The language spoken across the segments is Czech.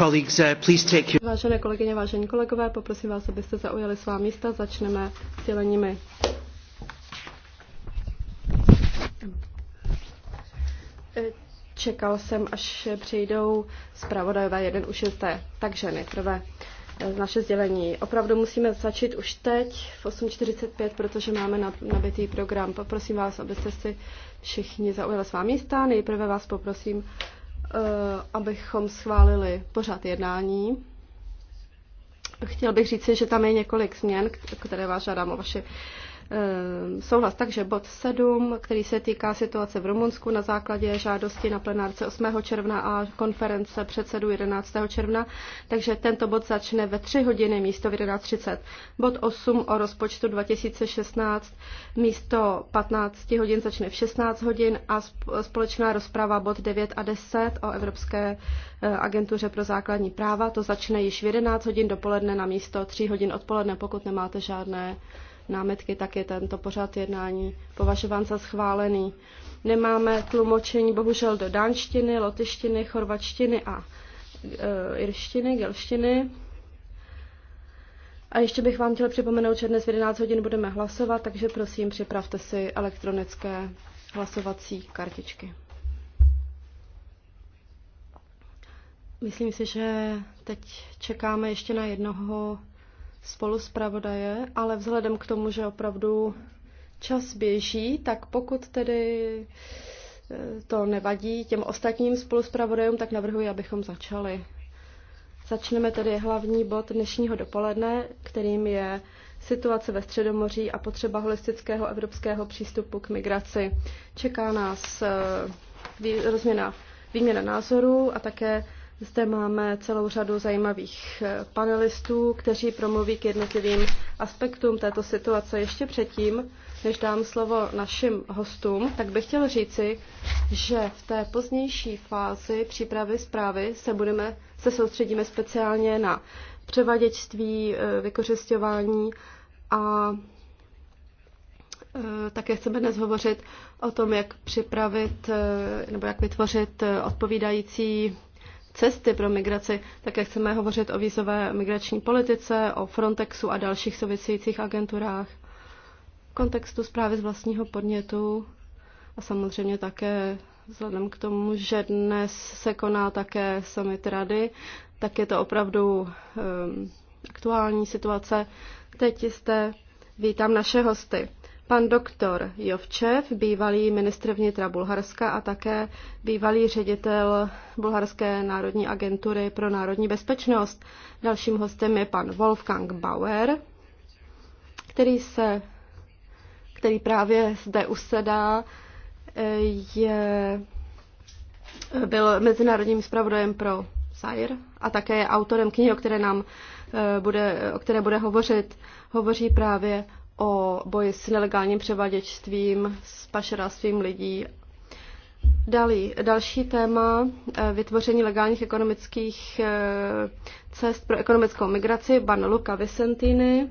Uh, Vážené kolegyně, vážení kolegové, poprosím vás, abyste zaujali svá místa. Začneme s děleními. Čekal jsem, až přijdou zpravodajové jeden už je Takže nejprve eh, naše sdělení. Opravdu musíme začít už teď v 8.45, protože máme nabitý program. Poprosím vás, abyste si všichni zaujali svá místa. Nejprve vás poprosím, Eh, abychom schválili pořad jednání. Chtěl bych říci, že tam je několik změn, které vás žádám o vaše Ehm, souhlas. Takže bod 7, který se týká situace v Rumunsku na základě žádosti na plenárce 8. června a konference předsedu 11. června, takže tento bod začne ve 3 hodiny místo v 11.30. Bod 8 o rozpočtu 2016 místo 15 hodin začne v 16 hodin a společná rozprava bod 9 a 10 o Evropské eh, agentuře pro základní práva. To začne již v 11 hodin dopoledne na místo 3 hodin odpoledne, pokud nemáte žádné námetky, tak je tento pořad jednání považován za schválený. Nemáme tlumočení bohužel do dánštiny, lotyštiny, chorvačtiny a e, irštiny, gelštiny. A ještě bych vám chtěla připomenout, že dnes v 11 hodin budeme hlasovat, takže prosím připravte si elektronické hlasovací kartičky. Myslím si, že teď čekáme ještě na jednoho spolu zpravodaje, ale vzhledem k tomu, že opravdu čas běží, tak pokud tedy eh, to nevadí těm ostatním spoluspravodajům, tak navrhuji, abychom začali. Začneme tedy hlavní bod dnešního dopoledne, kterým je situace ve Středomoří a potřeba holistického evropského přístupu k migraci. Čeká nás eh, rozměna, výměna názorů a také zde máme celou řadu zajímavých eh, panelistů, kteří promluví k jednotlivým aspektům této situace. Ještě předtím, než dám slovo našim hostům, tak bych chtěl říci, že v té pozdější fázi přípravy zprávy se, budeme, se soustředíme speciálně na převaděčství, eh, vykořišťování a eh, také chceme dnes hovořit o tom, jak připravit nebo jak vytvořit odpovídající cesty pro migraci. jak chceme hovořit o vízové migrační politice, o Frontexu a dalších souvisejících agenturách. V kontextu zprávy z vlastního podnětu a samozřejmě také vzhledem k tomu, že dnes se koná také summit rady, tak je to opravdu um, aktuální situace. Teď jste, vítám naše hosty. Pan doktor Jovčev, bývalý ministr vnitra Bulharska a také bývalý ředitel Bulharské národní agentury pro národní bezpečnost. Dalším hostem je pan Wolfgang Bauer, který se který právě zde usedá, je, byl mezinárodním zpravodajem pro Sair a také je autorem knihy, o které nám eh, bude, o které bude hovořit. Hovoří právě o boji s nelegálním převaděčstvím, s pašeráctvím lidí. Dali, další téma, eh, vytvoření legálních ekonomických eh, cest pro ekonomickou migraci, ban Luca Vicentini,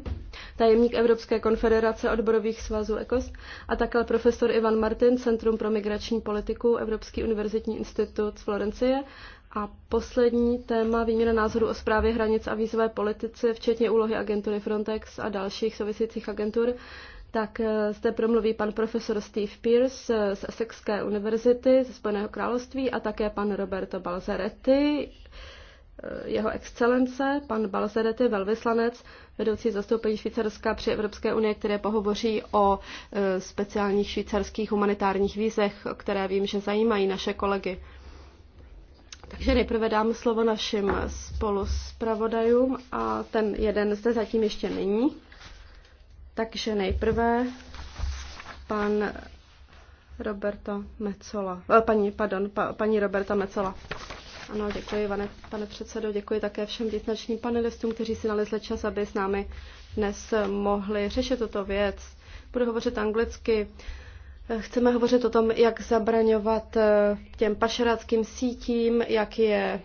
tajemník Evropské konfederace odborových svazů ECOS a také profesor Ivan Martin, Centrum pro migrační politiku, Evropský univerzitní institut z Florencie a poslední téma výměna názoru o zprávě hranic a vízové politice, včetně úlohy agentury Frontex a dalších souvisejících agentur. Tak eh, zde promluví pan profesor Steve Pierce eh, z Essexské univerzity ze Spojeného království a také pan Roberto Balzaretti, eh, jeho excelence, pan Balzaretti, velvyslanec, vedoucí zastoupení Švýcarska při Evropské unii, které pohovoří o speciálních švýcarských humanitárních vízech, které vím, že zajímají naše kolegy. Takže nejprve dám slovo našim spoluspravodajům a ten jeden zde zatím ještě není. Takže nejprve pan Roberto Mecola. Eh, paní, pardon, pa, paní Roberta Mecola. Ano, děkuji, pane, pane předsedo, děkuji také všem význačným panelistům, kteří si nalezli čas, aby s námi dnes mohli řešit tuto věc. Budu hovořit anglicky. Uh, Chceme hovořit o tom, jak zabraňovat eh, těm pašeráckým sítím, jak je,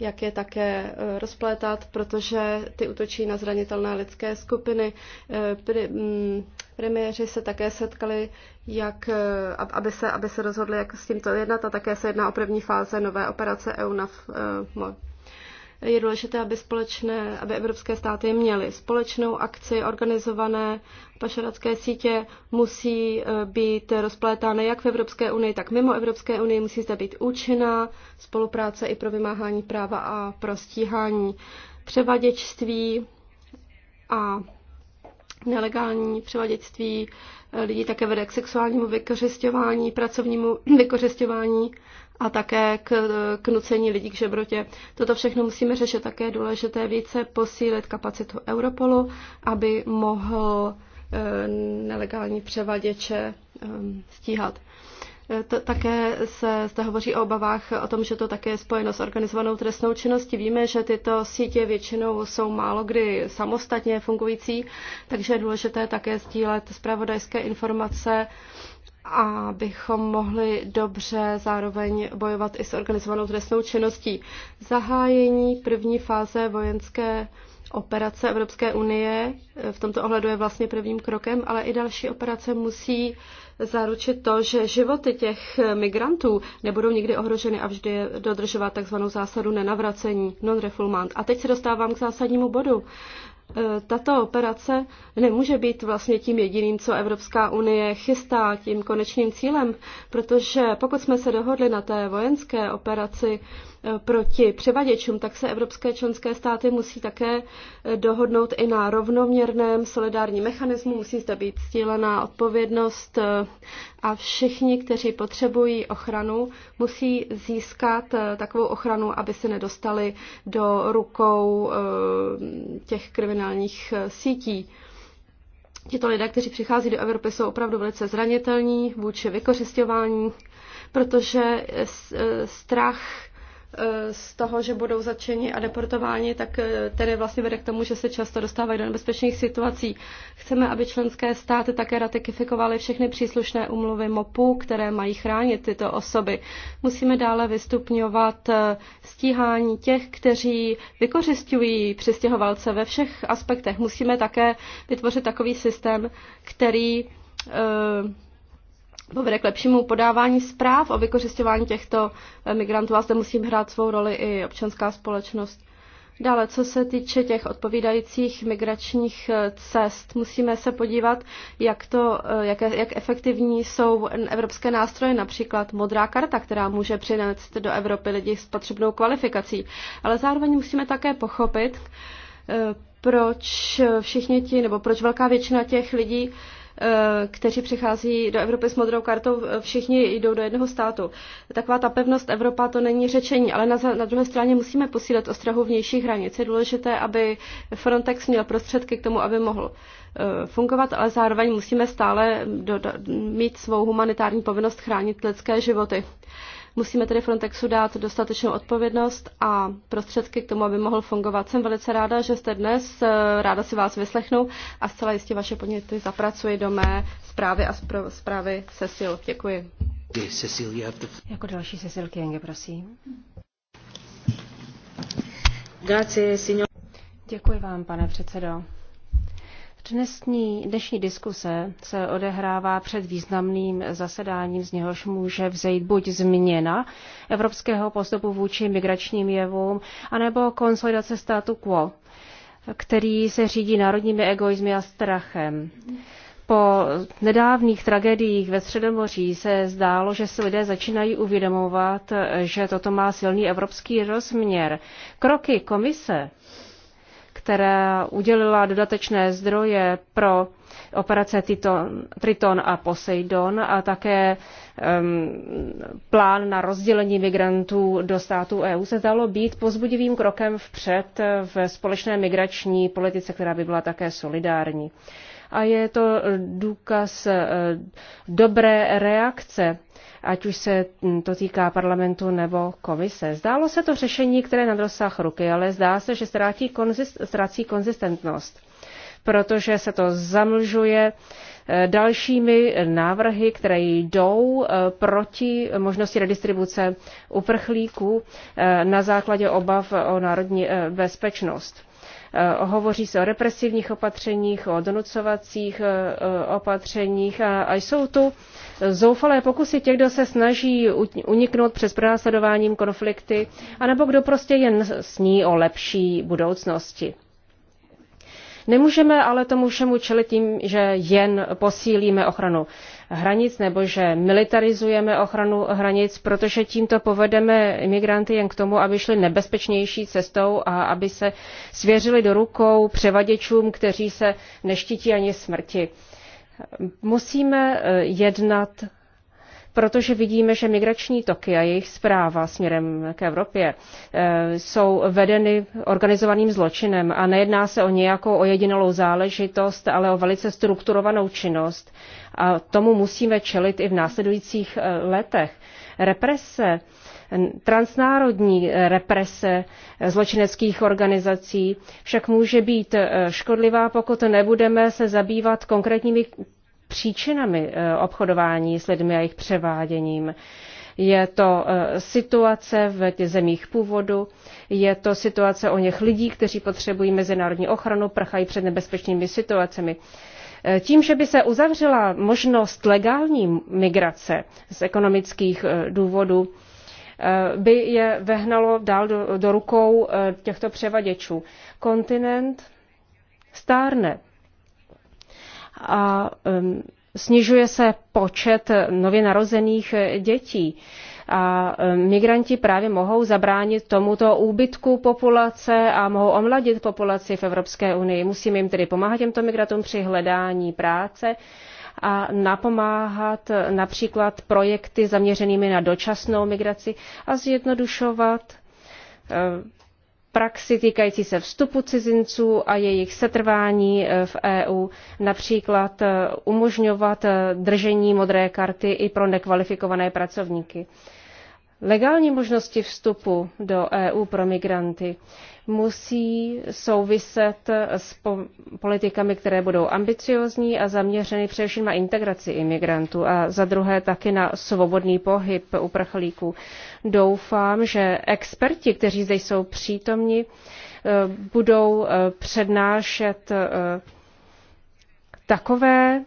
jak je také eh, rozplétat, protože ty útočí na zranitelné lidské skupiny. Eh, mm, premiéři se také setkali, jak, aby, se, aby se rozhodli, jak s tímto jednat a také se jedná o první fáze nové operace EU na je důležité, aby, společné, aby evropské státy měly společnou akci, organizované pašeracké sítě musí eh, být rozplétány jak v Evropské unii, tak mimo Evropské unii. Musí zde být účinná spolupráce i pro vymáhání práva a pro stíhání převaděčství a nelegální převaděčství eh, lidí také vede k sexuálnímu vykořišťování, pracovnímu vykořišťování a také k, k nucení lidí k žebrotě. Toto všechno musíme řešit. Také je důležité více posílit kapacitu Europolu, aby mohl eh, nelegální převaděče ehm, stíhat. Eh, to, také se zde hovoří o obavách o tom, že to také je spojeno s organizovanou trestnou činností. Víme, že tyto sítě většinou jsou málo kdy samostatně fungující, takže je důležité také sdílet zpravodajské informace abychom mohli dobře zároveň bojovat i s organizovanou trestnou činností. Zahájení první fáze vojenské operace Evropské unie eh, v tomto ohledu je vlastně prvním krokem, ale i další operace musí zaručit to, že životy těch migrantů nebudou nikdy ohroženy a vždy dodržovat takzvanou zásadu nenavracení, non-refoulement. A teď se dostávám k zásadnímu bodu. E, tato operace nemůže být vlastně tím jediným, co Evropská unie chystá tím konečným cílem, protože pokud jsme se dohodli na té vojenské operaci, Eh, proti převaděčům, tak se evropské členské státy musí také eh, dohodnout i na rovnoměrném solidárním mechanismu. Musí zde být sdílená odpovědnost eh, a všichni, kteří potřebují ochranu, musí získat takovou ochranu, aby se nedostali do rukou těch kriminálních sítí. Tito lidé, kteří přichází do Evropy, jsou opravdu velice zranitelní vůči vykořišťování, protože strach Eh, z toho, že budou začeni a deportováni, tak eh, tedy vlastně vede k tomu, že se často dostávají do nebezpečných situací. Chceme, aby členské státy také ratifikovaly všechny příslušné umluvy MOPu, které mají chránit tyto osoby. Musíme dále vystupňovat eh, stíhání těch, kteří vykořistují přistěhovalce ve všech aspektech. Musíme také vytvořit takový systém, který povede k lepšímu podávání zpráv o vykořišťování těchto eh, migrantů a zde musí hrát svou roli i občanská společnost. Dále, co se týče těch odpovídajících migračních eh, cest, musíme se podívat, jak, to, eh, jak, jak efektivní jsou evropské nástroje, například modrá karta, která může přinést do Evropy lidi s potřebnou kvalifikací. Ale zároveň musíme také pochopit, proč všichni ti, nebo proč velká většina těch lidí Eh, kteří přichází do Evropy s modrou kartou, eh, všichni jdou do jednoho státu. Taková ta pevnost Evropa to není řečení, ale na, na druhé straně musíme posílat ostrahu vnějších hranic. Je důležité, aby Frontex měl prostředky k tomu, aby mohl eh, fungovat, ale zároveň musíme stále do, do, mít svou humanitární povinnost chránit lidské životy. Musíme tedy Frontexu dát dostatečnou odpovědnost a prostředky k tomu, aby mohl fungovat. Jsem velice ráda, že jste dnes, eh, ráda si vás vyslechnu a zcela jistě vaše podněty zapracuji do mé zprávy a zprávy Cecil. Děkuji. Cecil, to... Jako další Cecil Kienge, prosím. Grazie, signor. Děkuji vám, pane předsedo. Dnesní, dnešní diskuse se odehrává před významným zasedáním, z něhož může vzejít buď změna evropského postupu vůči migračním jevům, anebo konsolidace státu quo, který se řídí národními egoizmy a strachem. Po nedávných tragédiích ve Středomoří se zdálo, že si lidé začínají uvědomovat, že toto má silný evropský rozměr. Kroky komise která udělila dodatečné zdroje pro operace Titon, Triton a Poseidon a také um, plán na rozdělení migrantů do států EU se zdalo být pozbudivým krokem vpřed v společné migrační politice, která by byla také solidární. A je to důkaz eh, dobré reakce ať už se mm, to týká parlamentu nebo komise. Zdálo se to řešení, které na dosah ruky, ale zdá se, že ztrácí, konzist, ztrácí konzistentnost, protože se to zamlžuje eh, dalšími návrhy, které jdou eh, proti možnosti redistribuce uprchlíků eh, na základě obav o národní bezpečnost. Hovoří se o represivních opatřeních, o donucovacích opatřeních a, a jsou tu zoufalé pokusy těch, kdo se snaží uniknout přes pronásledováním konflikty, anebo kdo prostě jen sní o lepší budoucnosti. Nemůžeme ale tomu všemu čelit tím, že jen posílíme ochranu hranic nebo že militarizujeme ochranu hranic, protože tímto povedeme imigranty jen k tomu, aby šli nebezpečnější cestou a aby se svěřili do rukou převaděčům, kteří se neštítí ani smrti. Musíme eh, jednat, protože vidíme, že migrační toky a jejich zpráva směrem k Evropě eh, jsou vedeny organizovaným zločinem a nejedná se o nějakou ojedinelou záležitost, ale o velice strukturovanou činnost. A tomu musíme čelit i v následujících eh, letech. Represe transnárodní represe zločineckých organizací však může být eh, škodlivá, pokud nebudeme se zabývat konkrétními příčinami eh, obchodování s lidmi a jejich převáděním. Je to eh, situace v těch zemích původu, je to situace o něch lidí, kteří potřebují mezinárodní ochranu, prchají před nebezpečnými situacemi. Tím, že by se uzavřela možnost legální migrace z ekonomických důvodů, Eh, by je vehnalo dál do, do rukou eh, těchto převaděčů. Kontinent stárne a snižuje se počet nově narozených eh, dětí. A migranti právě mohou zabránit tomuto úbytku populace a mohou omladit populaci v Evropské unii. Musíme jim tedy pomáhat těmto migrantům při hledání práce a napomáhat například projekty zaměřenými na dočasnou migraci a zjednodušovat eh, praxi týkající se vstupu cizinců a jejich setrvání eh, v EU, například eh, umožňovat držení modré karty i pro nekvalifikované pracovníky. Legální možnosti vstupu do EU pro migranty musí souviset s politikami, které budou ambiciozní a zaměřeny především na integraci imigrantů a za druhé taky na svobodný pohyb uprchlíků. Doufám, že experti, kteří zde jsou přítomni, eh, budou eh, přednášet eh, takové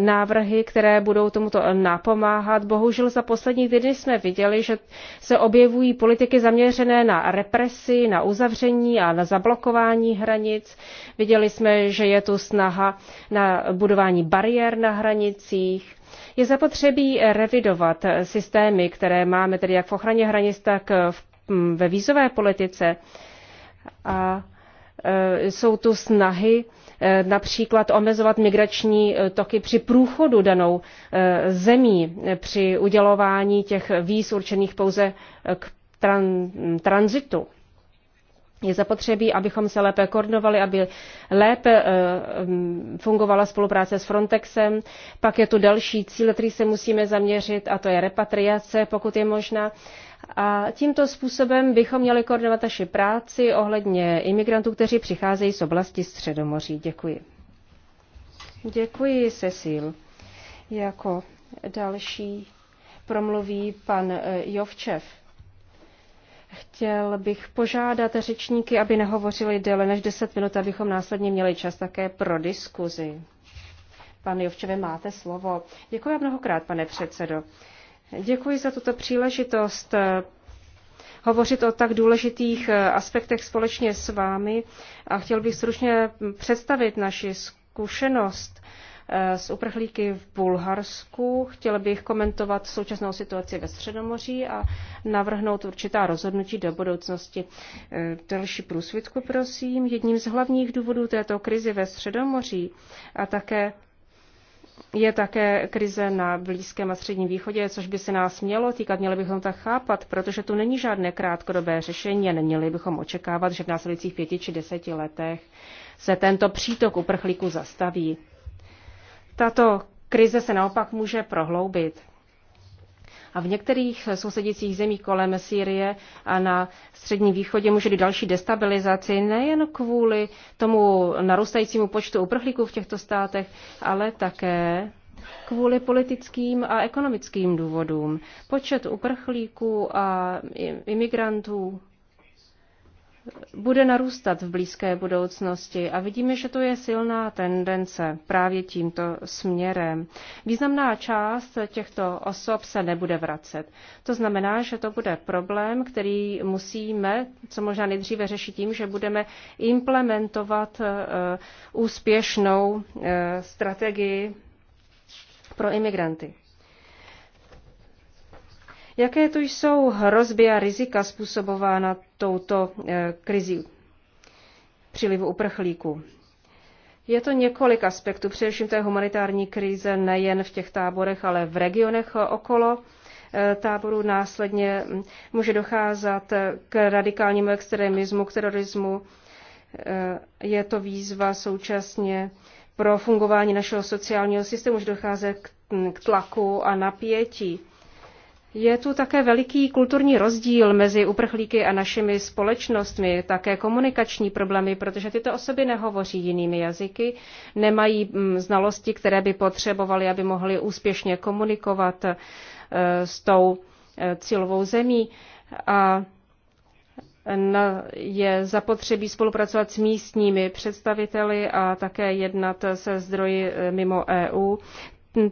návrhy, které budou tomuto napomáhat. Bohužel za poslední týdny jsme viděli, že se objevují politiky zaměřené na represi, na uzavření a na zablokování hranic. Viděli jsme, že je tu snaha na budování bariér na hranicích. Je zapotřebí revidovat systémy, které máme tedy jak v ochraně hranic, tak v, mm, ve vízové politice. A e, jsou tu snahy Eh, například omezovat migrační eh, toky při průchodu danou eh, zemí, při udělování těch víz určených pouze k tran- hm, tranzitu. Je zapotřebí, abychom se lépe koordinovali, aby lépe hm, fungovala spolupráce s Frontexem. Pak je tu další cíl, který se musíme zaměřit, a to je repatriace, pokud je možná. A tímto způsobem bychom měli koordinovat naši práci ohledně imigrantů, kteří přicházejí z oblasti Středomoří. Děkuji. Děkuji, Cecil. Jako další promluví pan eh, Jovčev. Chtěl bych požádat řečníky, aby nehovořili déle než 10 minut, abychom následně měli čas také pro diskuzi. Pan Jovčeve, máte slovo. Děkuji mnohokrát, pane předsedo. Děkuji za tuto příležitost eh, hovořit o tak důležitých eh, aspektech společně s vámi a chtěl bych stručně představit naši zkušenost eh, s uprchlíky v Bulharsku. Chtěl bych komentovat současnou situaci ve Středomoří a navrhnout určitá rozhodnutí do budoucnosti. Další průsvitku, prosím. Jedním z hlavních důvodů této krizi ve Středomoří a také je také krize na Blízkém a Středním východě, což by se nás mělo týkat, měli bychom tak chápat, protože tu není žádné krátkodobé řešení a neměli bychom očekávat, že v následujících pěti či deseti letech se tento přítok uprchlíků zastaví. Tato krize se naopak může prohloubit. A v některých sousedících zemích kolem Sýrie a na Středním východě může být další destabilizaci nejen kvůli tomu narůstajícímu počtu uprchlíků v těchto státech, ale také kvůli politickým a ekonomickým důvodům. Počet uprchlíků a imigrantů bude narůstat v blízké budoucnosti a vidíme, že to je silná tendence právě tímto směrem. Významná část těchto osob se nebude vracet. To znamená, že to bude problém, který musíme co možná nejdříve řešit tím, že budeme implementovat eh, úspěšnou eh, strategii pro imigranty. Jaké to jsou hrozby a rizika způsobována touto eh, krizí přílivu uprchlíků? Je to několik aspektů, především té humanitární krize nejen v těch táborech, ale v regionech okolo eh, táborů. Následně hm, může docházet eh, k radikálnímu extremismu, k terorismu. Je to výzva současně pro fungování našeho sociálního systému, může docházet k hm, tlaku a napětí. Je tu také veliký kulturní rozdíl mezi uprchlíky a našimi společnostmi, také komunikační problémy, protože tyto osoby nehovoří jinými jazyky, nemají mm, znalosti, které by potřebovaly, aby mohly úspěšně komunikovat e, s tou e, cílovou zemí. A je zapotřebí spolupracovat s místními představiteli a také jednat se zdroji e, mimo EU,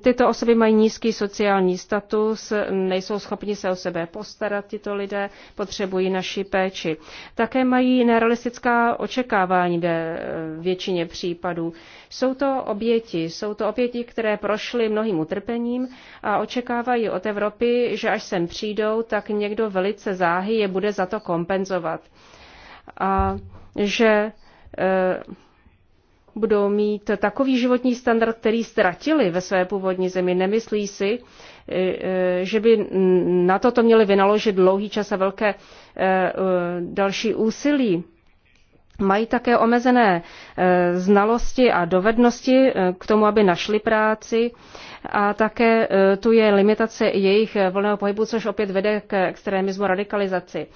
Tyto osoby mají nízký sociální status, nejsou schopni se o sebe postarat, tyto lidé potřebují naši péči. Také mají nerealistická očekávání ve většině případů. Jsou to oběti, jsou to oběti, které prošly mnohým utrpením a očekávají od Evropy, že až sem přijdou, tak někdo velice záhy je bude za to kompenzovat. A že e, budou mít takový životní standard, který ztratili ve své původní zemi. Nemyslí si, e, e, že by na toto měli vynaložit dlouhý čas a velké e, další úsilí. Mají také omezené znalosti a dovednosti k tomu, aby našli práci a také tu je limitace jejich volného pohybu, což opět vede k extremismu radikalizaci.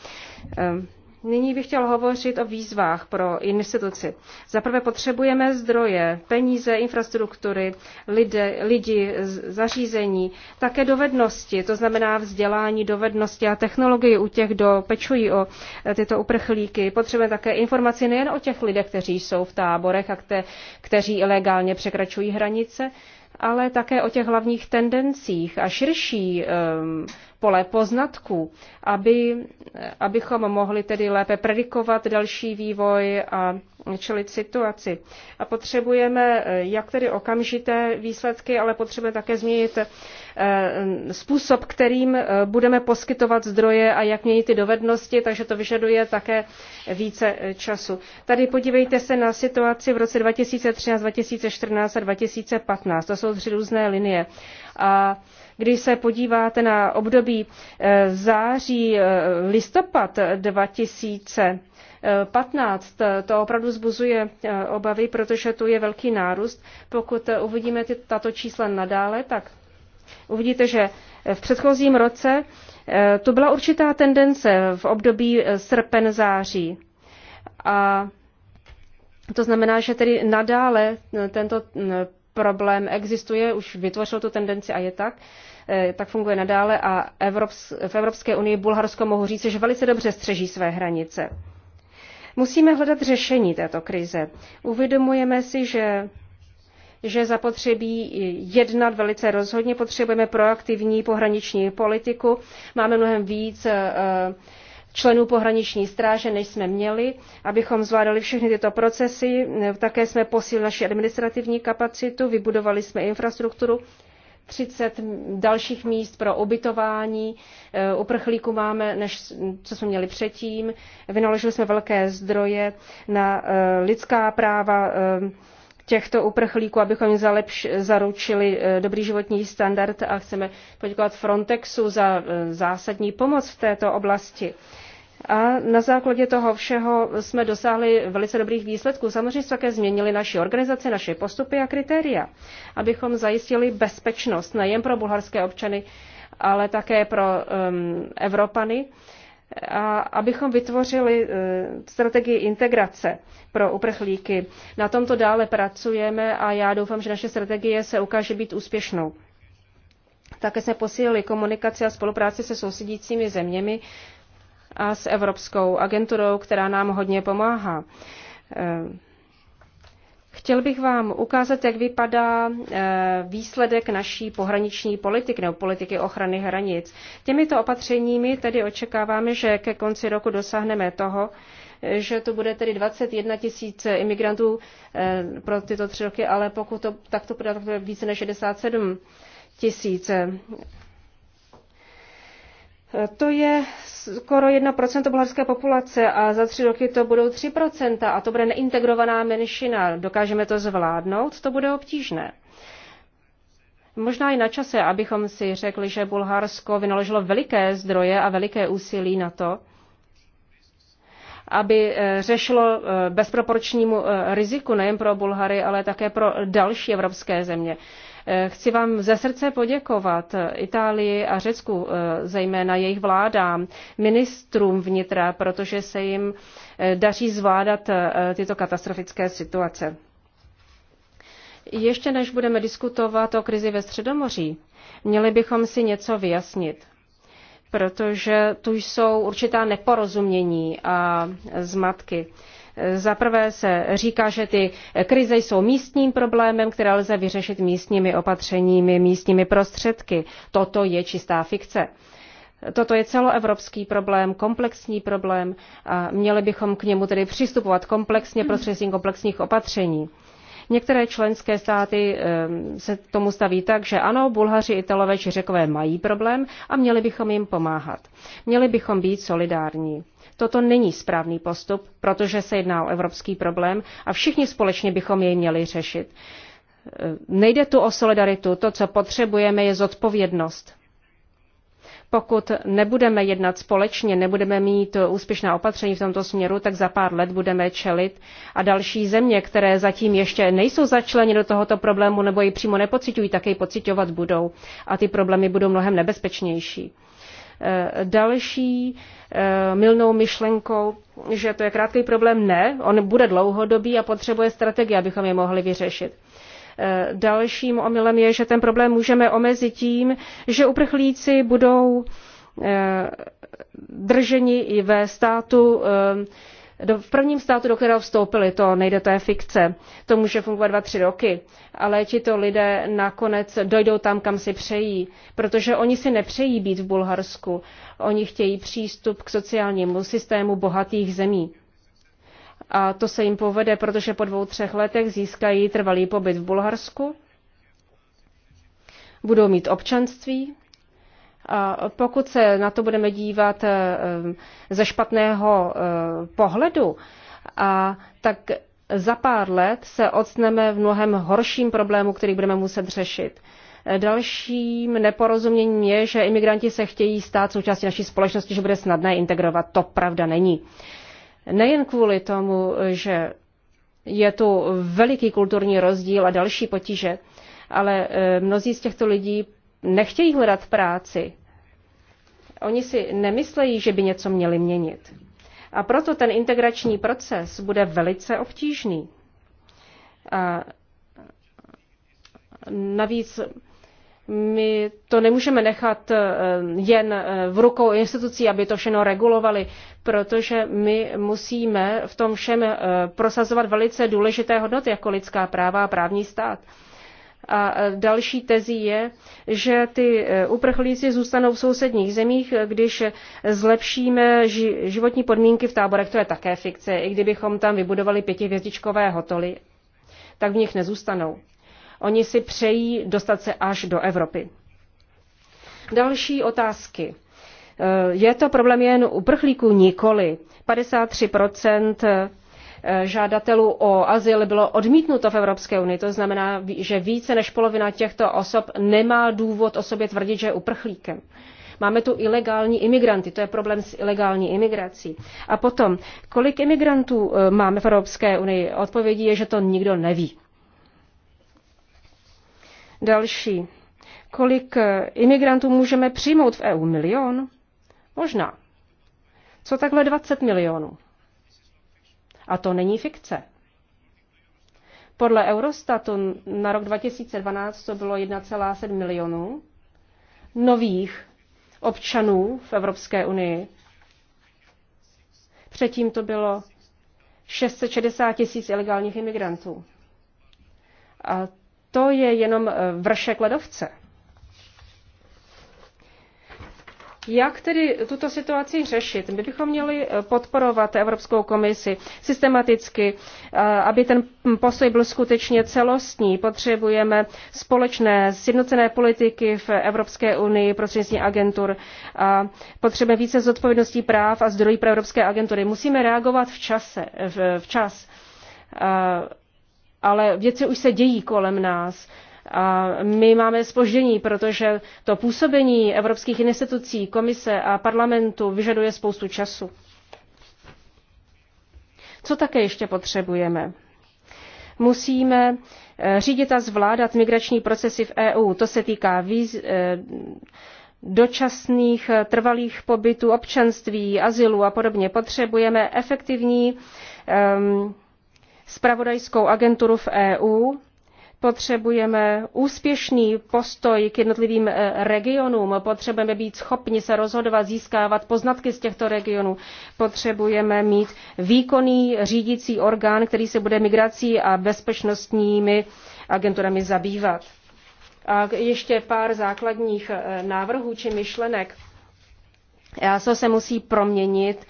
Nyní bych chtěl hovořit o výzvách pro instituci. Zaprvé potřebujeme zdroje, peníze, infrastruktury, lidé, lidi, zařízení, také dovednosti, to znamená vzdělání, dovednosti a technologii u těch, kdo pečují o e, tyto uprchlíky. Potřebujeme také informaci nejen o těch lidech, kteří jsou v táborech a kte, kteří ilegálně překračují hranice, ale také o těch hlavních tendencích a širší um, pole poznatků, aby, abychom mohli tedy lépe predikovat další vývoj a čelit situaci. A potřebujeme eh, jak tedy okamžité výsledky, ale potřebujeme také změnit eh, způsob, kterým eh, budeme poskytovat zdroje a jak měnit ty dovednosti, takže to vyžaduje také více času. Tady podívejte se na situaci v roce 2013, 2014 a 2015. To jsou tři různé linie. A když se podíváte na období eh, září eh, listopad 2000, 15. Eh, to opravdu zbuzuje obavy, protože tu je velký nárůst. Pokud uvidíme ty, tato čísla nadále, tak uvidíte, že v předchozím roce tu byla určitá tendence v období srpen-září. A to znamená, že tedy nadále tento problém existuje, už vytvořil tu tendenci a je tak. Eh, tak funguje nadále a v Evropské unii Bulharsko mohu říct, že velice dobře střeží své hranice. Musíme hledat řešení této krize. Uvědomujeme si, že že zapotřebí jednat velice rozhodně, potřebujeme proaktivní pohraniční politiku, máme mnohem víc eh, členů pohraniční stráže, než jsme měli, abychom zvládali všechny tyto procesy. Také jsme posílili naši administrativní kapacitu, vybudovali jsme infrastrukturu 30 dalších míst pro ubytování eh, Uprchlíku máme, než co jsme měli předtím. Vynaložili jsme velké zdroje na eh, lidská práva eh, těchto uprchlíků, abychom jim zaručili dobrý životní standard a chceme poděkovat Frontexu za zásadní pomoc v této oblasti. A na základě toho všeho jsme dosáhli velice dobrých výsledků. Samozřejmě jsme také změnili naši organizaci, naše postupy a kritéria, abychom zajistili bezpečnost nejen pro bulharské občany, ale také pro um, Evropany, a abychom vytvořili uh, strategii integrace pro uprchlíky. Na tomto dále pracujeme a já doufám, že naše strategie se ukáže být úspěšnou. Také jsme posílili komunikaci a spolupráci se sousedícími zeměmi, a s Evropskou agenturou, která nám hodně pomáhá. Eh, chtěl bych vám ukázat, jak vypadá eh, výsledek naší pohraniční politiky nebo politiky ochrany hranic. Těmito opatřeními tedy očekáváme, že ke konci roku dosáhneme toho, že to bude tedy 21 tisíc imigrantů eh, pro tyto tři roky, ale pokud to takto bude, tak to bude více než 67 tisíc. To je skoro 1% bulharské populace a za tři roky to budou 3% a to bude neintegrovaná menšina. Dokážeme to zvládnout? To bude obtížné. Možná i na čase, abychom si řekli, že Bulharsko vynaložilo veliké zdroje a veliké úsilí na to, aby eh, řešilo eh, bezproporčnímu eh, riziku nejen pro Bulhary, ale také pro další evropské země. Eh, chci vám ze srdce poděkovat eh, Itálii a Řecku, eh, zejména jejich vládám, ministrům vnitra, protože se jim daří zvládat tyto katastrofické situace. Ještě než budeme diskutovat o krizi ve Středomoří, měli bychom si něco vyjasnit, protože tu jsou určitá neporozumění a zmatky. Za prvé se říká, že ty krize jsou místním problémem, které lze vyřešit místními opatřeními, místními prostředky. Toto je čistá fikce. Toto je celoevropský problém, komplexní problém a měli bychom k němu tedy přistupovat komplexně prostřednictvím komplexních opatření. Některé členské státy ehm, se tomu staví tak, že ano, Bulhaři, Italové či Řekové mají problém a měli bychom jim pomáhat. Měli bychom být solidární. Toto není správný postup, protože se jedná o evropský problém a všichni společně bychom jej měli řešit. Nejde tu o solidaritu, to, co potřebujeme, je zodpovědnost. Pokud nebudeme jednat společně, nebudeme mít úspěšná opatření v tomto směru, tak za pár let budeme čelit a další země, které zatím ještě nejsou začleněny do tohoto problému nebo ji přímo nepocitují, také ji pocitovat budou a ty problémy budou mnohem nebezpečnější. Eh, další eh, milnou myšlenkou, že to je krátký problém. Ne, on bude dlouhodobý a potřebuje strategii, abychom je mohli vyřešit. Eh, dalším omylem je, že ten problém můžeme omezit tím, že uprchlíci budou drženi i ve státu do, v prvním státu, do kterého vstoupili, to nejde, to je fikce. To může fungovat dva, tři roky, ale to lidé nakonec dojdou tam, kam si přejí, protože oni si nepřejí být v Bulharsku. Oni chtějí přístup k sociálnímu systému bohatých zemí. A to se jim povede, protože po dvou, třech letech získají trvalý pobyt v Bulharsku, budou mít občanství, a pokud se na to budeme dívat eh, eh, ze špatného eh, pohledu, a tak za pár let se odstneme v mnohem horším problému, který budeme muset řešit. Dalším neporozuměním je, že imigranti se chtějí stát součástí naší společnosti, že bude snadné integrovat. To pravda není. Nejen kvůli tomu, že je tu veliký kulturní rozdíl a další potíže, ale mnozí z těchto lidí nechtějí hledat práci. Oni si nemyslejí, že by něco měli měnit. A proto ten integrační proces bude velice obtížný. A navíc my to nemůžeme nechat eh, jen eh, v rukou institucí, aby to všechno regulovali, protože my musíme v tom všem eh, prosazovat velice důležité hodnoty, jako lidská práva a právní stát. A e, další tezí je, že ty e, uprchlíci zůstanou v sousedních zemích, když zlepšíme životní podmínky v táborech. To je také fikce. I kdybychom tam vybudovali pětivězdičkové hotely, tak v nich nezůstanou. Oni si přejí dostat se až do Evropy. Další otázky. E, je to problém jen uprchlíků? Nikoli. 53 Eh, žádatelů o azyl bylo odmítnuto v Evropské unii. To znamená, že více než polovina těchto osob nemá důvod o sobě tvrdit, že je uprchlíkem. Máme tu ilegální imigranty, to je problém s ilegální imigrací. A potom, kolik imigrantů eh, máme v Evropské unii? Odpovědí je, že to nikdo neví. Další. Kolik eh, imigrantů můžeme přijmout v EU? Milion? Možná. Co takhle 20 milionů? A to není fikce. Podle Eurostatu na rok 2012 to bylo 1,7 milionů nových občanů v Evropské unii. Předtím to bylo 660 tisíc ilegálních imigrantů. A to je jenom vršek ledovce. Jak tedy tuto situaci řešit? My bychom měli eh, podporovat Evropskou komisi systematicky, eh, aby ten postoj byl skutečně celostní. Potřebujeme společné sjednocené politiky v Evropské unii prostřednictvím agentur. A potřebujeme více zodpovědností práv a zdrojů pro Evropské agentury. Musíme reagovat v čase, v, včas. Eh, ale věci už se dějí kolem nás my máme spoždění, protože to působení evropských institucí, komise a parlamentu vyžaduje spoustu času. Co také ještě potřebujeme? Musíme eh, řídit a zvládat migrační procesy v EU. To se týká víz, eh, dočasných eh, trvalých pobytů, občanství, azylu a podobně. Potřebujeme efektivní um, spravodajskou agenturu v EU, Potřebujeme úspěšný postoj k jednotlivým eh, regionům, potřebujeme být schopni se rozhodovat, získávat poznatky z těchto regionů, potřebujeme mít výkonný řídící orgán, který se bude migrací a bezpečnostními agenturami zabývat. A ještě pár základních eh, návrhů či myšlenek. EASO se musí proměnit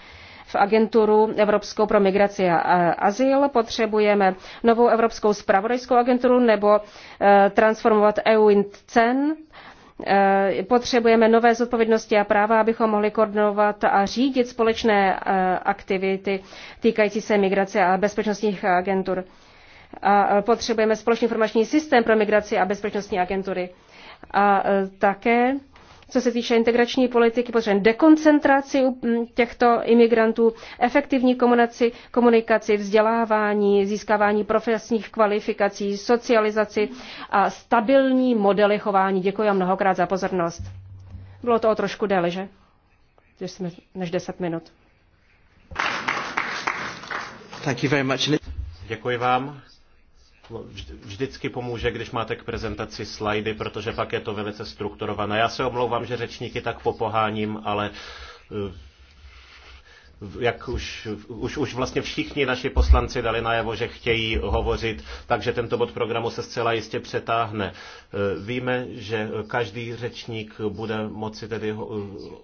v agenturu Evropskou pro migraci a azyl, potřebujeme novou Evropskou spravodajskou agenturu nebo e, transformovat EU in CEN, e, potřebujeme nové zodpovědnosti a práva, abychom mohli koordinovat a řídit společné e, aktivity týkající se migrace a bezpečnostních agentur. A potřebujeme společný informační systém pro migraci a bezpečnostní agentury. A také co se týče integrační politiky, potřebujeme dekoncentraci mm, těchto imigrantů, efektivní komunikaci, komunikaci vzdělávání, získávání profesních kvalifikací, socializaci a stabilní modely chování. Děkuji vám mnohokrát za pozornost. Bylo to o trošku déle, že? Než 10 minut. Thank you very much. Děkuji vám. Jako vždycky pomůže, když máte k prezentaci slajdy, protože pak je to velice strukturované. Já se omlouvám, že řečníky tak popoháním, ale eh, jak už, už, už vlastně všichni naši poslanci dali najevo, že chtějí hovořit, takže tento bod programu se zcela jistě přetáhne. Eh, víme, že každý řečník bude moci tedy eh,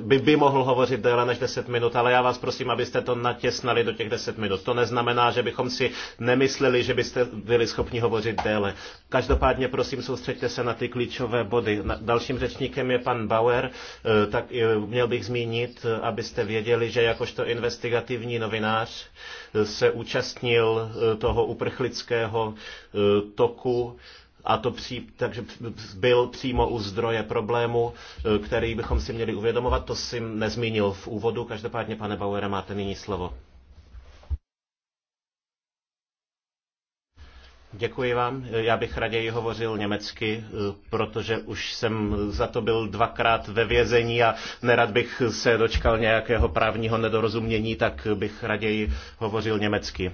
by, by mohl hovořit déle než 10 minut, ale já vás prosím, abyste to natěsnali do těch 10 minut. To neznamená, že bychom si nemysleli, že byste byli schopni hovořit déle. Každopádně prosím, soustřeďte se na ty klíčové body. dalším řečníkem je pan Bauer, eh, tak eh, měl bych zmínit, eh, abyste věděli, že jakožto investigativní novinář se účastnil toho uprchlického toku, a to pří, takže byl přímo u zdroje problému, e, který bychom si měli uvědomovat. To si nezmínil v úvodu. Každopádně, pane Bauere, máte nyní slovo. Děkuji vám. Já bych raději hovořil německy, e, protože už jsem za to byl dvakrát ve vězení a nerad bych se dočkal nějakého právního nedorozumění, tak bych raději hovořil německy.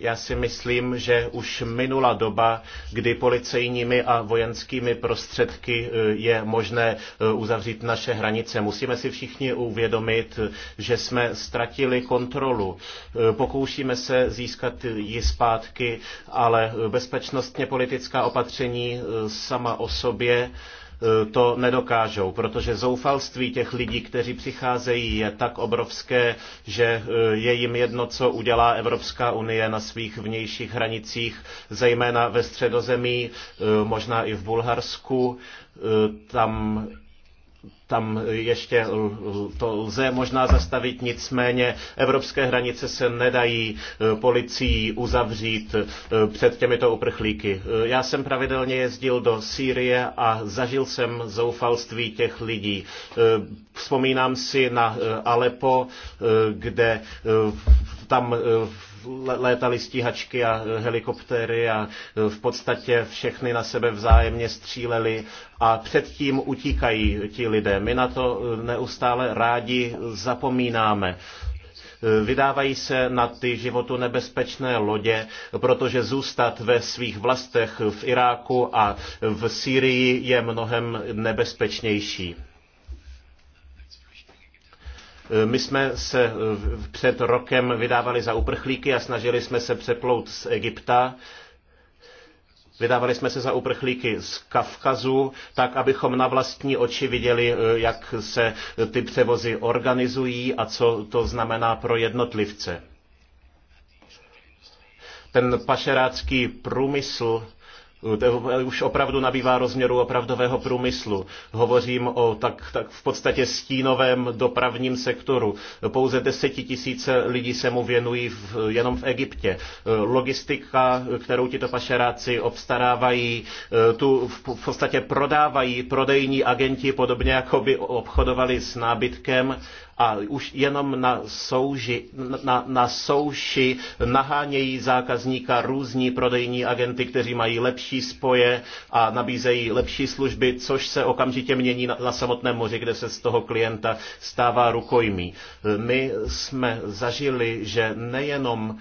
Já si myslím, že už minula doba, kdy policejními a vojenskými prostředky eh, je možné eh, uzavřít naše hranice. Musíme si všichni uvědomit, že jsme ztratili kontrolu. Eh, pokoušíme se získat ji zpátky, ale bezpečnostně politická opatření sama o sobě Eh, to nedokážou, protože zoufalství těch lidí, kteří přicházejí, je tak obrovské, že eh, je jim jedno, co udělá Evropská unie na svých vnějších hranicích, zejména ve středozemí, eh, možná i v Bulharsku. Tam tam ještě to lze možná zastavit, nicméně evropské hranice se nedají e, policií uzavřít e, před těmito uprchlíky. E, já jsem pravidelně jezdil do Sýrie a zažil jsem zoufalství těch lidí. Vzpomínám si na Alepo, kde tam létaly stíhačky a e, helikoptéry a e, v podstatě všechny na sebe vzájemně stříleli a předtím utíkají ti lidé. My na to e, neustále rádi zapomínáme vydávají se na ty životu nebezpečné lodě, protože zůstat ve svých vlastech v Iráku a v Sýrii je mnohem nebezpečnější. Eh, my jsme se eh, před rokem vydávali za uprchlíky a snažili jsme se přeplout z Egypta. Vydávali jsme se za uprchlíky z Kavkazu, tak abychom na vlastní oči viděli, eh, jak se ty převozy organizují a co to znamená pro jednotlivce. Ten pašerácký průmysl už opravdu nabývá rozměru opravdového průmyslu. Hovořím o tak, tak v podstatě stínovém dopravním sektoru. Pouze desetitisíce lidí se mu věnují v, jenom v Egyptě. Logistika, kterou tito pašeráci obstarávají, tu v podstatě prodávají prodejní agenti, podobně jako by obchodovali s nábytkem a už jenom na, souži, na, na souši nahánějí zákazníka různí prodejní agenty, kteří mají lepší spoje a nabízejí lepší služby, což se okamžitě mění na, na samotném moři, kde se z toho klienta stává rukojmí. My jsme zažili, že nejenom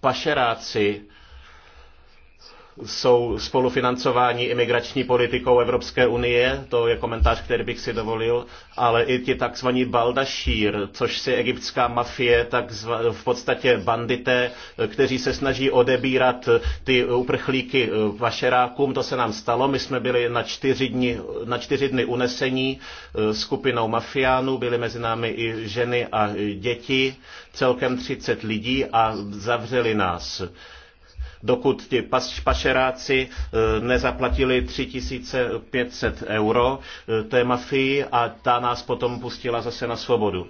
pašeráci jsou spolufinancováni imigrační politikou Evropské unie, to je komentář, který bych si dovolil, ale i ti takzvaní baldašír, což si egyptská mafie, tak v podstatě bandité, kteří se snaží odebírat ty uprchlíky vašerákům, eh, to se nám stalo, my jsme byli na čtyři dny, na čtyři dny unesení eh, skupinou mafiánů, byly mezi námi i ženy a děti, celkem 30 lidí a zavřeli nás dokud ti pašeráci e, nezaplatili 3500 euro e, té mafii a ta nás potom pustila zase na svobodu.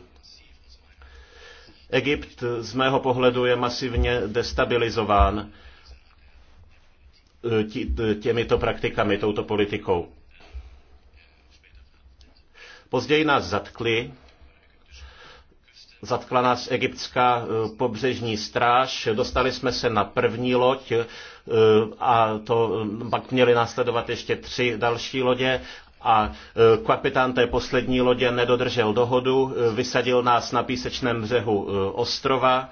Egypt z mého pohledu je masivně destabilizován e, těmito praktikami, touto politikou. Později nás zatkli Zatkla nás egyptská e, pobřežní stráž, dostali jsme se na první loď e, a to e, pak měly následovat ještě tři další lodě a kapitán té poslední lodě nedodržel dohodu, vysadil nás na písečném břehu ostrova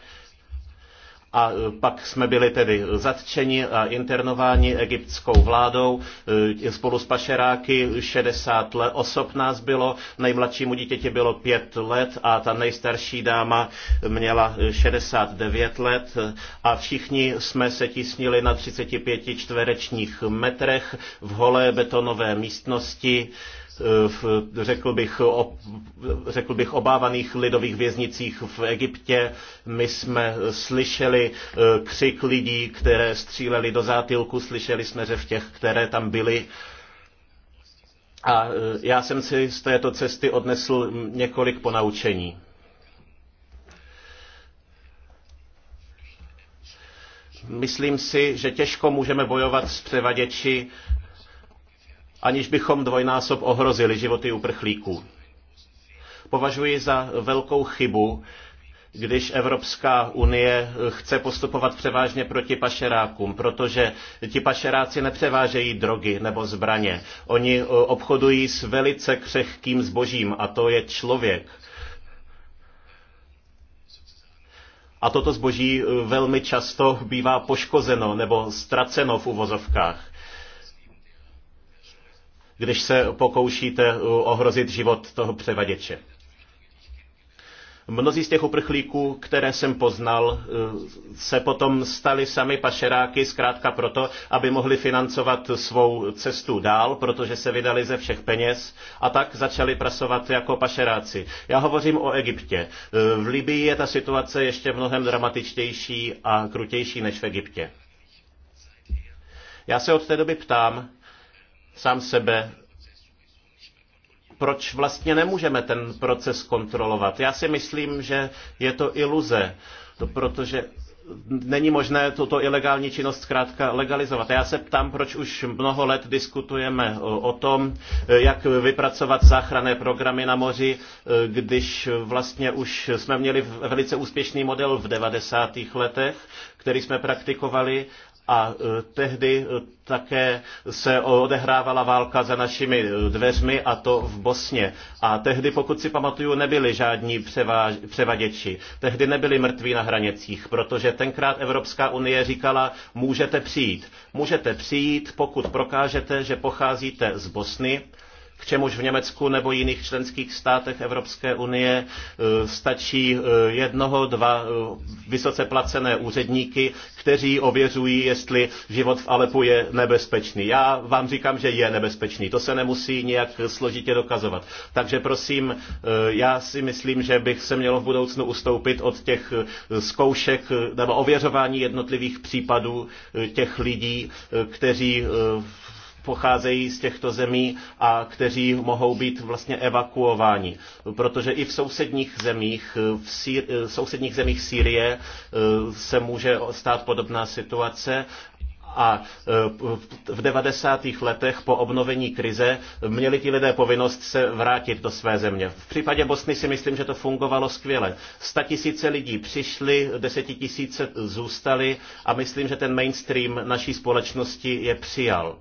a e, pak jsme byli tedy zatčeni a internováni egyptskou vládou e, spolu s pašeráky. 60 let, osob nás bylo, nejmladšímu dítěti bylo 5 let a ta nejstarší dáma měla 69 let a všichni jsme se tisnili na 35 čtverečních metrech v holé betonové místnosti řekl bych, řekl bych obávaných lidových věznicích v Egyptě. My jsme slyšeli eh, křik lidí, které stříleli do zátilku, slyšeli jsme řev těch, které tam byly. A eh, já jsem si z této cesty odnesl několik ponaučení. Myslím si, že těžko můžeme bojovat s převaděči, aniž bychom dvojnásob ohrozili životy uprchlíků. Považuji za velkou chybu, když Evropská unie chce postupovat převážně proti pašerákům, protože ti pašeráci nepřevážejí drogy nebo zbraně. Oni eh, obchodují s velice křehkým zbožím a to je člověk. A toto zboží eh, velmi často bývá poškozeno nebo ztraceno v uvozovkách když se pokoušíte eh, ohrozit život toho převaděče. Mnozí z těch uprchlíků, které jsem poznal, eh, se potom stali sami pašeráky, zkrátka proto, aby mohli financovat svou cestu dál, protože se vydali ze všech peněz a tak začali prasovat jako pašeráci. Já hovořím o Egyptě. Eh, v Libii je ta situace ještě mnohem dramatičtější a krutější než v Egyptě. Já se od té doby ptám, sám sebe, proč vlastně nemůžeme ten proces kontrolovat. Já si myslím, že je to iluze, protože není možné tuto ilegální činnost zkrátka legalizovat. Já se ptám, proč už mnoho let diskutujeme o tom, jak vypracovat záchranné programy na moři, když vlastně už jsme měli velice úspěšný model v 90. letech, který jsme praktikovali a e, tehdy e, také se odehrávala válka za našimi e, dveřmi a to v Bosně. A tehdy, pokud si pamatuju, nebyli žádní převáž, převaděči. Tehdy nebyli mrtví na hranicích, protože tenkrát Evropská unie říkala, můžete přijít. Můžete přijít, pokud prokážete, že pocházíte z Bosny, k čemuž v Německu nebo jiných členských státech Evropské unie e, stačí e, jednoho, dva e, vysoce placené úředníky, kteří ověřují, jestli život v Alepu je nebezpečný. Já vám říkám, že je nebezpečný. To se nemusí nějak složitě dokazovat. Takže prosím, já si myslím, že bych se mělo v budoucnu ustoupit od těch zkoušek nebo ověřování jednotlivých případů těch lidí, kteří v pocházejí z těchto zemí a kteří mohou být vlastně evakuováni. Protože i v sousedních zemích, v Sýr, sousedních zemích Sýrie eh, se může stát podobná situace a eh, v 90. letech po obnovení krize měli ti lidé povinnost se vrátit do své země. V případě Bosny si myslím, že to fungovalo skvěle. Sta tisíce lidí přišli, desetitisíce zůstali a myslím, že ten mainstream naší společnosti je přijal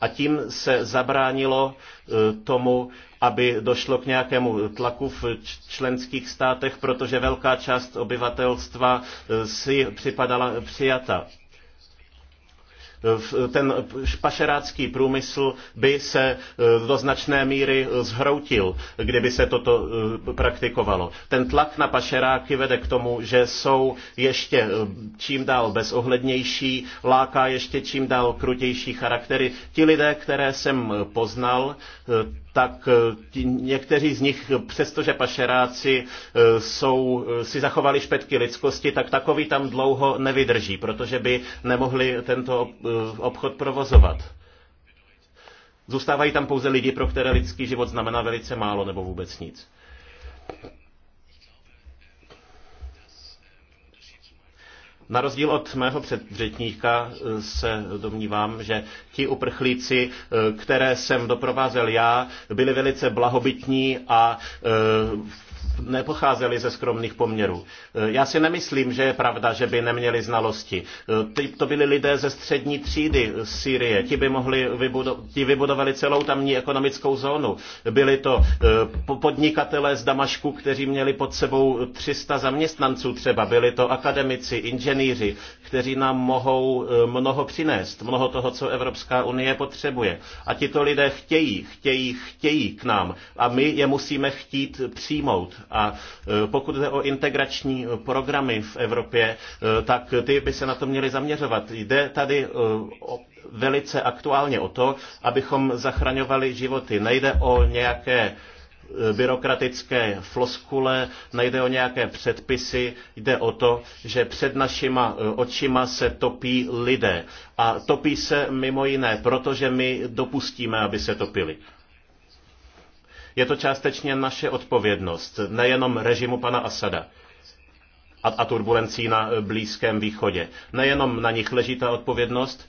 a tím se zabránilo e, tomu, aby došlo k nějakému tlaku v členských státech, protože velká část obyvatelstva e, si připadala přijata ten pašerácký průmysl by se eh, do značné míry eh, zhroutil, kdyby se toto eh, praktikovalo. Ten tlak na pašeráky vede k tomu, že jsou ještě čím dál bezohlednější, láká ještě čím dál krutější charaktery. Ti lidé, které jsem poznal, tak eh, ti, někteří z nich, přestože pašeráci eh, jsou, eh, si zachovali špetky lidskosti, tak takový tam dlouho nevydrží, protože by nemohli tento obchod provozovat. Zůstávají tam pouze lidi, pro které lidský život znamená velice málo nebo vůbec nic. Na rozdíl od mého předřečníka eh, se domnívám, že ti uprchlíci, eh, které jsem doprovázel já, byli velice blahobytní a eh, nepocházeli ze skromných poměrů. Eh, já si nemyslím, že je pravda, že by neměli znalosti. Eh, to byli lidé ze střední třídy Sýrie. Ti, by mohli vybudo- ti vybudovali celou tamní ekonomickou zónu. Byli to eh, podnikatelé z Damašku, kteří měli pod sebou 300 zaměstnanců třeba. Byli to akademici, inženýři, kteří nám mohou mnoho přinést, mnoho toho, co Evropská unie potřebuje. A tito lidé chtějí, chtějí, chtějí k nám a my je musíme chtít přijmout a e, pokud jde o integrační e, programy v Evropě, e, tak ty by se na to měly zaměřovat. Jde tady velice aktuálně o to, abychom zachraňovali životy. Nejde o nějaké byrokratické floskule, nejde o nějaké předpisy, jde o to, že před našima očima se topí lidé. A topí se mimo jiné, protože my dopustíme, aby se topili je to částečně naše odpovědnost, nejenom režimu pana Asada a, a turbulencí na Blízkém východě. Nejenom na nich leží ta odpovědnost,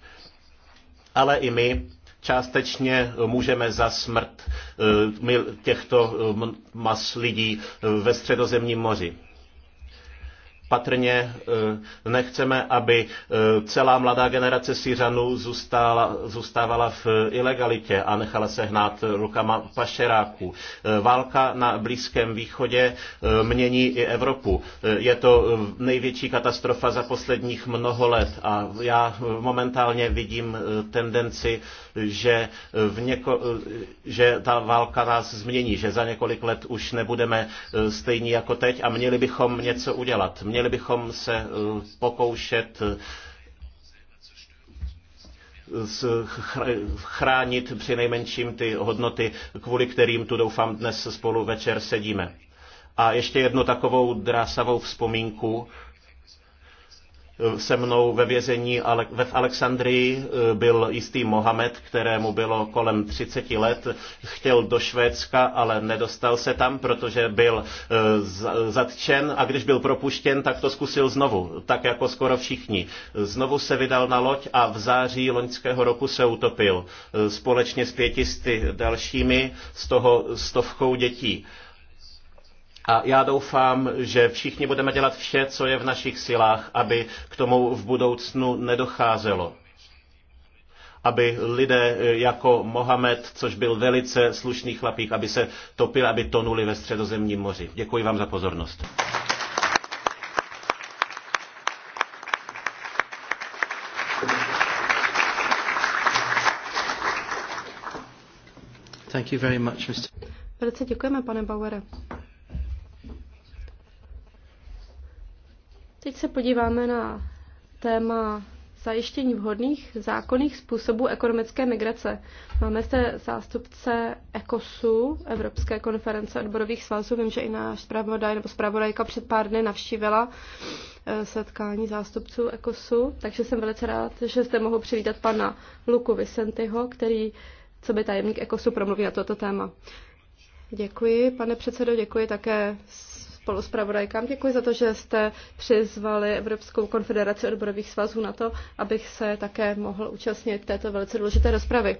ale i my částečně můžeme za smrt eh, těchto eh, mas lidí eh, ve středozemním moři patrně eh, nechceme, aby eh, celá mladá generace Syřanů zůstala, zůstávala v ilegalitě a nechala se hnát rukama pašeráků. Eh, válka na Blízkém východě mění i Evropu. Je to největší katastrofa za posledních mnoho let a já momentálně vidím tendenci že, v něko, že ta válka nás změní, že za několik let už nebudeme e, stejní jako teď a měli bychom něco udělat. Měli bychom se e, pokoušet e, chránit při nejmenším ty hodnoty, kvůli kterým tu doufám dnes spolu večer sedíme. A ještě jednu takovou drásavou vzpomínku se mnou ve vězení v Alexandrii eh, byl jistý Mohamed, kterému bylo kolem 30 let. Chtěl do Švédska, ale nedostal se tam, protože byl eh, zatčen a když byl propuštěn, tak to zkusil znovu, tak jako skoro všichni. Znovu se vydal na loď a v září loňského roku se utopil eh, společně s pětisty dalšími, z toho stovkou dětí a já doufám, že všichni budeme dělat vše, co je v našich silách, aby k tomu v budoucnu nedocházelo aby lidé jako Mohamed, což byl velice slušný chlapík, aby se topil, aby tonuli ve středozemním moři. Děkuji vám za pozornost. Thank you very much, Mr. Velice děkujeme, pane Bauere. Teď se podíváme na téma zajištění vhodných zákonných způsobů ekonomické migrace. Máme zde zástupce ECOSu, Evropské konference odborových svazů. Vím, že i náš zpravodaj nebo zpravodajka před pár dny navštívila eh, setkání zástupců ECOSu, takže jsem velice rád, že zde mohu přivítat pana Luku Vicentyho, který, co by tajemník ECOSu, promluví na toto téma. Děkuji, pane předsedo, děkuji také spoluspravodajkám. Děkuji za to, že jste přizvali Evropskou konfederaci odborových svazů na to, abych se také mohl účastnit této velice důležité rozpravy.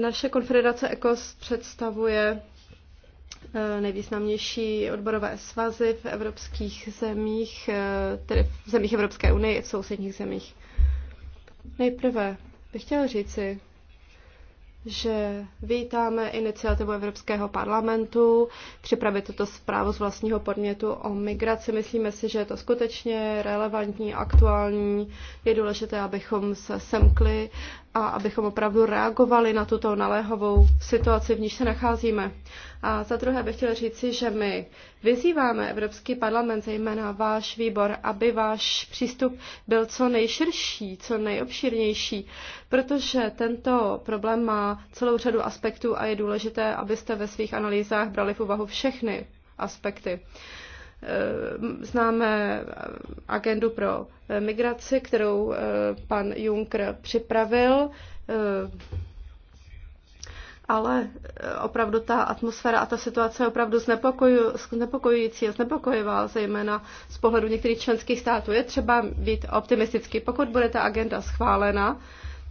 Naše konfederace ECOS představuje eh, nejvýznamnější odborové svazy v evropských zemích, eh, tedy v zemích Evropské unie i v sousedních zemích. Nejprve bych chtěla říci, že vítáme iniciativu Evropského parlamentu připravit tuto zprávu z vlastního podmětu o migraci. Myslíme si, že je to skutečně relevantní, aktuální. Je důležité, abychom se semkli a abychom opravdu reagovali na tuto naléhovou situaci, v níž se nacházíme. A za druhé bych chtěla říci, že my vyzýváme Evropský parlament, zejména váš výbor, aby váš přístup byl co nejširší, co nejobširnější, protože tento problém má celou řadu aspektů a je důležité, abyste ve svých analýzách brali v úvahu všechny aspekty. Uh, Eh, známe eh, agendu pro eh, migraci, kterou pan Juncker připravil, ale opravdu ta atmosféra a ta situace je opravdu znepokojující a znepokojivá, zejména z pohledu některých členských států. Je třeba být optimistický. Pokud bude ta agenda schválena,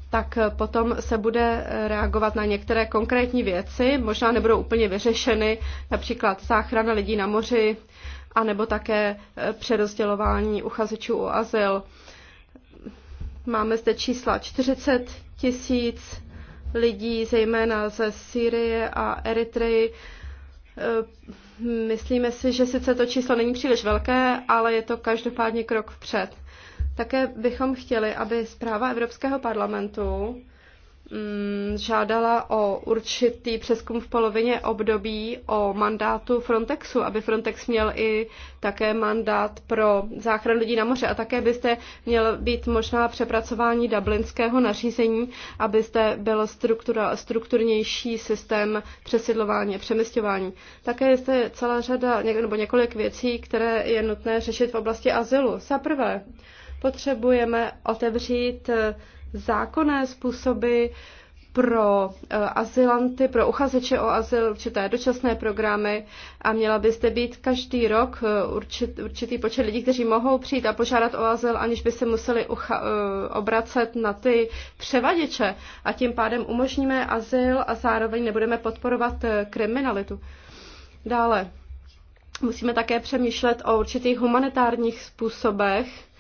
tak potom se bude reagovat na některé konkrétní věci, možná nebudou úplně vyřešeny, například záchrana lidí na moři, anebo také eh, přerozdělování uchazečů o azyl. Máme zde čísla 40 tisíc lidí, zejména ze Sýrie a Eritreji. Eh, myslíme si, že sice to číslo není příliš velké, ale je to každopádně krok vpřed. Také bychom chtěli, aby zpráva Evropského parlamentu Mm, žádala o určitý přeskum v polovině období o mandátu Frontexu, aby Frontex měl i také mandát pro záchranu lidí na moře a také byste měl být možná přepracování dublinského nařízení, abyste byl struktura, strukturnější systém přesidlování a přemysťování. Také jste celá řada nebo několik věcí, které je nutné řešit v oblasti azylu. Za prvé, potřebujeme otevřít zákonné způsoby pro eh, azylanty, pro uchazeče o azyl, určité dočasné programy a měla byste být každý rok eh, určit, určitý počet lidí, kteří mohou přijít a požádat o azyl, aniž by se museli ucha, eh, obracet na ty převaděče a tím pádem umožníme azyl a zároveň nebudeme podporovat kriminalitu. Dále, musíme také přemýšlet o určitých humanitárních způsobech,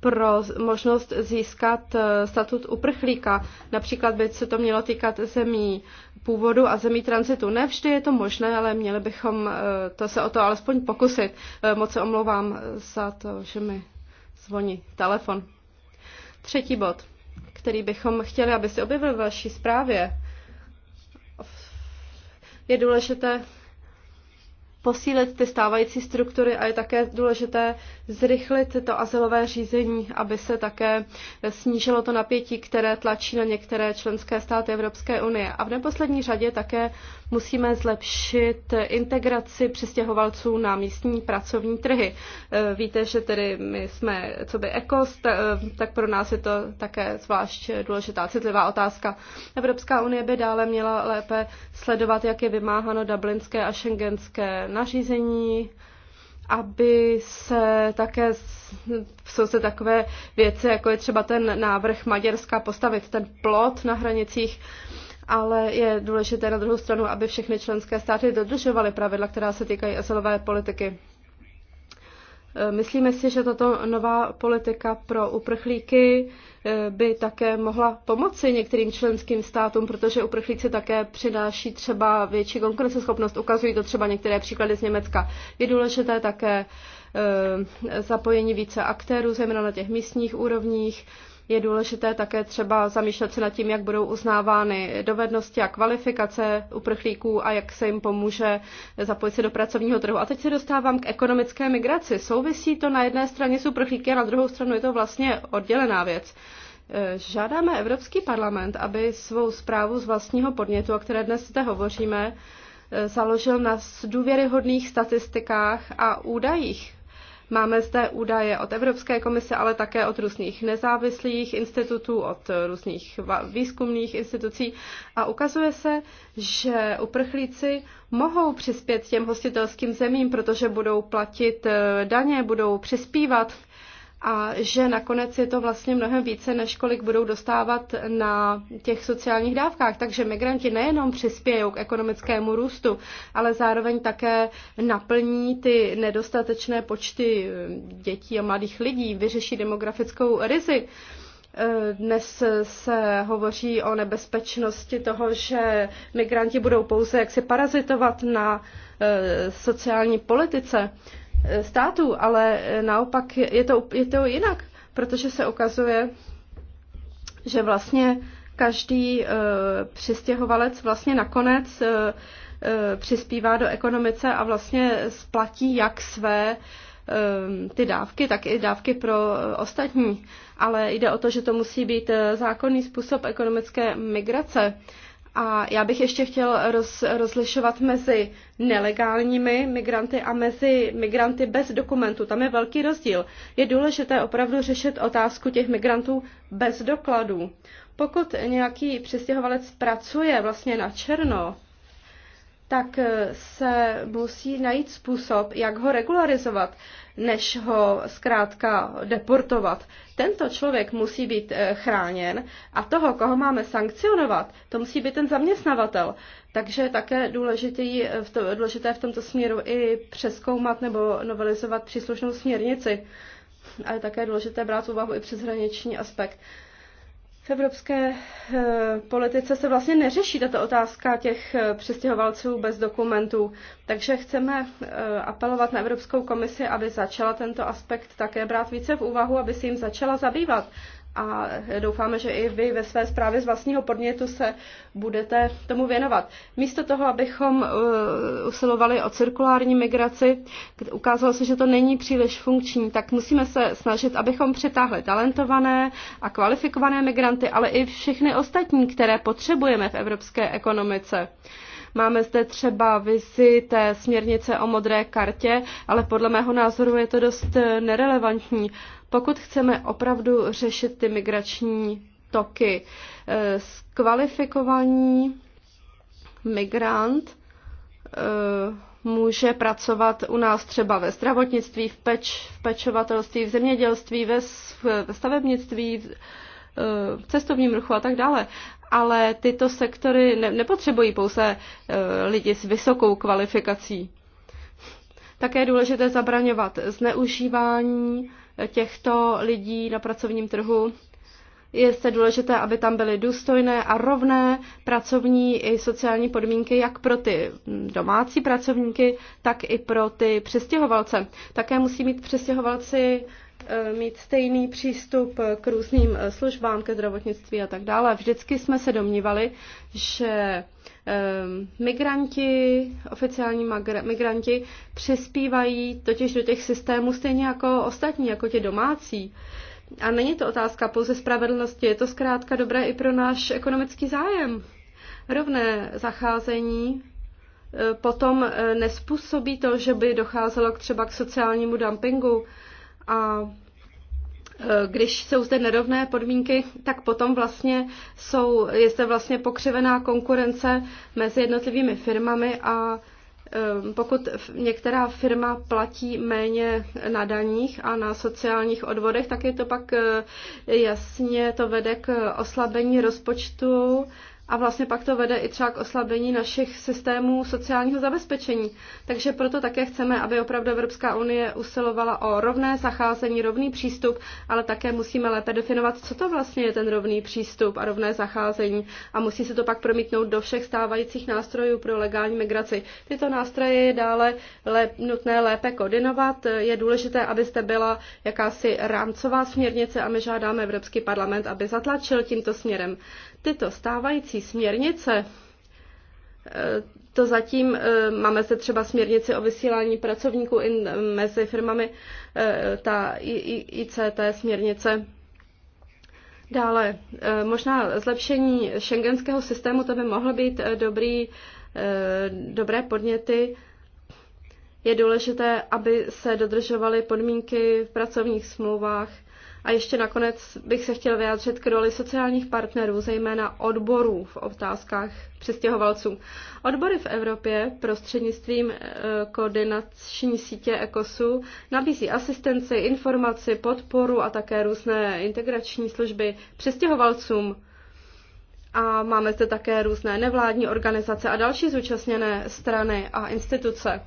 pro možnost získat eh, statut uprchlíka. Například by se to mělo týkat zemí původu a zemí transitu. Ne vždy je to možné, ale měli bychom eh, to se o to alespoň pokusit. Eh, moc se omlouvám za to, že mi zvoní telefon. Třetí bod, který bychom chtěli, aby se objevil v vaší zprávě, je důležité posílit ty stávající struktury a je také důležité zrychlit to azylové řízení, aby se také snížilo to napětí, které tlačí na některé členské státy Evropské unie. A v neposlední řadě také musíme zlepšit integraci přistěhovalců na místní pracovní trhy. E, víte, že tedy my jsme, co by ECOS, e, tak pro nás je to také zvlášť důležitá citlivá otázka. Evropská unie by dále měla lépe sledovat, jak je vymáhano dublinské a šengenské nařízení, aby se také, jsou se takové věci, jako je třeba ten návrh Maďarska postavit ten plot na hranicích, ale je důležité na druhou stranu, aby všechny členské státy dodržovaly pravidla, která se týkají asilové politiky. Eh, myslíme si, že tato nová politika pro uprchlíky eh, by také mohla pomoci některým členským státům, protože uprchlíci také přináší třeba větší konkurenceschopnost. Ukazují to třeba některé příklady z Německa. Je důležité také eh, zapojení více aktérů, zejména na těch místních úrovních je důležité také třeba zamýšlet se nad tím, jak budou uznávány dovednosti a kvalifikace uprchlíků a jak se jim pomůže zapojit se do pracovního trhu. A teď se dostávám k ekonomické migraci. Souvisí to na jedné straně s uprchlíky a na druhou stranu je to vlastně oddělená věc. Eh, žádáme Evropský parlament, aby svou zprávu z vlastního podnětu, o které dnes zde hovoříme, eh, založil na důvěryhodných statistikách a údajích Máme zde údaje od Evropské komise, ale také od různých nezávislých institutů, od různých výzkumných institucí a ukazuje se, že uprchlíci mohou přispět těm hostitelským zemím, protože budou platit eh, daně, budou přispívat a že nakonec je to vlastně mnohem více, než kolik budou dostávat na těch sociálních dávkách. Takže migranti nejenom přispějou k ekonomickému růstu, ale zároveň také naplní ty nedostatečné počty eh, dětí a mladých lidí, vyřeší demografickou rizi. Eh, dnes se hovoří o nebezpečnosti toho, že migranti budou pouze jaksi parazitovat na eh, sociální politice. Eh, států, ale eh, naopak je to, je to jinak, protože se ukazuje, že vlastně každý e, přistěhovalec vlastně nakonec e, e, přispívá do ekonomice a vlastně splatí jak své ty dávky, tak i dávky pro ostatní. Ale jde o to, že to musí být zákonný způsob ekonomické migrace. A já bych ještě chtěl roz, rozlišovat mezi nelegálními migranty a mezi migranty bez dokumentu. Tam je velký rozdíl. Je důležité opravdu řešit otázku těch migrantů bez dokladů. Pokud nějaký přistěhovalec pracuje vlastně na černo, tak eh, se musí najít způsob, jak ho regularizovat, než ho zkrátka deportovat. Tento člověk musí být eh, chráněn a toho, koho máme sankcionovat, to musí být ten zaměstnavatel. Takže také důležitý, eh, důležité v tomto směru i přeskoumat nebo novelizovat příslušnou směrnici. A je také důležité brát v úvahu i přeshraniční aspekt v evropské eh, politice se vlastně neřeší tato otázka těch eh, přestěhovalců bez dokumentů, takže chceme eh, apelovat na Evropskou komisi, aby začala tento aspekt také brát více v úvahu, aby se jim začala zabývat a doufáme, že i vy ve své zprávě z vlastního podnětu se budete tomu věnovat. Místo toho, abychom uh, usilovali o cirkulární migraci, ukázalo se, že to není příliš funkční, tak musíme se snažit, abychom přitáhli talentované a kvalifikované migranty, ale i všechny ostatní, které potřebujeme v evropské ekonomice. Máme zde třeba vizi té směrnice o modré kartě, ale podle mého názoru je to dost nerelevantní. Pokud chceme opravdu řešit ty migrační toky, eh, zkvalifikovaní migrant eh, může pracovat u nás třeba ve zdravotnictví, v, peč, v pečovatelství, v zemědělství, ve, ve stavebnictví, v, v eh, cestovním ruchu a tak dále. Ale tyto sektory ne, nepotřebují pouze lidi s vysokou kvalifikací. Také je důležité zabraňovat zneužívání těchto lidí na pracovním trhu. Je se důležité, aby tam byly důstojné a rovné pracovní i sociální podmínky jak pro ty domácí pracovníky, tak i pro ty přestěhovalce. Také musí mít přestěhovalci Eh, mít stejný přístup k různým eh, službám, ke zdravotnictví a tak dále. Vždycky jsme se domnívali, že eh, migranti, oficiální migranti, přispívají totiž do těch systémů stejně jako ostatní, jako ti domácí. A není to otázka pouze spravedlnosti, je to zkrátka dobré i pro náš ekonomický zájem. Rovné zacházení potom nespůsobí to, že by docházelo k třeba k sociálnímu dumpingu, a e, když jsou zde nerovné podmínky, tak potom vlastně jsou, je zde vlastně pokřivená konkurence mezi jednotlivými firmami a e, pokud některá firma platí méně na daních a na sociálních odvodech, tak je to pak e, jasně to vede k oslabení rozpočtu a vlastně pak to vede i třeba k oslabení našich systémů sociálního zabezpečení. Takže proto také chceme, aby opravdu Evropská unie usilovala o rovné zacházení, rovný přístup, ale také musíme lépe definovat, co to vlastně je ten rovný přístup a rovné zacházení. A musí se to pak promítnout do všech stávajících nástrojů pro legální migraci. Tyto nástroje je dále lép, nutné lépe koordinovat. Je důležité, aby zde byla jakási rámcová směrnice a my žádáme Evropský parlament, aby zatlačil tímto směrem. Tyto stávající směrnice, e, to zatím e, máme se třeba směrnici o vysílání pracovníků in, mezi firmami, e, ta ICT směrnice, Dále, možná zlepšení šengenského systému, to by mohlo být dobrý, dobré podněty. Je důležité, aby se dodržovaly podmínky v pracovních smlouvách a ještě nakonec bych se chtěl vyjádřit k roli sociálních partnerů, zejména odborů v otázkách přistěhovalců. Odbory v Evropě prostřednictvím eh, koordinační sítě ECOSu nabízí asistenci, informaci, podporu a také různé integrační služby přistěhovalcům. A máme zde také různé nevládní organizace a další zúčastněné strany a instituce.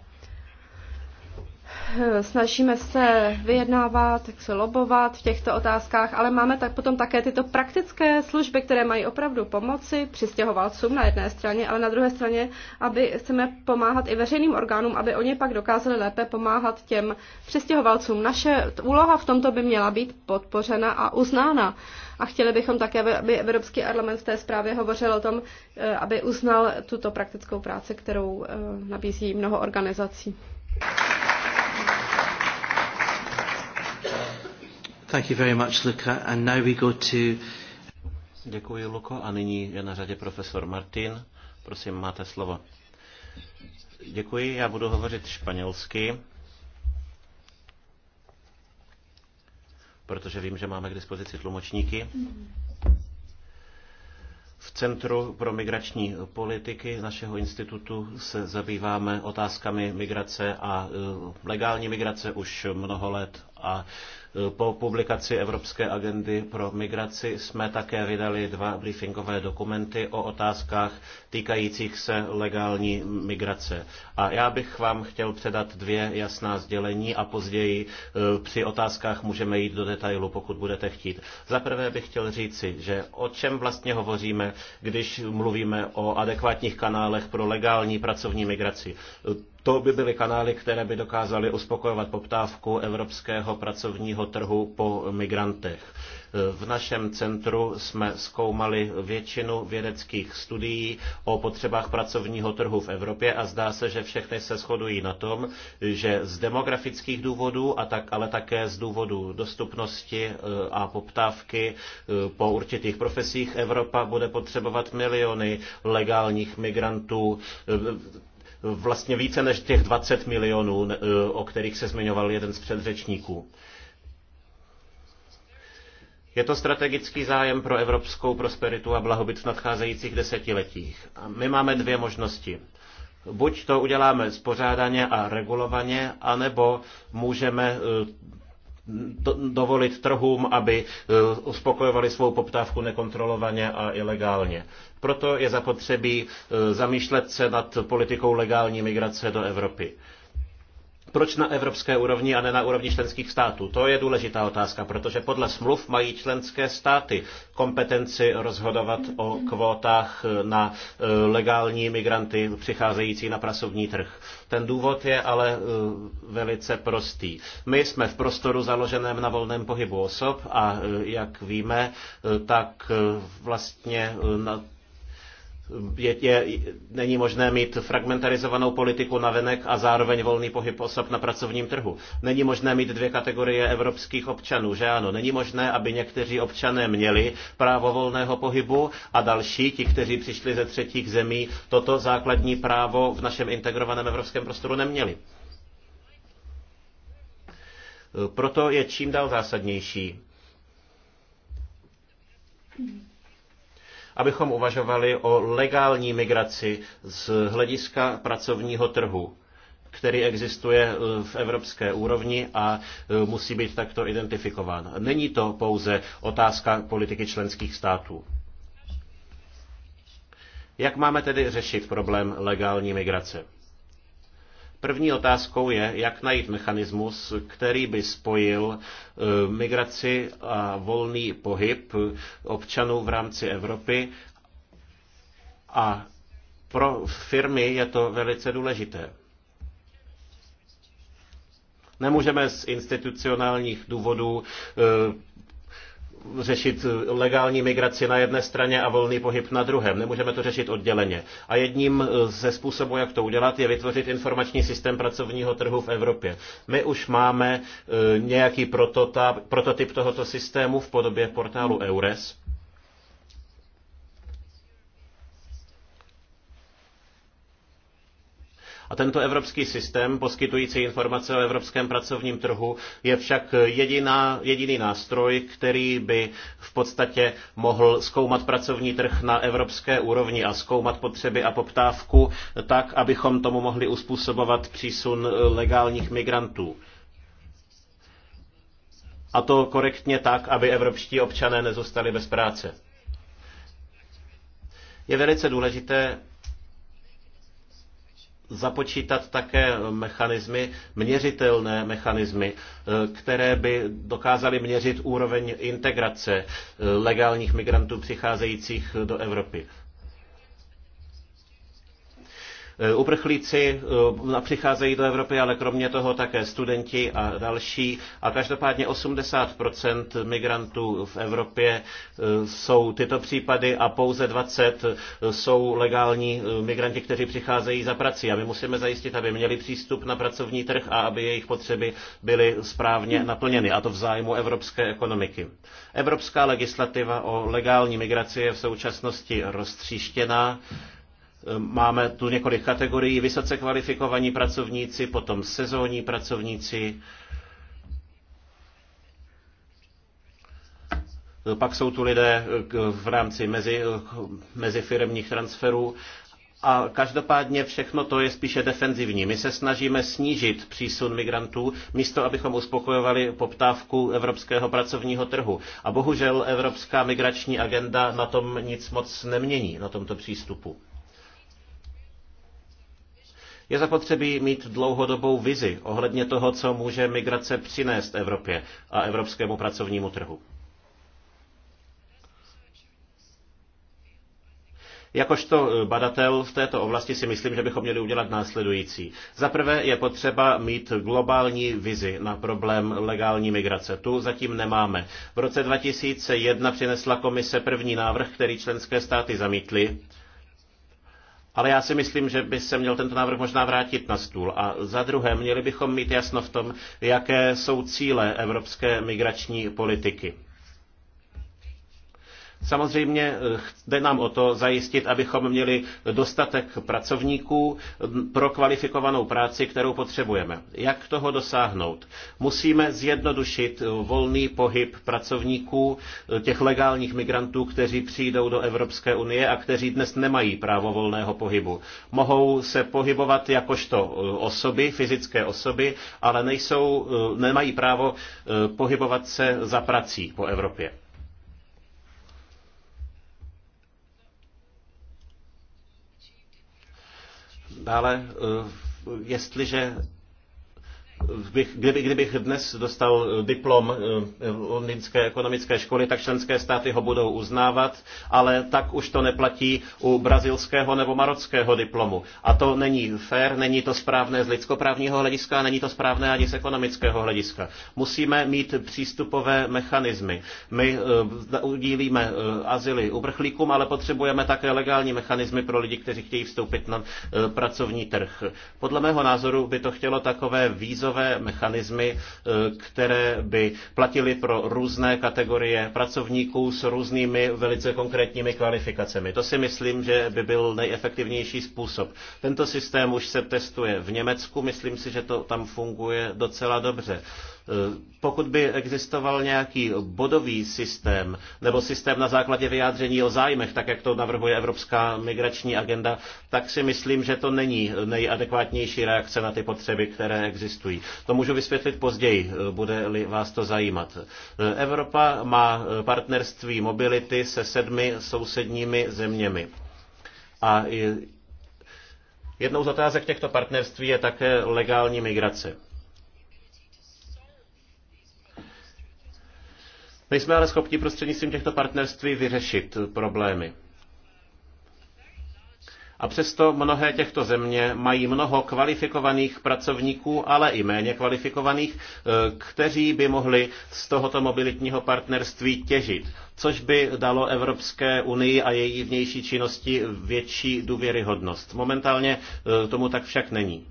Eh, snažíme se vyjednávat, tak se lobovat v těchto otázkách, ale máme tak potom také tyto praktické služby, které mají opravdu pomoci přistěhovalcům na jedné straně, ale na druhé straně, aby chceme pomáhat i veřejným orgánům, aby oni pak dokázali lépe pomáhat těm přistěhovalcům. Naše úloha v tomto by měla být podpořena a uznána. A chtěli bychom také, aby Evropský parlament v té zprávě hovořil o tom, eh, aby uznal tuto praktickou práci, kterou eh, nabízí mnoho organizací. Thank you very much, Luca. And now we go to... Děkuji, Luko. A nyní je na řadě profesor Martin. Prosím, máte slovo. Děkuji, já budu hovořit španělsky, protože vím, že máme k dispozici tlumočníky. V Centru pro migrační politiky našeho institutu se zabýváme otázkami migrace a e, legální migrace už mnoho let a Eh, po publikaci Evropské agendy pro migraci jsme také vydali dva briefingové dokumenty o otázkách týkajících se legální migrace. A já bych vám chtěl předat dvě jasná sdělení a později eh, při otázkách můžeme jít do detailu, pokud budete chtít. Za prvé bych chtěl říci, že o čem vlastně hovoříme, když mluvíme o adekvátních kanálech pro legální pracovní migraci. Eh, to by byly kanály, které by dokázaly uspokojovat poptávku evropského pracovního vnitřního trhu po migrantech. V našem centru jsme zkoumali většinu vědeckých studií o potřebách pracovního trhu v Evropě a zdá se, že všechny se shodují na tom, že z demografických důvodů, a tak, ale také z důvodu dostupnosti e, a poptávky e, po určitých profesích Evropa bude potřebovat miliony legálních migrantů, e, vlastně více než těch 20 milionů, o kterých se zmiňoval jeden z předřečníků. Je to strategický zájem pro evropskou prosperitu a blahobyt v nadcházejících desetiletích. my máme dvě možnosti. Buď to uděláme spořádaně a regulovaně, anebo můžeme eh, dovolit trhům, aby eh, uspokojovali svou poptávku nekontrolovaně a ilegálně. Proto je zapotřebí eh, zamýšlet se nad politikou legální migrace do Evropy. Proč na evropské úrovni a ne na úrovni členských států? To je důležitá otázka, protože podle smluv mají členské státy kompetenci rozhodovat o kvótách na eh, legální migranty přicházející na pracovní trh. Ten důvod je ale eh, velice prostý. My jsme v prostoru založeném na volném pohybu osob a eh, jak víme, tak vlastně na je, je, není možné mít fragmentarizovanou politiku na venek a zároveň volný pohyb osob na pracovním trhu. Není možné mít dvě kategorie evropských občanů, že ano? Není možné, aby někteří občané měli právo volného pohybu a další, ti, kteří přišli ze třetích zemí, toto základní právo v našem integrovaném evropském prostoru neměli. Proto je čím dál zásadnější, abychom uvažovali o legální migraci z hlediska pracovního trhu který existuje e, v evropské úrovni a e, musí být takto identifikován. Není to pouze otázka politiky členských států. Jak máme tedy řešit problém legální migrace? První otázkou je, jak najít mechanismus, který by spojil e, migraci a volný pohyb občanů v rámci Evropy a pro firmy je to velice důležité. Nemůžeme z institucionálních důvodů e, řešit legální migraci na jedné straně a volný pohyb na druhém. Nemůžeme to řešit odděleně. A jedním ze způsobů, jak to udělat, je vytvořit informační systém pracovního trhu v Evropě. My už máme eh, nějaký prototyp tohoto systému v podobě portálu EURES A tento evropský systém, poskytující informace o evropském pracovním trhu, je však jediná, jediný nástroj, který by v podstatě mohl zkoumat pracovní trh na evropské úrovni a zkoumat potřeby a poptávku tak, abychom tomu mohli uspůsobovat přísun legálních migrantů. A to korektně tak, aby evropští občané nezůstali bez práce. Je velice důležité započítat také mechanismy, měřitelné mechanismy, eh, které by dokázaly měřit úroveň integrace eh, legálních migrantů přicházejících do Evropy. Eh, uprchlíci eh, přicházejí do Evropy, ale kromě toho také studenti a další. A každopádně 80% migrantů v Evropě eh, jsou tyto případy a pouze 20 jsou legální migranti, kteří přicházejí za prací. A my musíme zajistit, aby měli přístup na pracovní trh a aby jejich potřeby byly správně naplněny. A to v zájmu evropské ekonomiky. Evropská legislativa o legální migraci je v současnosti roztříštěná Máme tu několik kategorií, vysoce kvalifikovaní pracovníci, potom sezónní pracovníci, pak jsou tu lidé v rámci mezi, mezifiremních transferů a každopádně všechno to je spíše defenzivní. My se snažíme snížit přísun migrantů, místo abychom uspokojovali poptávku evropského pracovního trhu. A bohužel evropská migrační agenda na tom nic moc nemění, na tomto přístupu. Je zapotřebí mít dlouhodobou vizi ohledně toho, co může migrace přinést Evropě a evropskému pracovnímu trhu. Jakožto eh, badatel v této oblasti si myslím, že bychom měli udělat následující. Za prvé je potřeba mít globální vizi na problém legální migrace. Tu zatím nemáme. V roce 2001 přinesla komise první návrh, který členské státy zamítly ale já si myslím, že by se měl tento návrh možná vrátit na stůl. A za druhé, měli bychom mít jasno v tom, jaké jsou cíle evropské migrační politiky. Samozřejmě eh, jde nám o to zajistit, abychom měli dostatek pracovníků pro kvalifikovanou práci, kterou potřebujeme. Jak toho dosáhnout? Musíme zjednodušit eh, volný pohyb pracovníků, eh, těch legálních migrantů, kteří přijdou do Evropské unie a kteří dnes nemají právo volného pohybu. Mohou se pohybovat jakožto osoby, fyzické osoby, ale nejsou, nemají právo pohybovat se za prací po Evropě. Dále, eh, jestliže kdyby, kdybych dnes dostal eh, diplom eh, Londýnské ekonomické školy, tak členské státy ho budou uznávat, ale tak už to neplatí u brazilského nebo marockého diplomu. A to není fér, není to správné z lidskoprávního hlediska, není to správné ani z ekonomického hlediska. Musíme mít přístupové mechanismy. My eh, udílíme azyly uprchlíkům, ale potřebujeme také legální mechanismy pro lidi, kteří chtějí vstoupit na pracovní trh. Podle mého názoru by to chtělo takové vízo krizové mechanismy, eh, které by platily pro různé kategorie pracovníků s různými velice konkrétními kvalifikacemi. To si myslím, že by byl nejefektivnější způsob. Tento systém už se testuje v Německu, myslím si, že to tam funguje docela dobře. Eh, pokud by existoval nějaký bodový systém nebo systém na základě vyjádření o zájmech, tak jak to navrhuje Evropská migrační agenda, tak si myslím, že to není nejadekvátnější reakce na ty potřeby, které existují. To můžu vysvětlit později, eh, bude-li vás to zajímat. Eh, Evropa má partnerství mobility se sedmi sousedními zeměmi. A Jednou z otázek těchto partnerství je také legální migrace. Nejsme ale schopni prostřednictvím těchto partnerství vyřešit problémy. A přesto mnohé těchto země mají mnoho kvalifikovaných pracovníků, ale i méně kvalifikovaných, eh, kteří by mohli z tohoto mobilitního partnerství těžit, což by dalo Evropské unii a její vnější činnosti větší důvěryhodnost. Momentálně eh, tomu tak však není.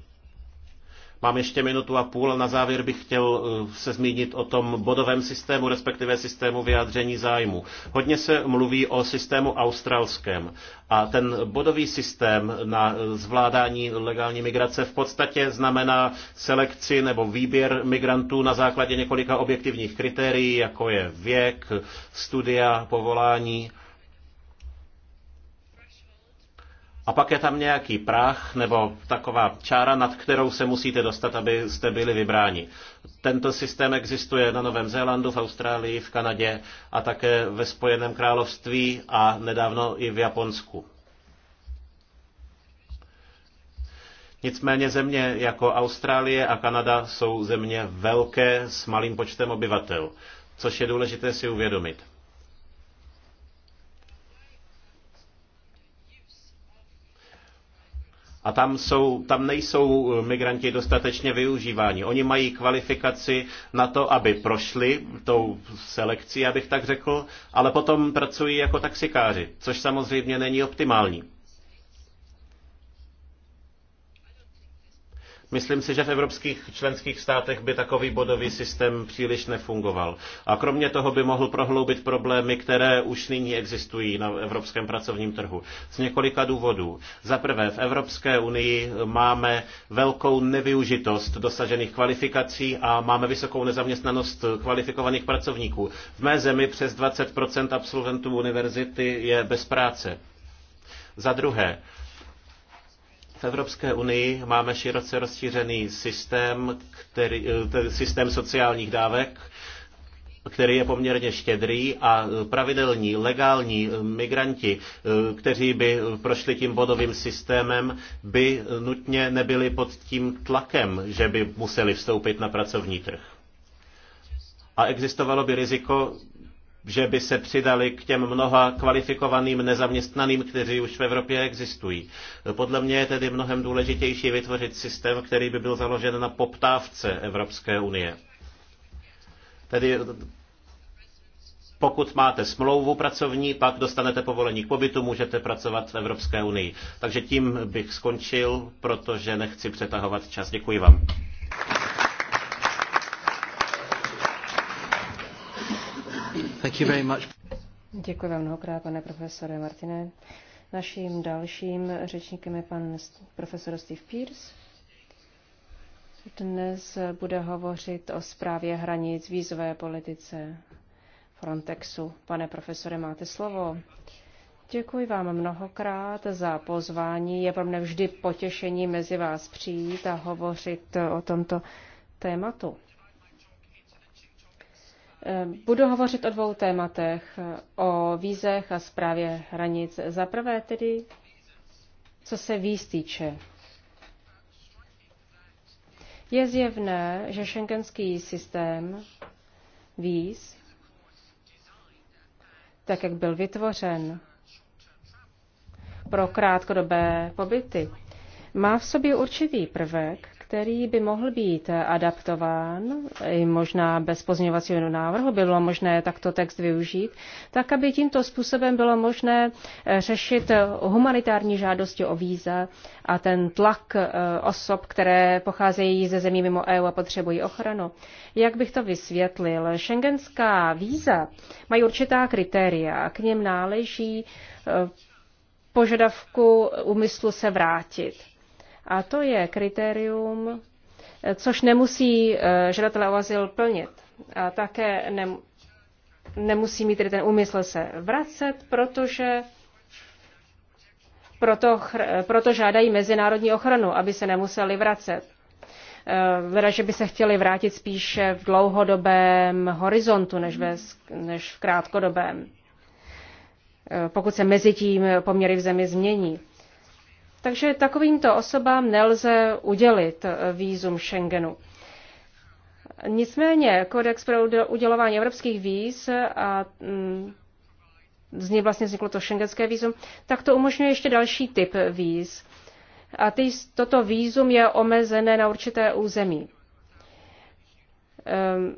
Mám ještě minutu a půl. Na závěr bych chtěl uh, se zmínit o tom bodovém systému, respektive systému vyjádření zájmu. Hodně se mluví o systému australském. A ten bodový systém na uh, zvládání legální migrace v podstatě znamená selekci nebo výběr migrantů na základě několika objektivních kritérií, jako je věk, studia, povolání A pak je tam nějaký prach nebo taková čára, nad kterou se musíte dostat, abyste byli vybráni. Tento systém existuje na Novém Zélandu, v Austrálii, v Kanadě a také ve Spojeném království a nedávno i v Japonsku. Nicméně země jako Austrálie a Kanada jsou země velké s malým počtem obyvatel, což je důležité si uvědomit. A tam, jsou, tam nejsou eh, migranti dostatečně využíváni. Oni mají kvalifikaci na to, aby prošli tou selekcí, abych tak řekl, ale potom pracují jako taxikáři, což samozřejmě není optimální. Myslím si, že v evropských členských státech by takový bodový systém příliš nefungoval. A kromě toho by mohl prohloubit problémy, které už nyní existují na evropském pracovním trhu. Z několika důvodů. Za prvé, v Evropské unii máme velkou nevyužitost dosažených kvalifikací a máme vysokou nezaměstnanost kvalifikovaných pracovníků. V mé zemi přes 20 absolventů univerzity je bez práce. Za druhé, v Evropské unii máme široce rozšířený systém, který, systém sociálních dávek, který je poměrně štědrý a pravidelní, legální migranti, kteří by prošli tím bodovým systémem, by nutně nebyli pod tím tlakem, že by museli vstoupit na pracovní trh. A existovalo by riziko, že by se přidali k těm mnoha kvalifikovaným nezaměstnaným, kteří už v Evropě existují. Podle mě je tedy mnohem důležitější vytvořit systém, který by byl založen na poptávce Evropské unie. Tedy pokud máte smlouvu pracovní, pak dostanete povolení k pobytu, můžete pracovat v Evropské unii. Takže tím bych skončil, protože nechci přetahovat čas. Děkuji vám. Thank you very much. Děkuji vám mnohokrát, pane profesore Martine. Naším dalším řečníkem je pan profesor Steve Pierce. Dnes bude hovořit o zprávě hranic vízové politice Frontexu. Pane profesore, máte slovo. Děkuji vám mnohokrát za pozvání. Je pro mě vždy potěšení mezi vás přijít a hovořit o tomto tématu. Budu hovořit o dvou tématech, o vízech a zprávě hranic. Za prvé tedy, co se víz týče. Je zjevné, že šengenský systém víz, tak jak byl vytvořen pro krátkodobé pobyty, má v sobě určitý prvek, který by mohl být adaptován, i možná bez pozměňovacího návrhu bylo možné takto text využít, tak aby tímto způsobem bylo možné eh, řešit eh, humanitární žádosti o víza a ten tlak eh, osob, které pocházejí ze zemí mimo EU a potřebují ochranu. Jak bych to vysvětlil? Schengenská víza mají určitá kritéria a k něm náleží požadavku úmyslu se vrátit. A to je kritérium, což nemusí eh, žadatelé o azyl plnit. A také ne, nemusí mít tedy ten úmysl se vracet, protože proto, eh, proto žádají mezinárodní ochranu, aby se nemuseli vracet. Eh, teda, že by se chtěli vrátit spíše v dlouhodobém horizontu než, ve, než v krátkodobém, pokud se mezi tím poměry v zemi změní. Takže takovýmto osobám nelze udělit výzum Schengenu. Nicméně kodex pro udělování evropských víz a mm, z něj vlastně vzniklo to šengenské vízum, tak to umožňuje ještě další typ víz. A ty, toto vízum je omezené na určité území. Ehm,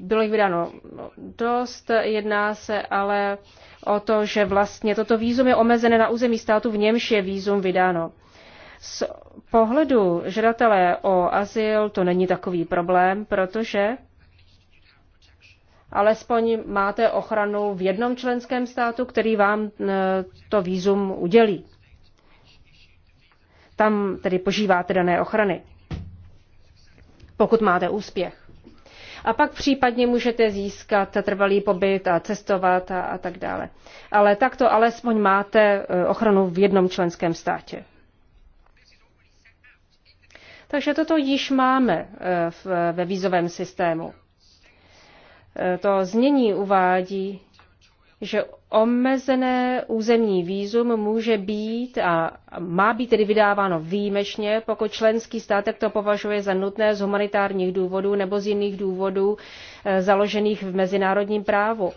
bylo jich vydáno dost, jedná se ale o to, že vlastně toto výzum je omezené na území státu, v němž je výzum vydáno. Z pohledu žadatelé o azyl to není takový problém, protože alespoň máte ochranu v jednom členském státu, který vám eh, to výzum udělí. Tam tedy požíváte dané ochrany, pokud máte úspěch a pak případně můžete získat trvalý pobyt a cestovat a, a tak dále. Ale takto alespoň máte e, ochranu v jednom členském státě. Takže toto již máme e, ve vízovém systému. E, to znění uvádí že omezené územní výzum může být a má být tedy vydáváno výjimečně, pokud členský stát to považuje za nutné z humanitárních důvodů nebo z jiných důvodů eh, založených v mezinárodním právu.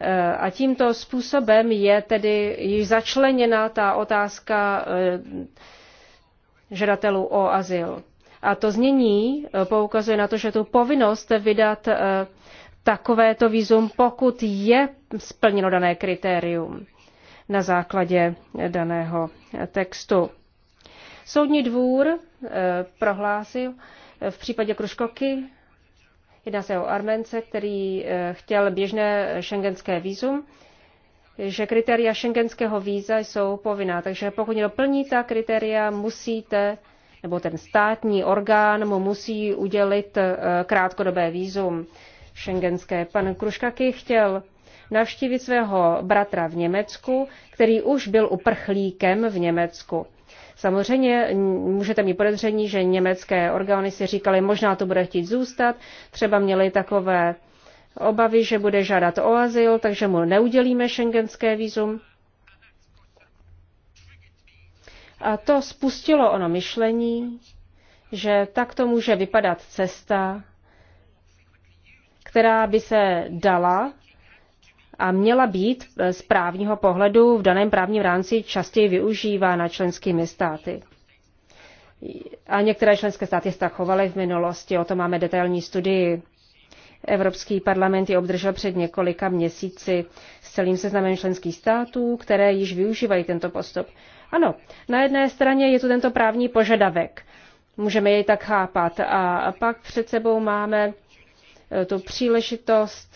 Eh, a tímto způsobem je tedy již začleněna ta otázka eh, žadatelů o azyl. A to znění poukazuje na to, že tu povinnost vydat takovéto vízum pokud je splněno dané kritérium na základě daného textu. Soudní dvůr eh, prohlásil eh, v případě Kruškoky, jedná se o Armence, který eh, chtěl běžné šengenské vízum, že kritéria šengenského víza jsou povinná. Takže pokud doplní ta kritéria, musíte, nebo ten státní orgán mu musí udělit krátkodobé vízum šengenské. Pan Kruškaky chtěl navštívit svého bratra v Německu, který už byl uprchlíkem v Německu. Samozřejmě můžete mít podezření, že německé orgány si říkali, možná to bude chtít zůstat, třeba měli takové obavy, že bude žádat o azyl, takže mu neudělíme šengenské výzum. A to spustilo ono myšlení, že takto může vypadat cesta která by se dala a měla být z právního pohledu v daném právním rámci častěji využívána členskými státy. A některé členské státy se tak chovaly v minulosti, o to máme detailní studii. Evropský parlament ji obdržel před několika měsíci s celým seznamem členských států, které již využívají tento postup. Ano, na jedné straně je tu tento právní požadavek. Můžeme jej tak chápat. A pak před sebou máme Eh, tu příležitost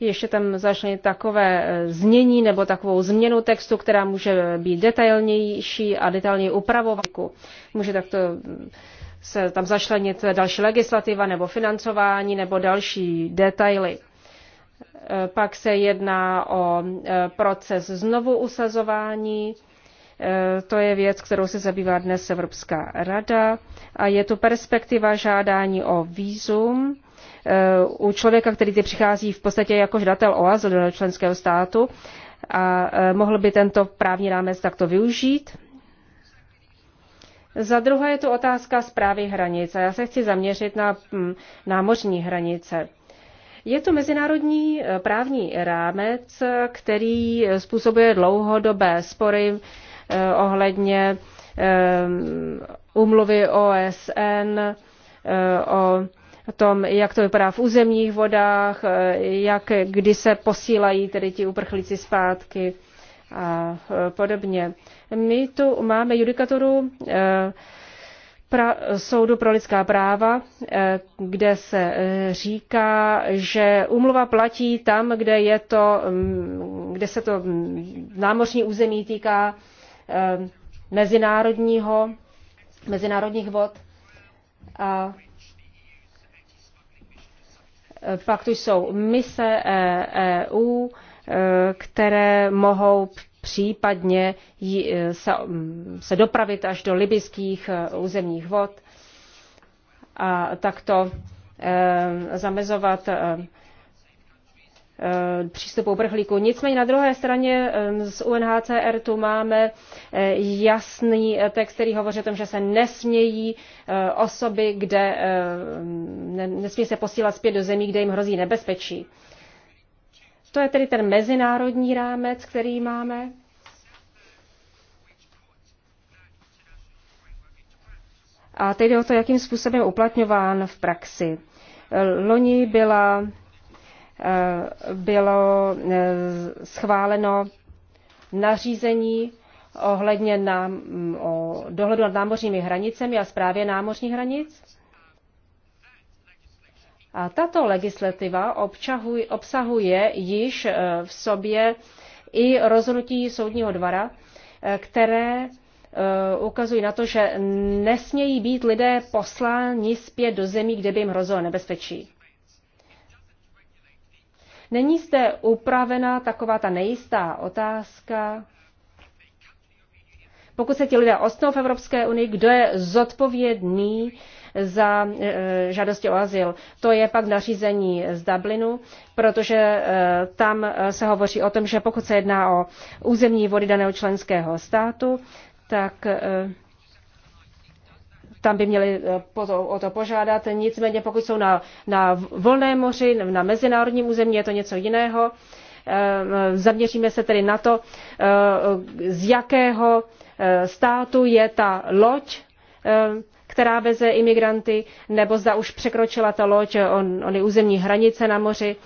ještě tam začlenit takové eh, znění nebo takovou změnu textu, která může být detailnější a detailně upravovat. Může takto mm, se tam zašlenit další legislativa nebo financování nebo další detaily. Eh, pak se jedná o proces znovu usazování, Eh, to je věc, kterou se zabývá dnes Evropská rada a je to perspektiva žádání o výzum eh, u člověka, který ty přichází v podstatě jako žadatel o azyl do členského státu a eh, mohl by tento právní rámec takto využít. Za druhé je tu otázka zprávy hranic a já se chci zaměřit na hm, námořní hranice. Je to mezinárodní právní rámec, který způsobuje dlouhodobé spory Eh, ohledně umluvy eh, OSN eh, o tom, jak to vypadá v územních vodách, jak, kdy se posílají tedy ti uprchlíci zpátky a podobně. My tu máme judikaturu pra, soudu pro lidská práva, kde se říká, že umluva platí tam, kde, je to, mm, kde se to mm, námořní území týká Um, mezinárodního, mezinárodních vod. A eh, pak tu jsou mise EU, e eh, které mohou případně eh, mm, se dopravit až do libyských územních vod a takto zamezovat Eh, přístupu uprchlíků. Nicméně na druhé straně z UNHCR tu máme eh, jasný text, který hovoří o tom, že se nesmějí eh, osoby, kde nesmí se posílat zpět do zemí, kde jim hrozí nebezpečí. To je tedy ten mezinárodní rámec, který máme. A teď jde o to, jakým způsobem uplatňován v praxi. Loni byla Eh, bylo eh, schváleno nařízení ohledně nám, o dohledu nad námořními hranicemi a zprávě námořních hranic. A tato legislativa občahuj, obsahuje již eh, v sobě i rozhodnutí soudního dvora, které ukazují na to, že nesmějí být lidé posláni zpět do zemí, kde by jim hrozilo nebezpečí. Není zde upravená taková ta nejistá otázka, pokud se ti lidé ostnou v Evropské unii, kdo je zodpovědný za e, žádosti o azyl. To je pak nařízení z Dublinu, protože e, tam e, se hovoří o tom, že pokud se jedná o územní vody daného členského státu, tak e, tam by měli eh, o to požádat. Nicméně pokud jsou na, na volné moři, na mezinárodním území, je to něco jiného. Eh, zaměříme se tedy na to, eh, z jakého státu je ta loď, která veze imigranty, nebo zda už překročila ta loď ony územní hranice na moři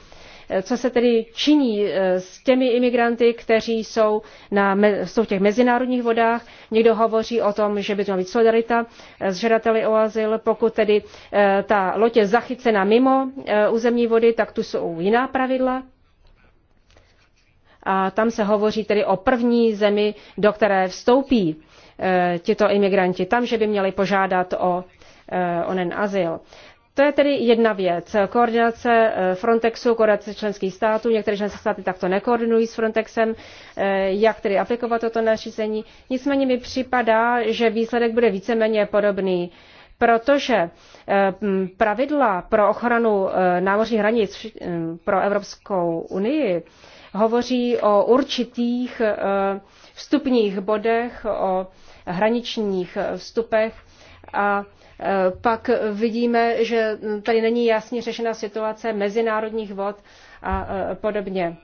Eh, co se tedy činí eh, s těmi imigranty, kteří jsou, na, jsou v těch mezinárodních vodách. Někdo hovoří o tom, že by to měla být solidarita eh, s žadateli o azyl. Pokud tedy ta loď je zachycena mimo územní vody, tak tu jsou jiná pravidla. A tam se hovoří tedy o první zemi, do které vstoupí tito imigranti. Tam, že by měli požádat o onen azyl. To je tedy jedna věc. Koordinace eh, Frontexu, koordinace členských států, některé členské státy takto nekoordinují s Frontexem, eh, jak tedy aplikovat toto nařízení. Nicméně mi připadá, že výsledek bude víceméně podobný, protože eh, pravidla pro ochranu námořních hranic pro Evropskou unii hovoří o určitých vstupních bodech, o hraničních vstupech a pak vidíme, že tady není jasně řešena situace mezinárodních vod a e, podobně.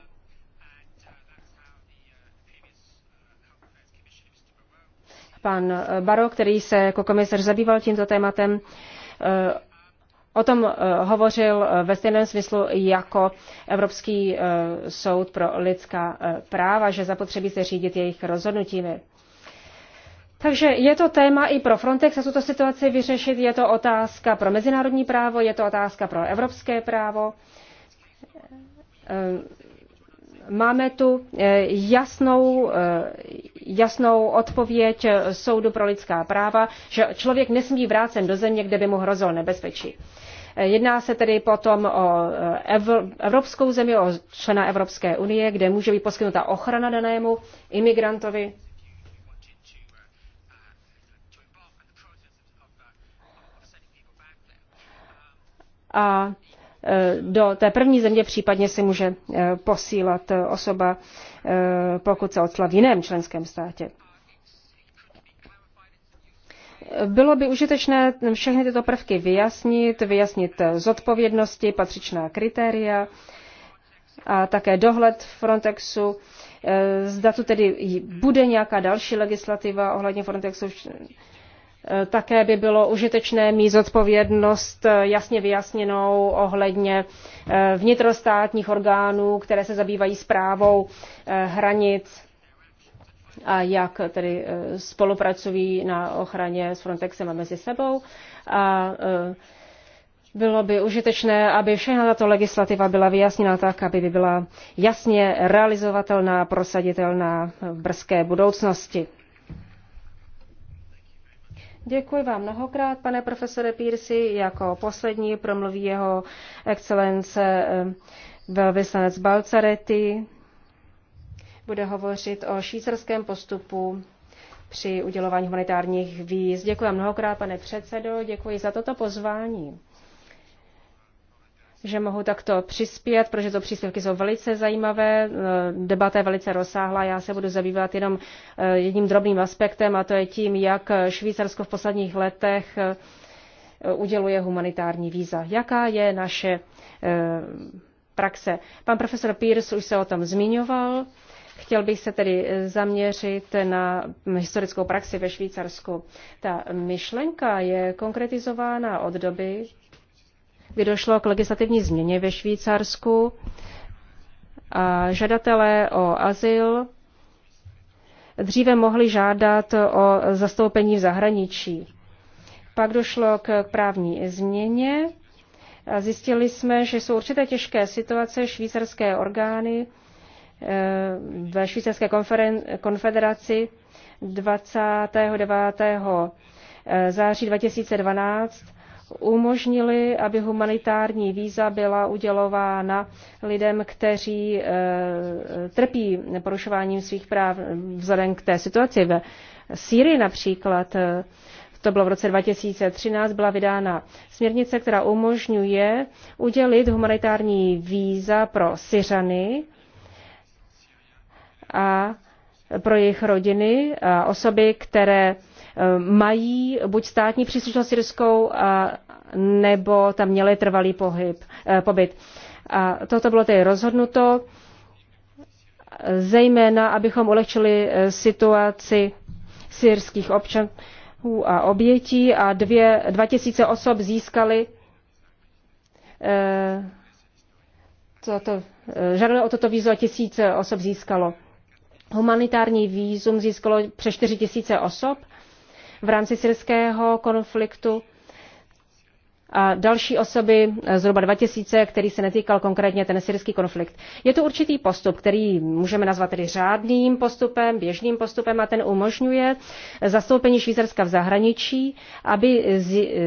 Pan e, Baro, který se jako komisař zabýval tímto tématem, e, o tom hovořil ve stejném smyslu jako Evropský soud pro lidská práva, že zapotřebí se řídit jejich rozhodnutími. Takže je to téma i pro Frontex a tuto situaci vyřešit. Je to otázka pro mezinárodní právo, je to otázka pro evropské právo. Eh, máme tu eh, jasnou, eh, jasnou odpověď Soudu pro lidská práva, že člověk nesmí vrácen do země, kde by mu hrozil nebezpečí. Jedná se tedy potom o evropskou zemi, o člena Evropské unie, kde může být poskytnuta ochrana danému imigrantovi a e, do té první země případně si může e, posílat e, osoba, pokud se odstala v jiném členském státě. Bylo by užitečné všechny tyto prvky vyjasnit, vyjasnit zodpovědnosti, patřičná kritéria a také dohled Frontexu. Zda tu tedy bude nějaká další legislativa ohledně Frontexu Eh, také by bylo užitečné mít zodpovědnost eh, jasně vyjasněnou ohledně eh, vnitrostátních orgánů, které se zabývají zprávou hranic a jak tedy spolupracují na ochraně s Frontexem a mezi sebou. A bylo by užitečné, aby všechna tato legislativa byla vyjasněna tak, aby by byla jasně realizovatelná, prosaditelná v brzké budoucnosti. Děkuji vám mnohokrát, pane profesore Pírsi. Jako poslední promluví jeho excelence eh, velvyslanec Balcarety. Bude hovořit o švýcarském postupu při udělování humanitárních víz. Děkuji vám mnohokrát, pane předsedo, děkuji za toto pozvání že mohu takto přispět, protože to příspěvky jsou velice zajímavé, e, debata je velice rozsáhlá, já se budu zabývat jenom e, jedním drobným aspektem a to je tím, jak Švýcarsko v posledních letech e, uděluje humanitární víza. Jaká je naše praxe? Pan profesor Pierce už se o tom zmiňoval. Chtěl bych se tedy zaměřit na historickou praxi ve Švýcarsku. Ta myšlenka je konkretizována od doby, kdy došlo k legislativní změně ve Švýcarsku. A žadatelé o azyl dříve mohli žádat o zastoupení v zahraničí. Pak došlo k právní změně. Zjistili jsme, že jsou určité těžké situace švýcarské orgány eh, ve švýcarské konfederaci 29. Eh, září 2012 umožnili, aby humanitární víza byla udělována lidem, kteří eh, trpí porušováním svých práv vzhledem k té situaci. Ve Sýrii například, eh, to bylo v roce 2013, byla vydána směrnice, která umožňuje udělit humanitární víza pro Syřany a pro jejich rodiny a osoby, které Eh, mají buď státní příslušnost syrskou, a, nebo tam měli trvalý pohyb, eh, pobyt. A toto bylo tedy rozhodnuto, zejména abychom ulehčili eh, situaci syrských občanů a obětí a dvě, 2000 osob získali toto, žádali o toto vízu a tisíce osob získalo. Humanitární vízum získalo přes čtyři tisíce osob v rámci syrského konfliktu a další osoby, eh, zhruba 2000, který se netýkal konkrétně ten syrský konflikt. Je to určitý postup, který můžeme nazvat tedy řádným postupem, běžným postupem a ten umožňuje zastoupení Švýcarska v zahraničí, aby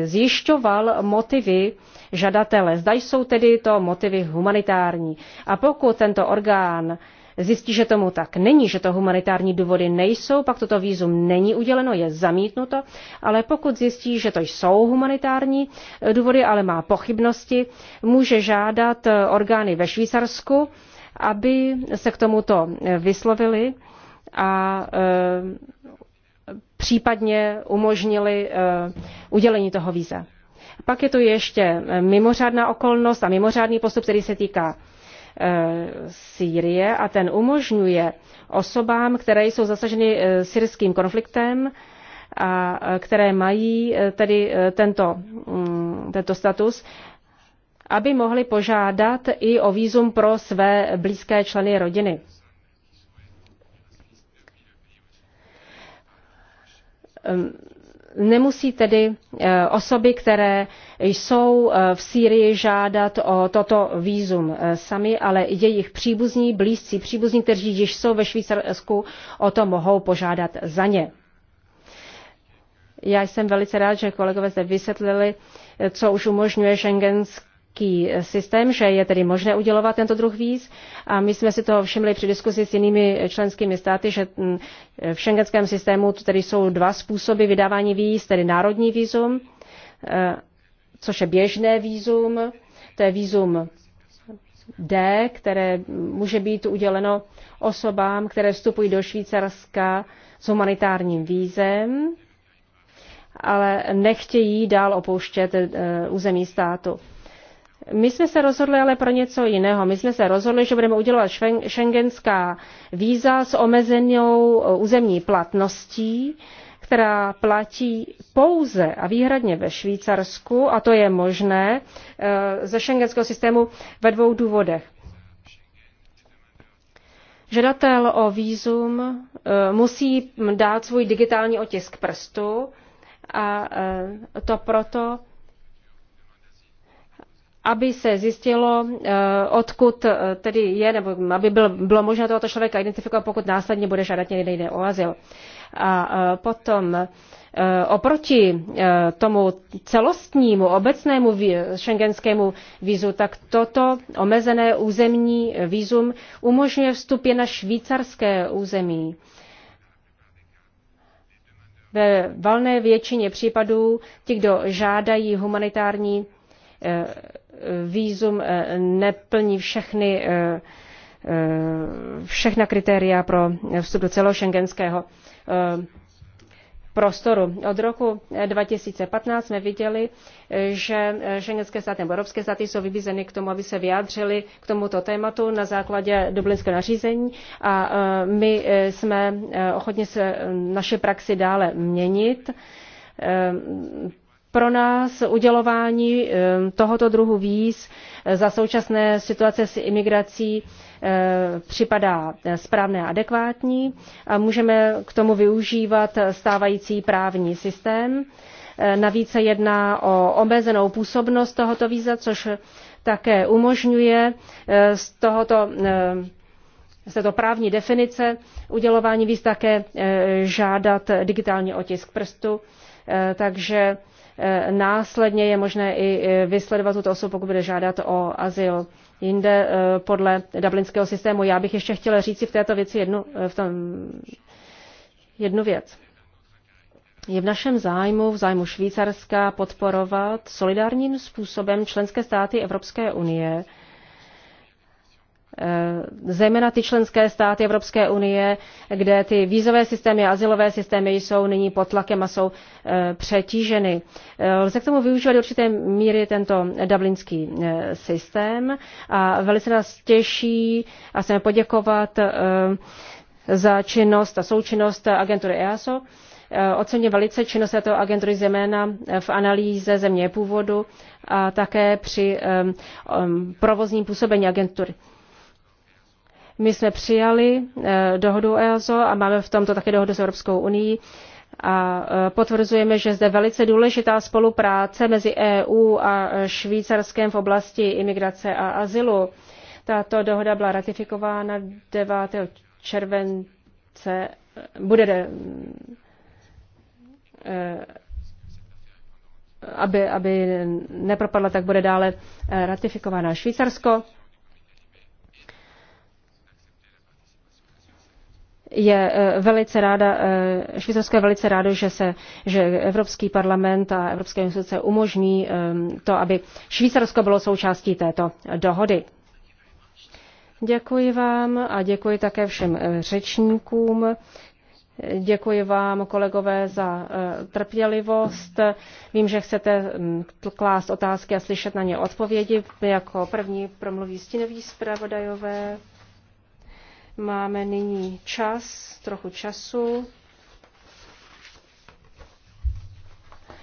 zjišťoval motivy žadatele. Zda jsou tedy to motivy humanitární. A pokud tento orgán zjistí, že tomu tak není, že to humanitární důvody nejsou, pak toto výzum není uděleno, je zamítnuto, ale pokud zjistí, že to jsou humanitární eh, důvody, ale má pochybnosti, může žádat eh, orgány ve Švýcarsku, aby se k tomuto eh, vyslovili a případně umožnili udělení toho víza. Pak je tu ještě mimořádná okolnost a mimořádný postup, který se týká Eh, Sýrie a ten umožňuje osobám, které jsou zasaženy eh, syrským konfliktem a eh, které mají tedy tento, mm, tento status, aby mohli požádat i o výzum pro své blízké členy rodiny. Um, Nemusí tedy eh, osoby, které jsou eh, v Sýrii žádat o toto výzum eh, sami, ale jejich příbuzní, blízcí příbuzní, kteří již jsou ve Švýcarsku, o to mohou požádat za ně. Já jsem velice rád, že kolegové zde vysvětlili, co už umožňuje šengenský taký systém, že je tedy možné udělovat tento druh víz. A my jsme si to všimli při diskuzi s jinými členskými státy, že mm, v šengenském systému tedy jsou dva způsoby vydávání víz, tedy národní vízum, eh, což je běžné vízum, to je vízum D, které může být uděleno osobám, které vstupují do Švýcarska s humanitárním vízem, ale nechtějí dál opouštět eh, území státu. My jsme se rozhodli ale pro něco jiného. My jsme se rozhodli, že budeme udělovat šengenská víza s omezenou e, územní platností, která platí pouze a výhradně ve Švýcarsku, a to je možné e, ze šengenského systému ve dvou důvodech. Žadatel o výzum e, musí dát svůj digitální otisk prstu a to proto, aby se zjistilo, eh, odkud eh, tedy je, nebo aby byl, bylo možné tohoto člověka identifikovat, pokud následně bude žádat někde jde o azyl. A eh, potom oproti tomu celostnímu obecnému šengenskému vízu, tak toto omezené územní vízum umožňuje vstup na švýcarské území. Ve valné většině případů ti, kdo žádají humanitární výzum eh, neplní všechny, eh, eh, všechna kritéria pro vstup do šengenského prostoru. Od roku 2015 jsme viděli, že šengenské státy nebo evropské státy jsou vybízeny k tomu, aby se vyjádřili k tomuto tématu na základě dublinského nařízení a my jsme ochotně se naše praxi dále měnit pro nás udělování eh, tohoto druhu víz eh, za současné situace s imigrací eh, připadá správné a adekvátní a můžeme k tomu využívat stávající právní systém. Navíc se jedná o omezenou působnost tohoto víza, což také umožňuje z tohoto z této právní definice udělování víz také žádat digitální otisk prstu, takže Eh, následně je možné i eh, vysledovat tuto osobu, pokud bude žádat o azyl jinde eh, podle dublinského systému. Já bych ještě chtěla říct si v této věci jednu, v tom, jednu věc. Je v našem zájmu, v zájmu Švýcarska, podporovat solidárním způsobem členské státy Evropské unie, Eh, zejména ty členské státy Evropské unie, kde ty vízové systémy a asilové systémy jsou nyní pod tlakem a jsou eh, přetíženy. Eh, lze k tomu využívat určité míry tento dublinský systém a velice nás těší a chceme poděkovat za činnost a součinnost agentury EASO. Oceně velice činnost této agentury zeména v analýze země původu a také při provozním působení agentury. My jsme přijali eh, dohodu EASO a máme v tomto také dohodu s Evropskou unii a eh, potvrzujeme, že zde velice důležitá spolupráce mezi EU a eh, Švýcarskem v oblasti imigrace a azylu. Tato dohoda byla ratifikována 9. července, bude aby, aby nepropadla, tak bude dále ratifikována Švýcarsko je eh, velice ráda, eh, Švýcarsko je velice rádo, že, se, že Evropský parlament a Evropské instituce umožní eh, to, aby Švýcarsko bylo součástí této dohody. Děkuji vám a děkuji také všem řečníkům. Děkuji vám, kolegové, za trpělivost. Vím, že chcete hm, klást otázky a slyšet na ně odpovědi. Jako první promluví stínoví zpravodajové. Máme nyní čas, trochu času.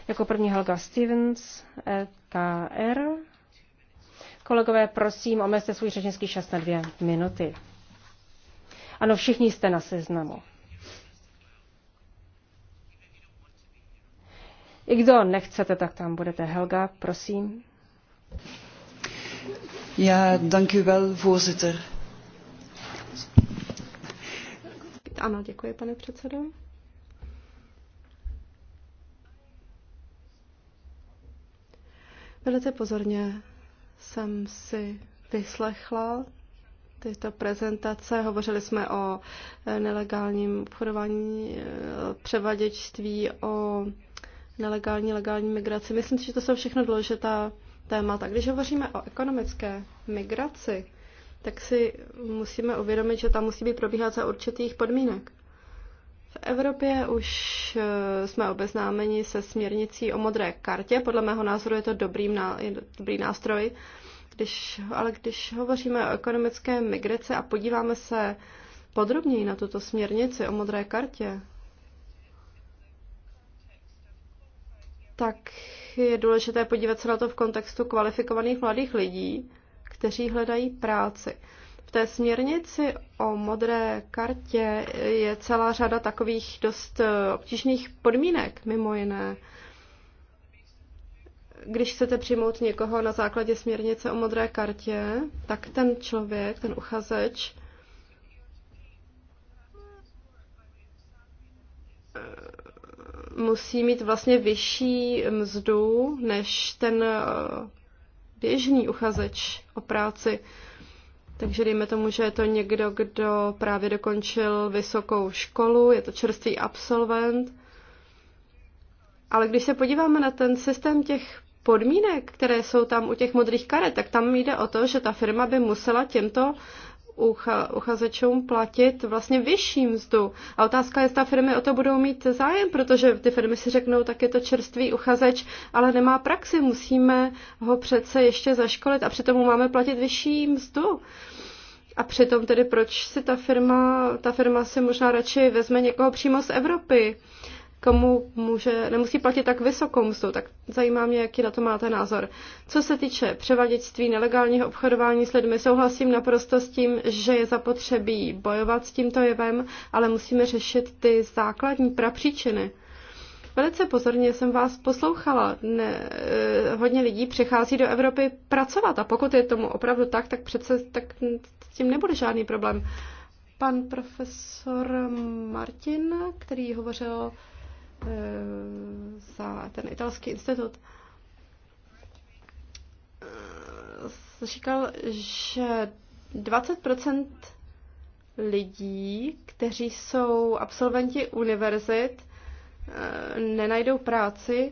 Jako první Helga Stevens, e KR. Kolegové, prosím, omezte svůj řečnický čas na dvě minuty. Ano, všichni jste na seznamu. I kdo nechcete, tak tam budete. Helga, prosím. Ja, dank u wel, voorzitter. Ano, děkuji, pane předsedo. Velice pozorně jsem si vyslechla tyto prezentace. Hovořili jsme o eh, nelegálním obchodování, eh, převaděčství, o nelegální, legální migraci. Myslím si, že to jsou všechno důležitá témata. Když hovoříme o ekonomické migraci, tak si musíme uvědomit, že tam musí být probíhat za určitých podmínek. V Evropě už eh, jsme obeznámeni se směrnicí o modré kartě. Podle mého názoru je to dobrý, je dobrý nástroj. Když, ale když hovoříme o ekonomické migraci a podíváme se podrobněji na tuto směrnici o modré kartě, tak je důležité podívat se na to v kontextu kvalifikovaných mladých lidí, kteří hledají práci. V té směrnici o modré kartě je celá řada takových dost eh, obtížných podmínek, mimo jiné. Když chcete přijmout někoho na základě směrnice o modré kartě, tak ten člověk, ten uchazeč, eh, musí mít vlastně vyšší mzdu než ten eh, běžný uchazeč o práci. Takže dejme tomu, že je to někdo, kdo právě dokončil vysokou školu, je to čerstvý absolvent. Ale když se podíváme na ten systém těch podmínek, které jsou tam u těch modrých karet, tak tam jde o to, že ta firma by musela těmto uchazečům platit vlastně vyšší mzdu. A otázka je, zda firmy o to budou mít zájem, protože ty firmy si řeknou, tak je to čerstvý uchazeč, ale nemá praxi, musíme ho přece ještě zaškolit a přitom mu máme platit vyšší mzdu. A přitom tedy proč si ta firma, ta firma si možná radši vezme někoho přímo z Evropy. Uh, komu může, nemusí platit tak vysokou mzdu, tak zajímá mě, jaký na to máte názor. Co se týče převaděčství, nelegálního obchodování s lidmi, souhlasím naprosto s tím, že je zapotřebí bojovat s tímto jevem, ale musíme řešit ty základní prapříčiny. Velice pozorně jsem vás poslouchala. Ne, eh, hodně lidí přichází do Evropy pracovat a pokud je tomu opravdu tak, tak přece tak s tím nebude žádný problém pan profesor Martin, který hovořil Eh, za ten italský institut, eh, říkal, že 20% lidí, kteří jsou absolventi univerzit, eh, nenajdou práci,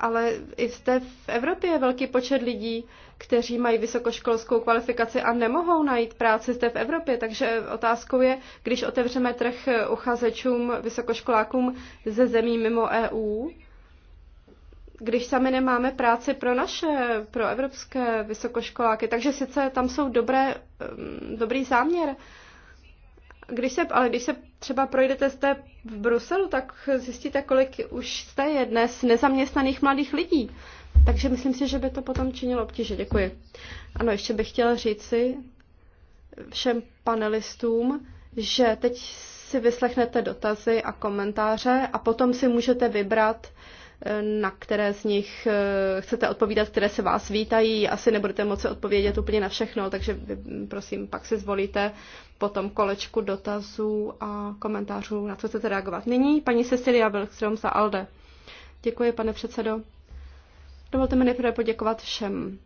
ale i zde v Evropě je velký počet lidí, kteří mají vysokoškolskou kvalifikaci a nemohou najít práci zde v Evropě. Takže otázkou je, když otevřeme trh uchazečům, vysokoškolákům ze zemí mimo EU, když sami nemáme práci pro naše, pro evropské vysokoškoláky. Takže sice tam jsou dobré, mm, dobrý záměr, když se, ale když se třeba projdete jste v Bruselu, tak zjistíte, kolik už jste je dnes nezaměstnaných mladých lidí. Takže myslím si, že by to potom činilo obtíže. Děkuji. Ano, ještě bych chtěla říct si všem panelistům, že teď si vyslechnete dotazy a komentáře a potom si můžete vybrat, Eh, na které z nich eh, chcete odpovídat, které se vás vítají. Asi nebudete moci odpovědět úplně na všechno, takže vy, mm, prosím, pak si zvolíte potom kolečku dotazů a komentářů, na co chcete reagovat. Nyní paní Cecilia Wilkström za ALDE. Děkuji, pane předsedo. Dovolte mi nejprve poděkovat všem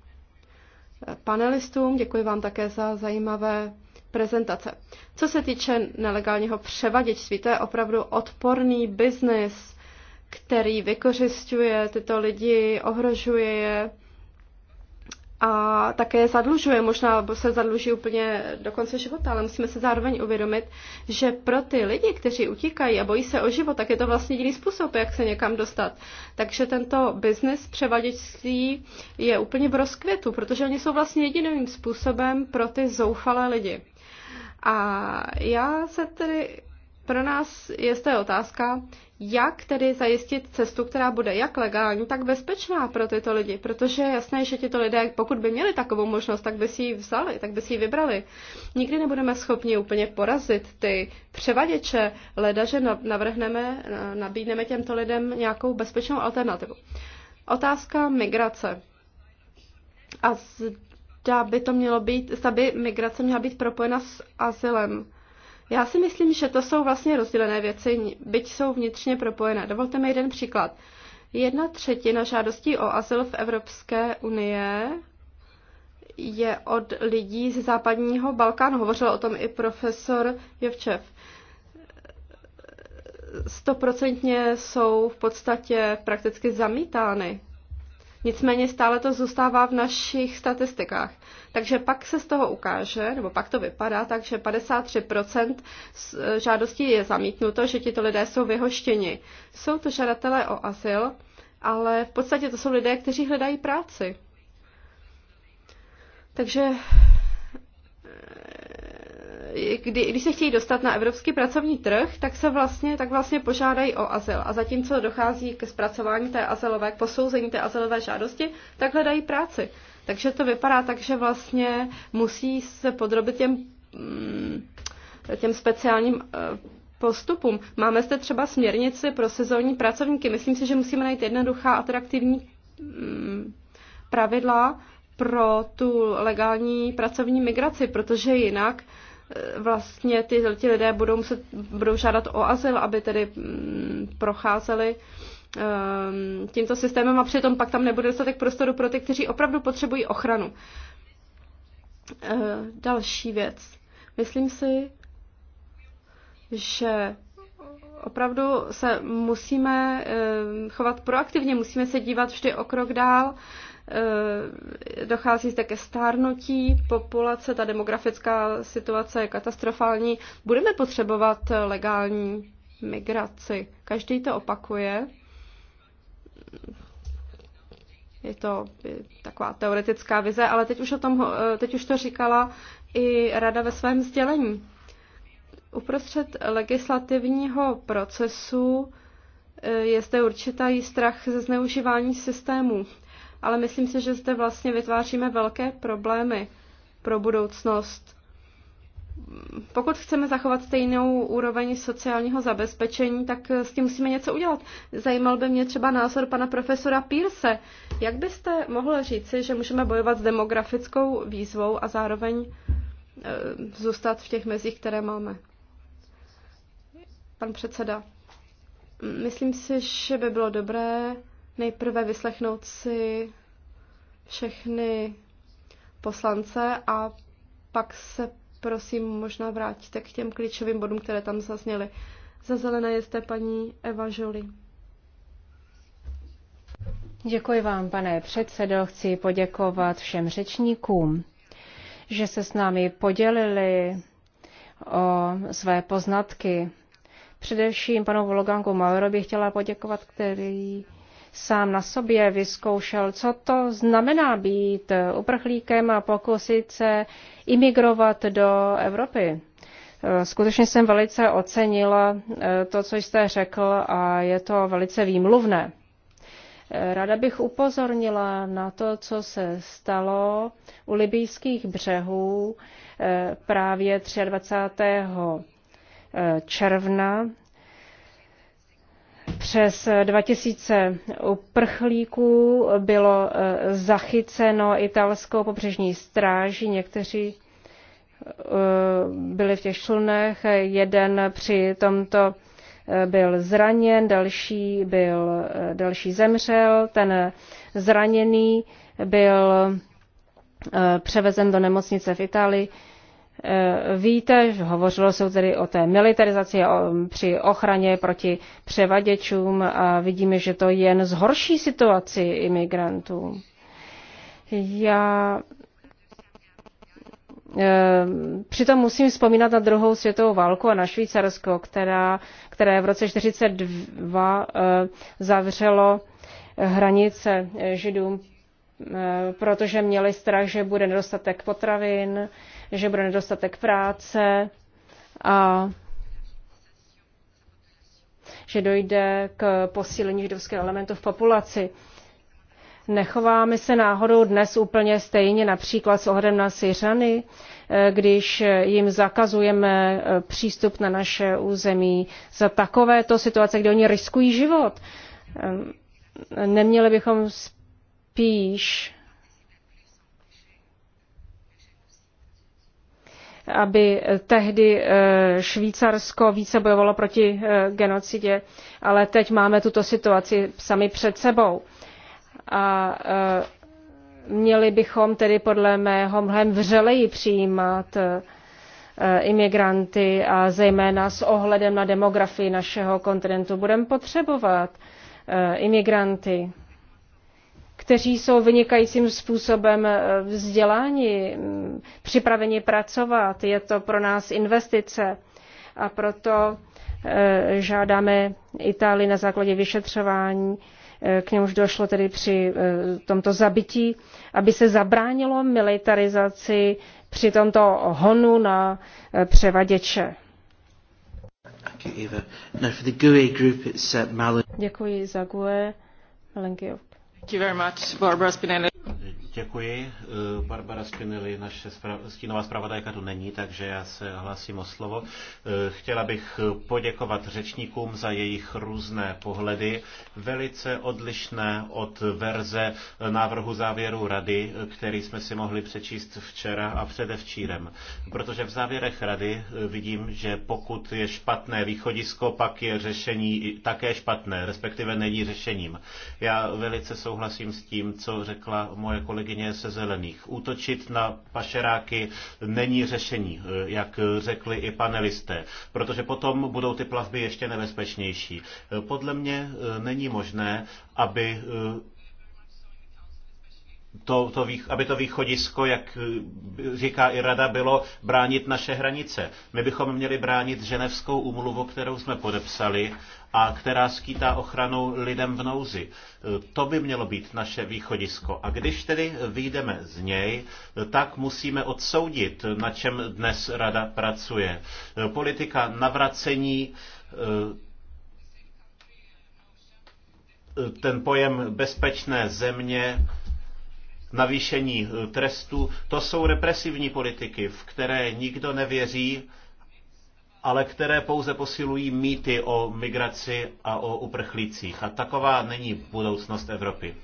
eh, panelistům. Děkuji vám také za zajímavé prezentace. Co se týče nelegálního převaděčství, to je opravdu odporný biznis který vykořišťuje tyto lidi, ohrožuje je a také zadlužuje, možná se zadluží úplně do konce života, ale musíme se zároveň uvědomit, že pro ty lidi, kteří utíkají a bojí se o život, tak je to vlastně jediný způsob, jak se někam dostat. Takže tento biznis převaděčství je úplně v rozkvětu, protože oni jsou vlastně jediným způsobem pro ty zoufalé lidi. A já se tedy, pro nás je zde otázka, jak tedy zajistit cestu, která bude jak legální, tak bezpečná pro tyto lidi, protože je jasné, že tyto lidé, pokud by měli takovou možnost, tak by si ji vzali, tak by si ji vybrali. Nikdy nebudeme schopni úplně porazit ty převaděče, leda, že navrhneme, nabídneme těmto lidem nějakou bezpečnou alternativu. Otázka migrace. A zda by to mělo být, zda by migrace měla být propojena s azylem. Já si myslím, že to jsou vlastně rozdělené věci, byť jsou vnitřně propojené. Dovolte mi jeden příklad. Jedna třetina žádostí o azyl v Evropské unie je od lidí ze západního Balkánu. Hovořil o tom i profesor Jevčev. Stoprocentně jsou v podstatě prakticky zamítány Nicméně stále to zůstává v našich statistikách. Takže pak se z toho ukáže, nebo pak to vypadá, takže 53% e, žádostí je zamítnuto, že tito lidé jsou vyhoštěni. Jsou to žadatelé o azyl, ale v podstatě to jsou lidé, kteří hledají práci. Takže kdy, když se chtějí dostat na evropský pracovní trh, tak se vlastně, tak vlastně požádají o azyl. A zatímco dochází ke zpracování té azylové, k posouzení té azylové žádosti, tak hledají práci. Takže to vypadá tak, že vlastně musí se podrobit těm, mm, těm speciálním eh, postupům. Máme zde třeba směrnici pro sezónní pracovníky. Myslím si, že musíme najít jednoduchá, atraktivní mm, pravidla pro tu legální pracovní migraci, protože jinak vlastně ty, ti lidé budou, muset, budou žádat o azyl, aby tedy mm, procházeli ehm, tímto systémem a přitom pak tam nebude dostatek prostoru pro ty, kteří opravdu potřebují ochranu. Eh, další věc. Myslím si, že opravdu se musíme ehm, chovat proaktivně, musíme se dívat vždy o krok dál. Eh, dochází zde ke stárnutí populace, ta demografická situace je katastrofální. Budeme potřebovat legální migraci. Každý to opakuje. Je to taková teoretická vize, ale teď už, o tom, eh, teď už to říkala i Rada ve svém sdělení. Uprostřed legislativního procesu eh, je zde určitý strach ze zneužívání systému ale myslím si, že zde vlastně vytváříme velké problémy pro budoucnost. Pokud chceme zachovat stejnou úroveň sociálního zabezpečení, tak s tím musíme něco udělat. Zajímal by mě třeba názor pana profesora Pírse. Jak byste mohl říci, že můžeme bojovat s demografickou výzvou a zároveň e, zůstat v těch mezích, které máme? Pan předseda, myslím si, že by bylo dobré nejprve vyslechnout si všechny poslance a pak se prosím možná vrátíte k těm klíčovým bodům, které tam zazněly. Za zelené je zde paní Eva Žoli. Děkuji vám, pane předsedo. Chci poděkovat všem řečníkům, že se s námi podělili o své poznatky. Především panu Vologanku Maurovi chtěla poděkovat, který sám na sobě vyzkoušel, co to znamená být uprchlíkem a pokusit se imigrovat do Evropy. Eh, skutečně jsem velice ocenila eh, to, co jste řekl a je to velice výmluvné. Eh, ráda bych upozornila na to, co se stalo u libijských břehů právě 23. června přes 2000 uprchlíků bylo eh, zachyceno italskou pobřežní stráží, někteří eh, byli v těch člunech, jeden při tomto eh, byl zraněn, další, byl, další zemřel, ten zraněný byl převezen do nemocnice v Itálii. Eh, víte, hovořilo se tedy o té militarizaci o, při ochraně proti převaděčům a vidíme, že to jen zhorší situaci imigrantů. Já eh, Přitom musím vzpomínat na druhou světovou válku a na Švýcarsko, která, které v roce 1942 eh, zavřelo hranice židům, protože měli strach, že bude nedostatek potravin, že bude nedostatek práce a že dojde k posílení židovského elementu v populaci. Nechováme se náhodou dnes úplně stejně například s ohledem na Syřany, eh, když jim zakazujeme eh, přístup na naše území za takovéto situace, kdy oni riskují život. Ehm, neměli bychom spíš aby tehdy eh, Švýcarsko více bojovalo proti eh, genocidě, ale teď máme tuto situaci sami před sebou. A eh, měli bychom tedy podle mého mnohem vřeleji přijímat imigranty a zejména s ohledem na demografii našeho kontinentu budeme potřebovat imigranty kteří jsou vynikajícím způsobem eh, vzděláni, mm, připraveni pracovat. Je to pro nás investice a proto eh, žádáme Itálii na základě vyšetřování, eh, k němuž došlo tedy při tomto zabití, aby se zabránilo militarizaci při tomto honu na převaděče. E uh, Děkuji za GUE, Malenky Thank you very much, Barbara Spinelli. Děkuji. Eh, Barbara Spinelli, naše stínová zpravodajka tu není, takže já se hlásím o slovo. Eh, chtěla bych poděkovat řečníkům za jejich různé pohledy, velice odlišné od verze eh, návrhu závěru rady, který jsme si mohli přečíst včera a předevčírem. Protože v závěrech rady vidím, že pokud je špatné východisko, pak je řešení také špatné, respektive není řešením. Já velice souhlasím s tím, co řekla moje kolega kolegyně se zelených. Útočit na pašeráky není řešení, jak řekli i panelisté, protože potom budou ty plavby ještě nebezpečnější. Podle mě eh, není možné, aby eh, to, to, aby to východisko, jak eh, říká i rada, bylo bránit naše hranice. My bychom měli bránit ženevskou úmluvu, kterou jsme podepsali a která skýtá ochranu lidem v nouzi. Eh, to by mělo být naše východisko. A když tedy vyjdeme z něj, tak musíme odsoudit, na čem dnes rada pracuje. Eh, politika navracení ten pojem bezpečné země navýšení eh, trestů, to jsou represivní politiky, v které nikdo nevěří, ale které pouze posilují mýty o migraci a o uprchlících. A taková není budoucnost Evropy.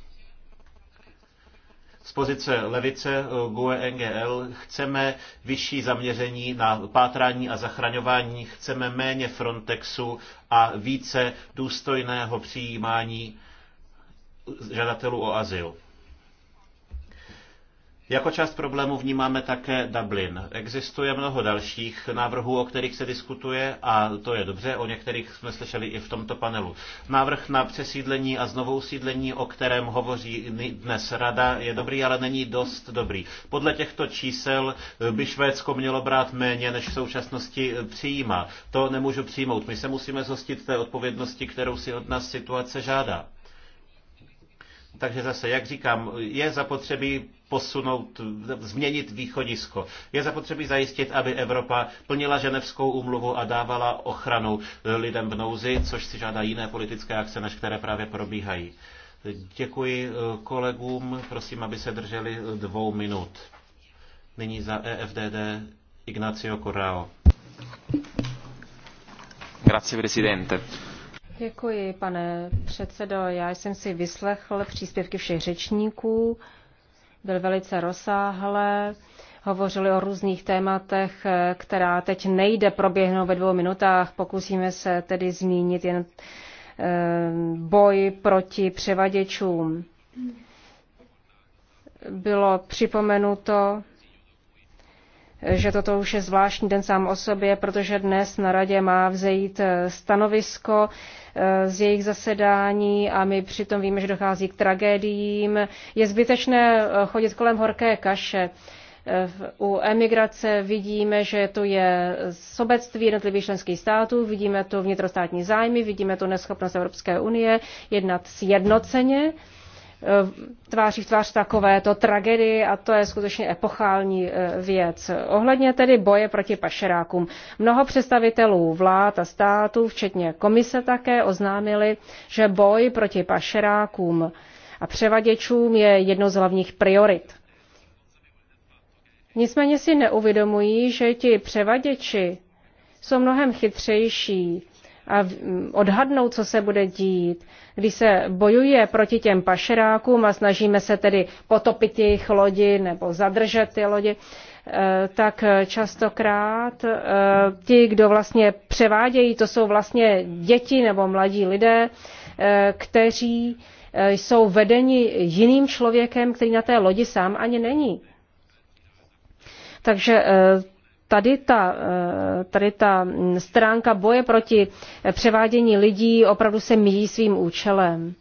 Z pozice levice eh, GUE NGL chceme vyšší zaměření na pátrání a zachraňování, chceme méně Frontexu a více důstojného přijímání žadatelů o azyl. Jako část problému vnímáme také Dublin. Existuje mnoho dalších návrhů, o kterých se diskutuje a to je dobře, o některých jsme slyšeli i v tomto panelu. Návrh na přesídlení a znovu usídlení, o kterém hovoří dnes rada, je dobrý, ale není dost dobrý. Podle těchto čísel eh, by Švédsko mělo brát méně, než v současnosti eh, přijímá. To nemůžu přijmout. My se musíme zhostit té odpovědnosti, kterou si od nás situace žádá. Takže zase, jak říkám, je zapotřebí posunout, změnit východisko. Je zapotřebí zajistit, aby Evropa plnila ženevskou úmluvu a dávala ochranu eh, lidem v nouzi, což si žádá jiné politické akce, než které právě probíhají. Děkuji eh, kolegům, prosím, aby se drželi eh, dvou minut. Nyní za EFDD Ignacio Corrao. Grazie, presidente. Děkuji, pane předsedo. Já jsem si vyslechl příspěvky všech řečníků byl velice rozsáhlé. Hovořili o různých tématech, která teď nejde proběhnout ve dvou minutách. Pokusíme se tedy zmínit jen eh, boj proti převaděčům. Bylo připomenuto, že toto už je zvláštní den sám o sobě, protože dnes na radě má vzejít eh, stanovisko eh, z jejich zasedání a my přitom víme, že dochází k tragédiím. Je zbytečné eh, chodit kolem horké kaše. U emigrace vidíme, že to je sobectví jednotlivých členských států, vidíme to vnitrostátní zájmy, vidíme to neschopnost Evropské unie jednat sjednoceně. jednoceně Eh, tváří v tvář takovéto tragedii a to je skutečně epochální eh, věc. Ohledně tedy boje proti pašerákům. Mnoho představitelů vlád a států, včetně komise také, oznámili, že boj proti pašerákům a převaděčům je jedno z hlavních priorit. Nicméně si neuvědomují, že ti převaděči jsou mnohem chytřejší odhadnout, co se bude dít. Když se bojuje proti těm pašerákům a snažíme se tedy potopit jejich lodi nebo zadržet ty lodi, eh, tak častokrát eh, ti, kdo vlastně převádějí, to jsou vlastně děti nebo mladí lidé, eh, kteří jsou vedeni jiným člověkem, který na té lodi sám ani není. Takže tady ta, eh, tady ta stránka boje proti převádění lidí opravdu se míjí svým účelem.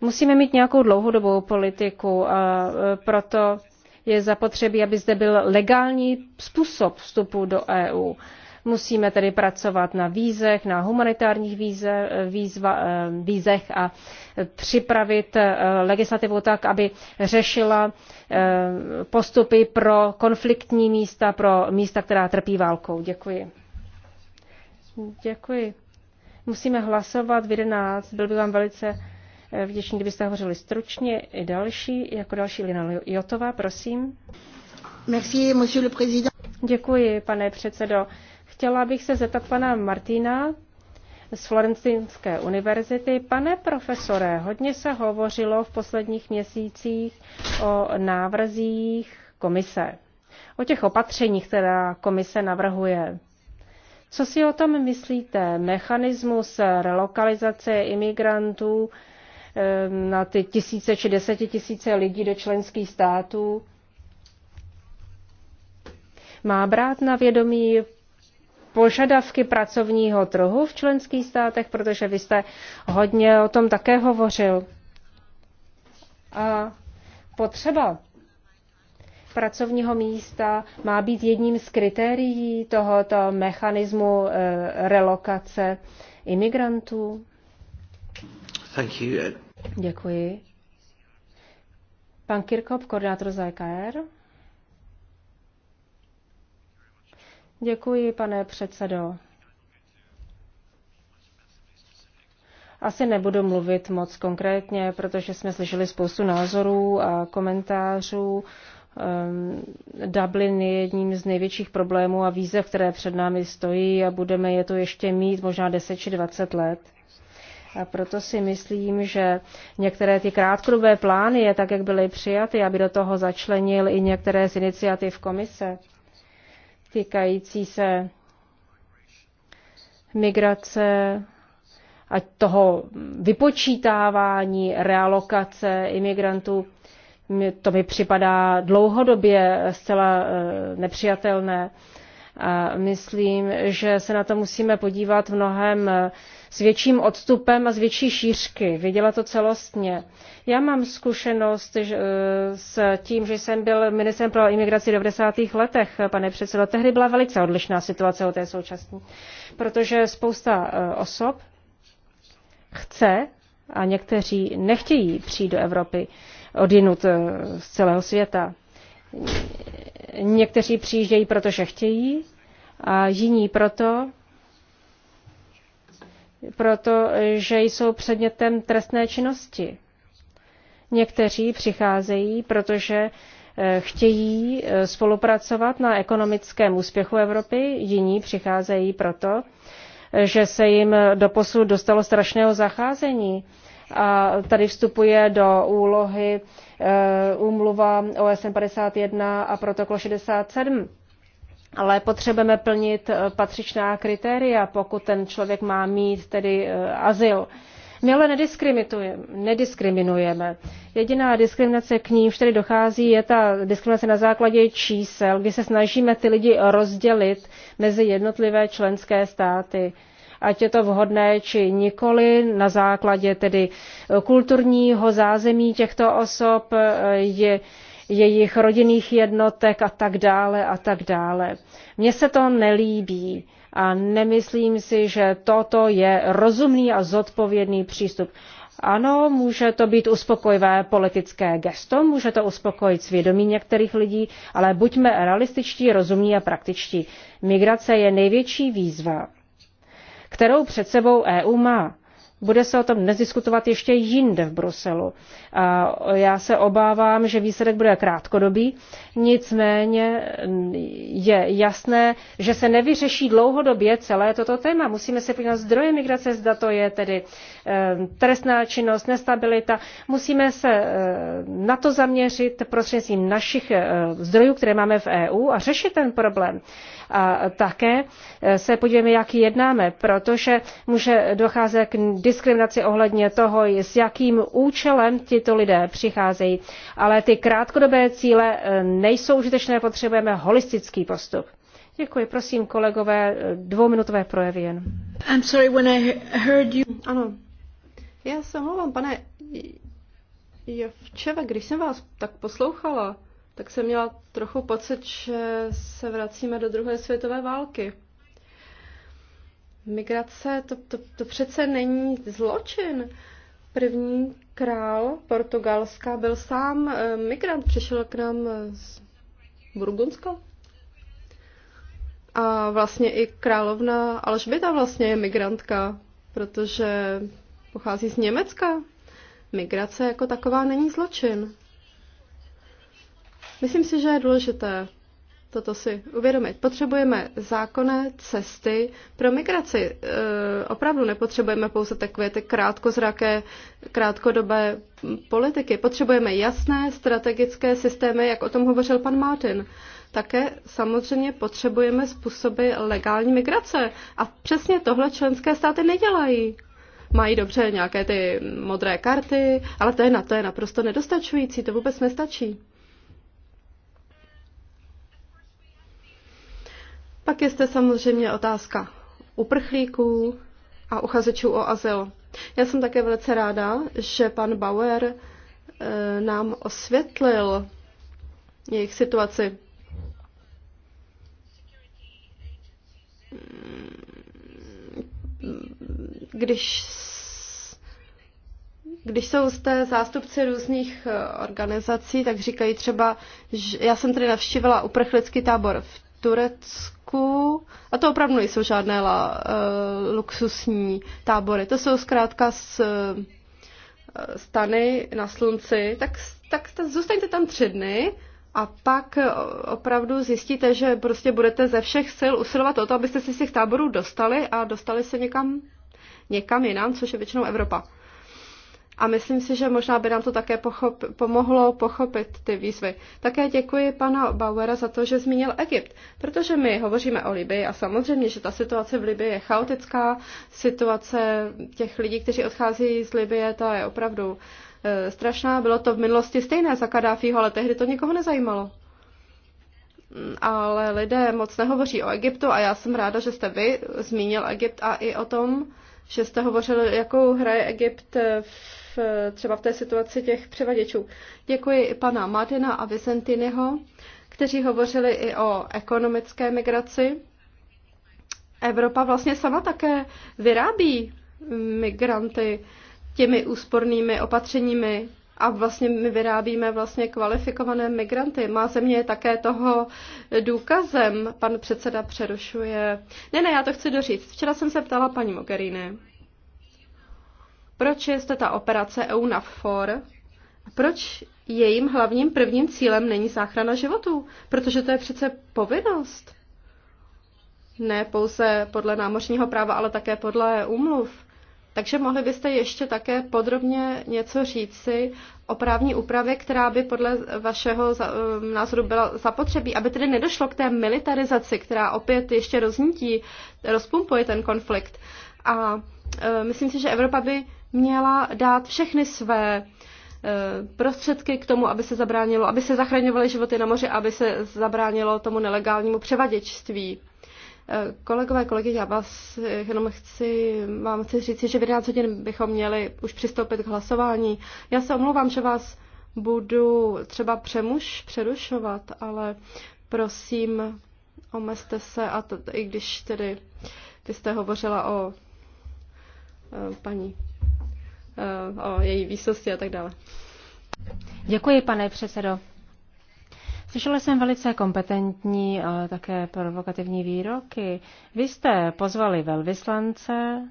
Musíme mít nějakou dlouhodobou politiku a eh, proto je zapotřebí, aby zde byl legální způsob vstupu do EU. Musíme tedy pracovat na vízech, na humanitárních víze, výzva, eh, vízech a připravit eh, legislativu tak, aby řešila eh, postupy pro konfliktní místa, pro místa, která trpí válkou. Děkuji. Děkuji. Musíme hlasovat v 11. Byl by vám velice vděčný, kdybyste hovořili stručně. I další, jako další Lina Jotová, prosím. Merci, monsieur le président. Děkuji, pane předsedo chtěla bych se zeptat pana Martina z Florentinské univerzity. Pane profesore, hodně se hovořilo v posledních měsících o návrzích komise, o těch opatřeních, která komise navrhuje. Co si o tom myslíte? Mechanismus relokalizace imigrantů ehm, na ty tisíce či desetitisíce lidí do členských států má brát na vědomí požadavky pracovního trhu v členských státech, protože vy jste hodně o tom také hovořil. A potřeba pracovního místa má být jedním z kritérií tohoto mechanismu eh, relokace imigrantů. Thank you. Děkuji. Pan Kirkop, koordinátor za EKR. Děkuji, pane předsedo. Asi nebudu mluvit moc konkrétně, protože jsme slyšeli spoustu názorů a komentářů. Ehm, Dublin je jedním z největších problémů a výzev, které před námi stojí a budeme je to ještě mít možná 10 či 20 let. A proto si myslím, že některé ty krátkodobé plány, tak jak byly přijaty, aby do toho začlenil i některé z iniciativ komise, týkající se migrace a toho vypočítávání realokace imigrantů, to mi připadá dlouhodobě zcela eh, nepřijatelné. A myslím, že se na to musíme podívat mnohem eh, s větším odstupem a z větší šířky, viděla to celostně. Já mám zkušenost e, s tím, že jsem byl ministrem pro imigraci v 90. letech, pane předsedo. Tehdy byla velice odlišná situace od té současné, protože spousta e, osob chce a někteří nechtějí přijít do Evropy odinut e, z celého světa. Někteří přijíždějí, protože chtějí, a jiní proto, protože jsou předmětem trestné činnosti. Někteří přicházejí, protože eh, chtějí eh, spolupracovat na ekonomickém úspěchu Evropy, jiní přicházejí proto, eh, že se jim doposud dostalo strašného zacházení. A tady vstupuje do úlohy úmluva OSN 51 a protokol 67 ale potřebujeme plnit eh, patřičná kritéria, pokud ten člověk má mít tedy eh, azyl. My ale nediskriminujeme. nediskriminujeme. Jediná diskriminace k níž tedy dochází je ta diskriminace na základě čísel, kdy se snažíme ty lidi rozdělit mezi jednotlivé členské státy ať je to vhodné či nikoli, na základě tedy eh, kulturního zázemí těchto osob, je, jejich rodinných jednotek a tak dále a tak dále. Mně se to nelíbí a nemyslím si, že toto je rozumný a zodpovědný přístup. Ano, může to být uspokojivé politické gesto, může to uspokojit svědomí některých lidí, ale buďme realističtí, rozumní a praktičtí. Migrace je největší výzva, kterou před sebou EU má. Bude se o tom dnes diskutovat ještě jinde v Bruselu. A já se obávám, že výsledek bude krátkodobý, nicméně je jasné, že se nevyřeší dlouhodobě celé toto téma. Musíme se podívat zdroje migrace, zda to je tedy e, trestná činnost, nestabilita. Musíme se e, na to zaměřit prostřednictvím našich e, zdrojů, které máme v EU a řešit ten problém. A také se podívejme, jak jednáme, protože může docházet k diskriminaci ohledně toho, s jakým účelem tito lidé přicházejí. Ale ty krátkodobé cíle eh, nejsou užitečné, potřebujeme holistický postup. Děkuji, prosím, kolegové, eh, dvouminutové projevy jen. I'm sorry, when I heard you... Ano. Já se omlouvám, pane Jevčeve, když jsem vás tak poslouchala, tak jsem měla trochu pocit, že se vracíme do druhé světové války. Migrace, to, to, to přece není zločin. První král Portugalska byl sám eh, migrant, přišel k nám eh, z Burgundska. A vlastně i královna Alžběta vlastně je migrantka, protože pochází z Německa. Migrace jako taková není zločin. Myslím si, že je důležité toto si uvědomit. Potřebujeme zákonné cesty pro migraci. E, opravdu nepotřebujeme pouze takové ty krátkozraké, krátkodobé politiky. Potřebujeme jasné strategické systémy, jak o tom hovořil pan Martin. Také samozřejmě potřebujeme způsoby legální migrace. A přesně tohle členské státy nedělají. Mají dobře nějaké ty modré karty, ale to je, na, to je naprosto nedostačující, to vůbec nestačí. Pak je zde samozřejmě otázka uprchlíků a uchazečů o azyl. Já jsem také velice ráda, že pan Bauer eh, nám osvětlil jejich situaci. Když, když jsou zde zástupci různých eh, organizací, tak říkají třeba, že já jsem tedy navštívila uprchlický tábor v Turecku, a to opravdu nejsou žádné la, uh, luxusní tábory, to jsou zkrátka s, uh, stany na slunci, tak, tak ta, zůstaňte tam tři dny a pak eh, opravdu zjistíte, že prostě budete ze všech sil usilovat o to, abyste se z těch táborů dostali a dostali se někam, někam jinam, což je většinou Evropa a myslím si, že možná by nám to také pochop, pomohlo pochopit ty výzvy. Také děkuji pana Bauera za to, že zmínil Egypt, protože my hovoříme o Libii a samozřejmě, že ta situace v Libii je chaotická, situace těch lidí, kteří odchází z Libie, ta je opravdu e, strašná. Bylo to v minulosti stejné za Kadáfího, ale tehdy to nikoho nezajímalo ale lidé moc nehovoří o Egyptu a já jsem ráda, že jste vy zmínil Egypt a i o tom, že jste hovořil, jakou hraje Egypt v třeba v té situaci těch převaděčů. Děkuji i pana Madina a Vicentiniho, kteří hovořili i o ekonomické migraci. Evropa vlastně sama také vyrábí migranty těmi úspornými opatřeními a vlastně my vyrábíme vlastně kvalifikované migranty. Má země je také toho důkazem. Pan předseda přerušuje. Ne, ne, já to chci doříct. Včera jsem se ptala paní Mogherini proč je zde ta operace EUNAVFOR? Proč jejím hlavním prvním cílem není záchrana životů? Protože to je přece povinnost. Ne pouze podle námořního práva, ale také podle úmluv. E Takže mohli byste ještě také podrobně něco říci o právní úpravě, která by podle vašeho eh, názoru byla zapotřebí, aby tedy nedošlo k té militarizaci, která opět ještě roznítí, rozpumpuje ten konflikt. A eh, myslím si, že Evropa by měla dát všechny své eh, prostředky k tomu, aby se zabránilo, aby se zachraňovaly životy na moři, aby se zabránilo tomu nelegálnímu převaděčství. Eh, kolegové, kolegy, já vás eh, jenom chci, vám chci říct, že v 11 hodin bychom měli už přistoupit k hlasování. Já se omlouvám, že vás budu třeba přemuž přerušovat, ale prosím, omezte se, a to, i když tedy vy jste hovořila o paní Eh, o její výsosti a tak dále. Děkuji, pane předsedo. Slyšela jsem velice kompetentní a eh, také provokativní výroky. Vy jste pozvali velvyslance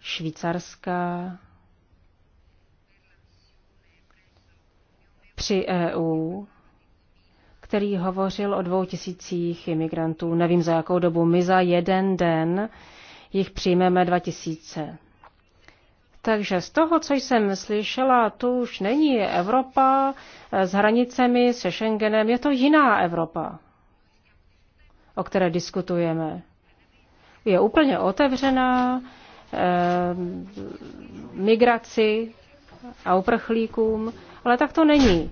Švýcarska při EU, který hovořil o dvou tisících imigrantů. Nevím za jakou dobu. My za jeden den jich přijmeme dva tisíce. Takže z toho, co jsem slyšela, to už není Evropa eh, s hranicemi, se Schengenem, je to jiná Evropa, o které diskutujeme. Je úplně otevřená eh, migraci a uprchlíkům, ale tak to není.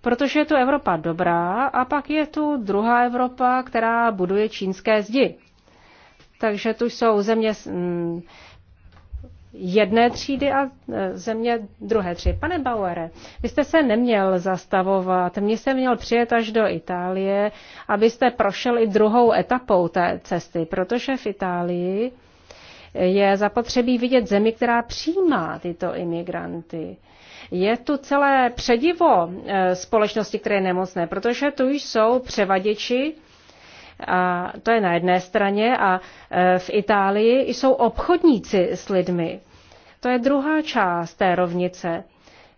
Protože je tu Evropa dobrá a pak je tu druhá Evropa, která buduje čínské zdi. Takže tu jsou země. Hm, jedné třídy a e, země druhé třídy. Pane Bauere, vy jste se neměl zastavovat, mě se měl přijet až do Itálie, abyste prošel i druhou etapou té cesty, protože v Itálii je zapotřebí vidět zemi, která přijímá tyto imigranty. Je tu celé předivo e, společnosti, které je nemocné, protože tu jsou převaděči, a to je na jedné straně a e, v Itálii jsou obchodníci s lidmi. To je druhá část té rovnice.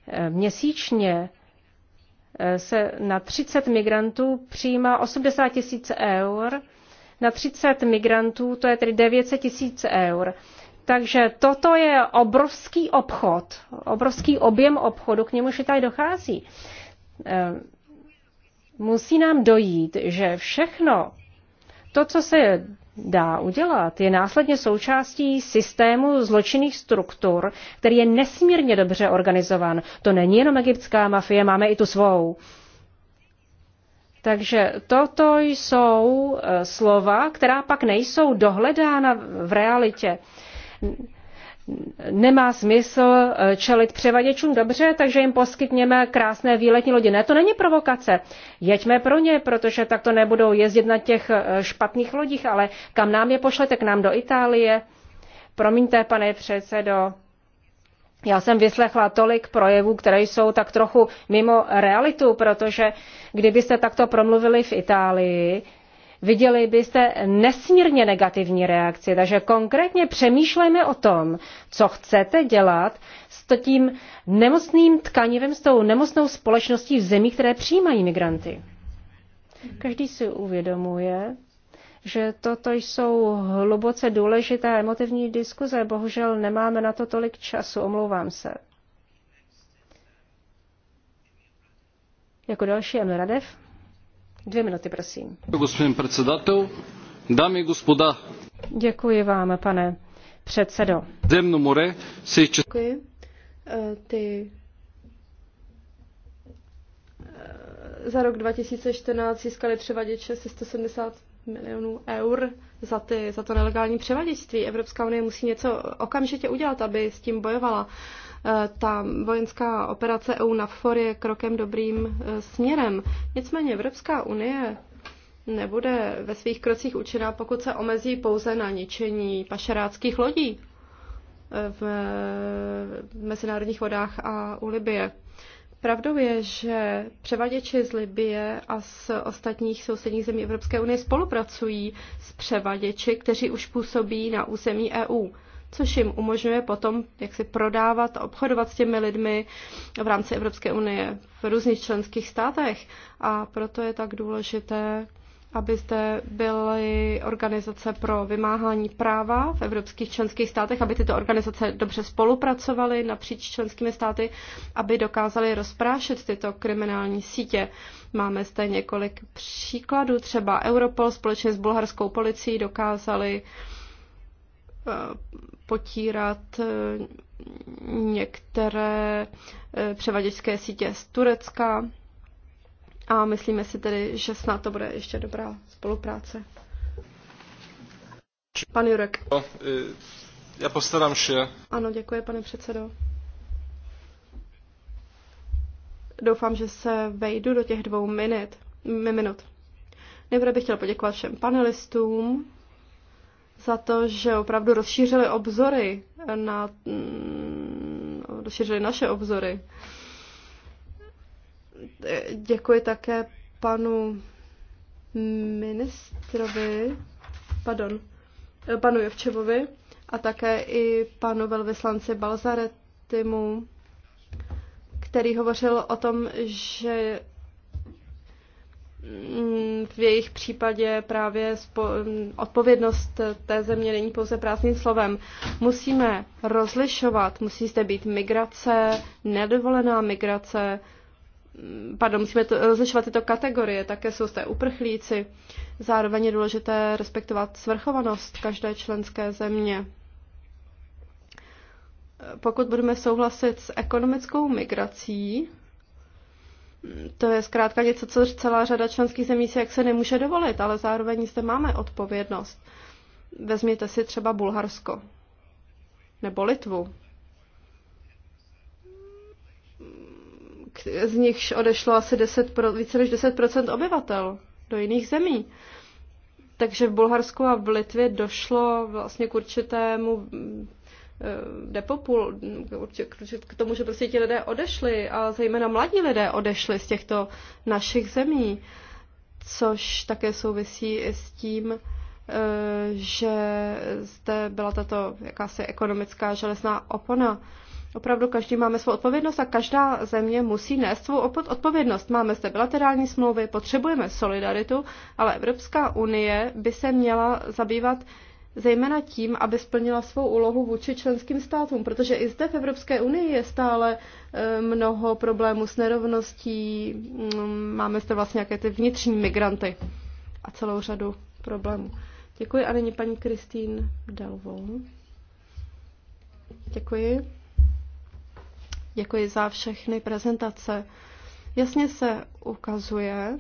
E, měsíčně e, se na 30 migrantů přijímá 80 tisíc eur, na 30 migrantů to je tedy 900 tisíc eur. Takže toto je obrovský obchod, obrovský objem obchodu, k němuž tady dochází. Musí nám dojít, že všechno, to, co se dá udělat, je následně součástí systému zločinných struktur, který je nesmírně dobře organizovan. To není jenom egyptská mafie, máme i tu svou. Takže toto jsou eh, slova, která pak nejsou dohledána v realitě nemá smysl eh, čelit převaděčům dobře, takže jim poskytněme krásné výletní lodě. Ne, to není provokace. Jeďme pro ně, protože takto nebudou jezdit na těch eh, špatných lodích, ale kam nám je pošlete, k nám do Itálie. Promiňte, pane předsedo, já jsem vyslechla tolik projevů, které jsou tak trochu mimo realitu, protože kdybyste takto promluvili v Itálii, viděli byste nesmírně negativní reakci. Takže konkrétně přemýšlejme o tom, co chcete dělat s tím nemocným tkanivem, s tou nemocnou společností v zemí, které přijímají migranty. Každý si uvědomuje, že toto jsou hluboce důležité emotivní diskuze. Bohužel nemáme na to tolik času, omlouvám se. Jako další Emil Radev. Dvě minuty, prosím. Господин председател, dámy господа. Děkuji vám, pane předsedo. Zemno more se Děkuji. E, ty e, za rok 2014 získali převaděče 170 milionů eur za, ty, za to nelegální převaděčství. Evropská unie musí něco okamžitě udělat, aby s tím bojovala. Eh, ta vojenská operace EU NAVFOR je krokem dobrým eh, směrem. Nicméně Evropská unie nebude ve svých krocích účinná, pokud se omezí pouze na ničení pašeráckých lodí eh, v mezinárodních vodách a u Libie. Pravdou je, že převaděči z Libie a z ostatních sousedních zemí Evropské unie spolupracují s převaděči, kteří už působí na území EU což jim umožňuje potom jak si prodávat a obchodovat s těmi lidmi v rámci Evropské unie v různých členských státech. A proto je tak důležité, aby zde byly organizace pro vymáhání práva v evropských členských státech, aby tyto organizace dobře spolupracovaly napříč členskými státy, aby dokázaly rozprášit tyto kriminální sítě. Máme zde několik příkladů, třeba Europol společně s bulharskou policií dokázali uh, Eh, potírat eh, některé eh, převaděčské sítě z Turecka a myslíme si tedy, že snad to bude ještě dobrá spolupráce. Pan Jurek. Já postarám se. Ano, děkuji, pane předsedo. Doufám, že se vejdu do těch dvou minut. minut. Nejprve bych chtěl poděkovat všem panelistům, za to, že opravdu rozšířili obzory na, mm, rozšířili naše obzory. Děkuji také panu ministrovi, pardon, panu Jevčevovi a také i panu velvyslanci Balzaretimu, který hovořil o tom, že Mm, v jejich případě právě odpovědnost té země není pouze prázdným slovem. Musíme rozlišovat, musí zde být migrace, nedovolená migrace, mm, pardon, musíme to, rozlišovat tyto kategorie, také jsou zde uprchlíci. Zároveň je důležité respektovat svrchovanost každé členské země. Pokud budeme souhlasit s ekonomickou migrací, to je zkrátka něco, co celá řada členských zemí si jak se nemůže dovolit, ale zároveň zde máme odpovědnost. Vezměte si třeba Bulharsko nebo Litvu. Z nichž odešlo asi 10 pro, více než 10 obyvatel do jiných zemí. Takže v Bulharsku a v Litvě došlo vlastně k určitému depopul, k tomu, že prostě ti lidé odešli a zejména mladí lidé odešli z těchto našich zemí, což také souvisí i s tím, eh, že zde byla tato jakási ekonomická železná opona. Opravdu každý máme svou odpovědnost a každá země musí nést svou odpovědnost. Máme zde bilaterální smlouvy, potřebujeme solidaritu, ale Evropská unie by se měla zabývat zejména tím, aby splnila svou úlohu vůči členským státům, protože i zde v Evropské unii je stále eh, mnoho problémů s nerovností, mm, máme zde vlastně nějaké ty vnitřní migranty a celou řadu problémů. Děkuji a nyní paní Kristýn Delvou. Děkuji. Děkuji za všechny prezentace. Jasně se ukazuje,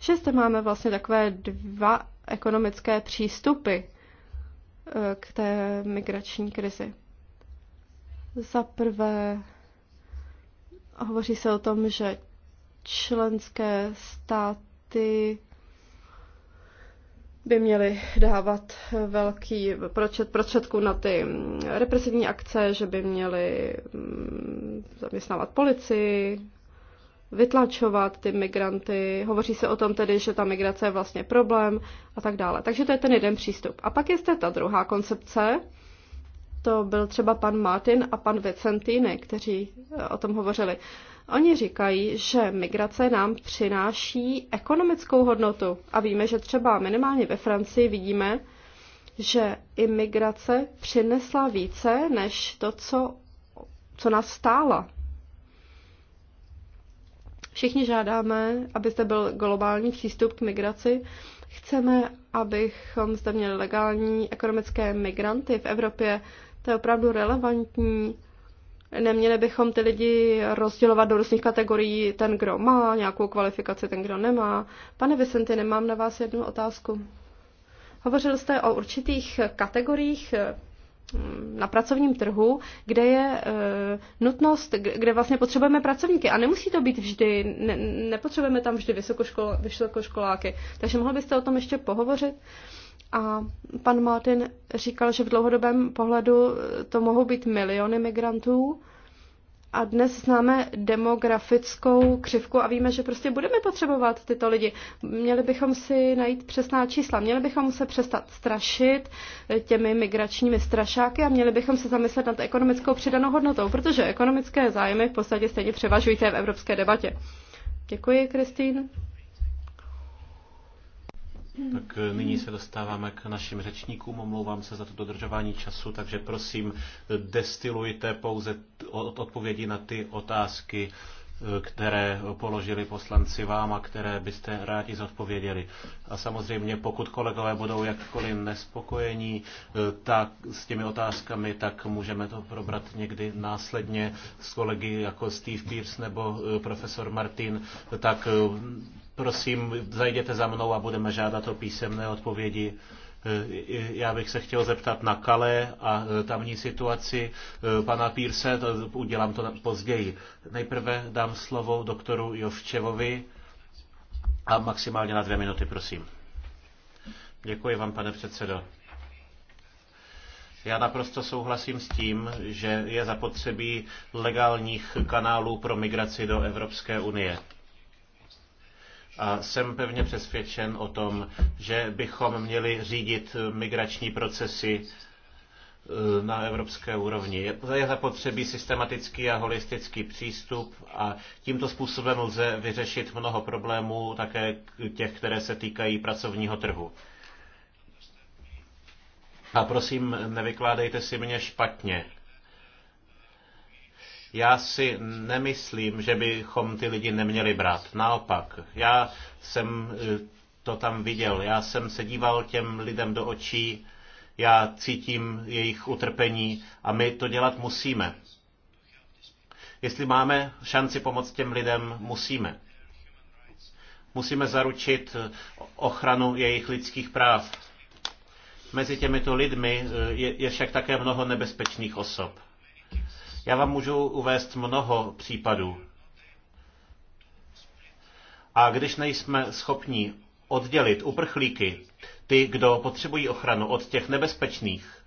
že zde máme vlastně takové dva ekonomické přístupy Eh, k té migrační krizi. Za prvé hovoří se o tom, že členské státy by měly dávat velký pročet prostředků na ty mm, represivní akce, že by měly mm, zaměstnávat policii, vytlačovat ty migranty. Hovoří se o tom tedy, že ta migrace je vlastně problém a tak dále. Takže to je ten jeden přístup. A pak je zde ta druhá koncepce, to byl třeba pan Martin a pan Vicentini, kteří eh, o tom hovořili. Oni říkají, že migrace nám přináší ekonomickou hodnotu a víme, že třeba minimálně ve Francii vidíme, že imigrace přinesla více než to, co, co nás stála Všichni žádáme, aby zde byl globální přístup k migraci. Chceme, abychom zde měli legální ekonomické migranty v Evropě. To je opravdu relevantní. Neměli bychom ty lidi rozdělovat do různých kategorií, ten, kdo má nějakou kvalifikaci, ten, kdo nemá. Pane Vicenty, nemám na vás jednu otázku. Hovořil jste o určitých kategoriích Mm, na pracovním trhu, kde je eh, nutnost, kde vlastně potřebujeme pracovníky. A nemusí to být vždy, ne, nepotřebujeme tam vždy vysokoškol, vysokoškoláky. Takže mohl byste o tom ještě pohovořit? A pan Martin říkal, že v dlouhodobém pohledu eh, to mohou být miliony migrantů, a dnes známe demografickou křivku a víme, že prostě budeme potřebovat tyto lidi. Měli bychom si najít přesná čísla, měli bychom se přestat strašit těmi migračními strašáky a měli bychom se zamyslet nad ekonomickou přidanou hodnotou, protože ekonomické zájmy v podstatě stejně převažují té v evropské debatě. Děkuji, Kristýn. Tak eh, nyní se dostáváme k našim řečníkům. Omlouvám se za to dodržování času, takže prosím, eh, destilujte pouze odpovědi na ty otázky, eh, které položili poslanci vám a které byste rádi zodpověděli. A samozřejmě, pokud kolegové budou jakkoliv nespokojení tak s těmi otázkami, tak můžeme to probrat někdy následně s kolegy jako Steve Pierce nebo profesor Martin, tak Prosím, zajděte za mnou a budeme žádat o písemné odpovědi. E, e, já bych se chtěl zeptat na Kale a e, tamní situaci pana Pírse, to udělám to později. Nejprve dám slovo doktoru Jovčevovi a maximálně na dvě minuty, prosím. Děkuji vám, pane předsedo. Já naprosto souhlasím s tím, že je zapotřebí legálních kanálů pro migraci do Evropské unie. A jsem pevně přesvědčen o tom, že bychom měli řídit migrační procesy e, na evropské úrovni. Je zapotřebí systematický a holistický přístup a tímto způsobem lze vyřešit mnoho problémů, také těch, které se týkají pracovního trhu. A prosím, nevykládejte si mě špatně. Já si nemyslím, že bychom ty lidi neměli brát. Naopak, já jsem eh, to tam viděl. Já jsem se díval těm lidem do očí, já cítím jejich utrpení a my to dělat musíme. Jestli máme šanci pomoct těm lidem, musíme. Musíme zaručit eh, ochranu jejich lidských práv. Mezi těmito lidmi eh, je, však také mnoho nebezpečných osob. Já vám můžu uvést mnoho případů. A když nejsme schopni oddělit uprchlíky, ty, kdo potřebují ochranu, od těch nebezpečných,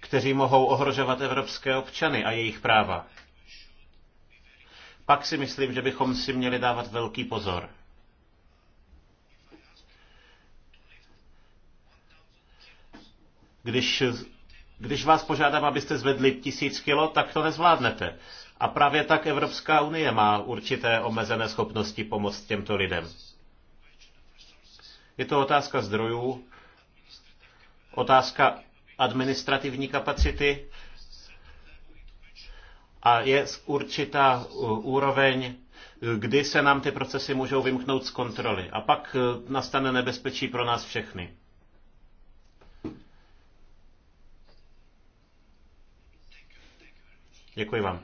kteří mohou ohrožovat evropské občany a jejich práva, pak si myslím, že bychom si měli dávat velký pozor. Když když vás požádám, abyste zvedli tisíc kilo, tak to nezvládnete. A právě tak Evropská unie má určité omezené schopnosti pomoct těmto lidem. Je to otázka zdrojů, otázka administrativní kapacity a je určitá uh, úroveň, kdy se nám ty procesy můžou vymknout z kontroly. A pak uh, nastane nebezpečí pro nás všechny. Děkuji vám.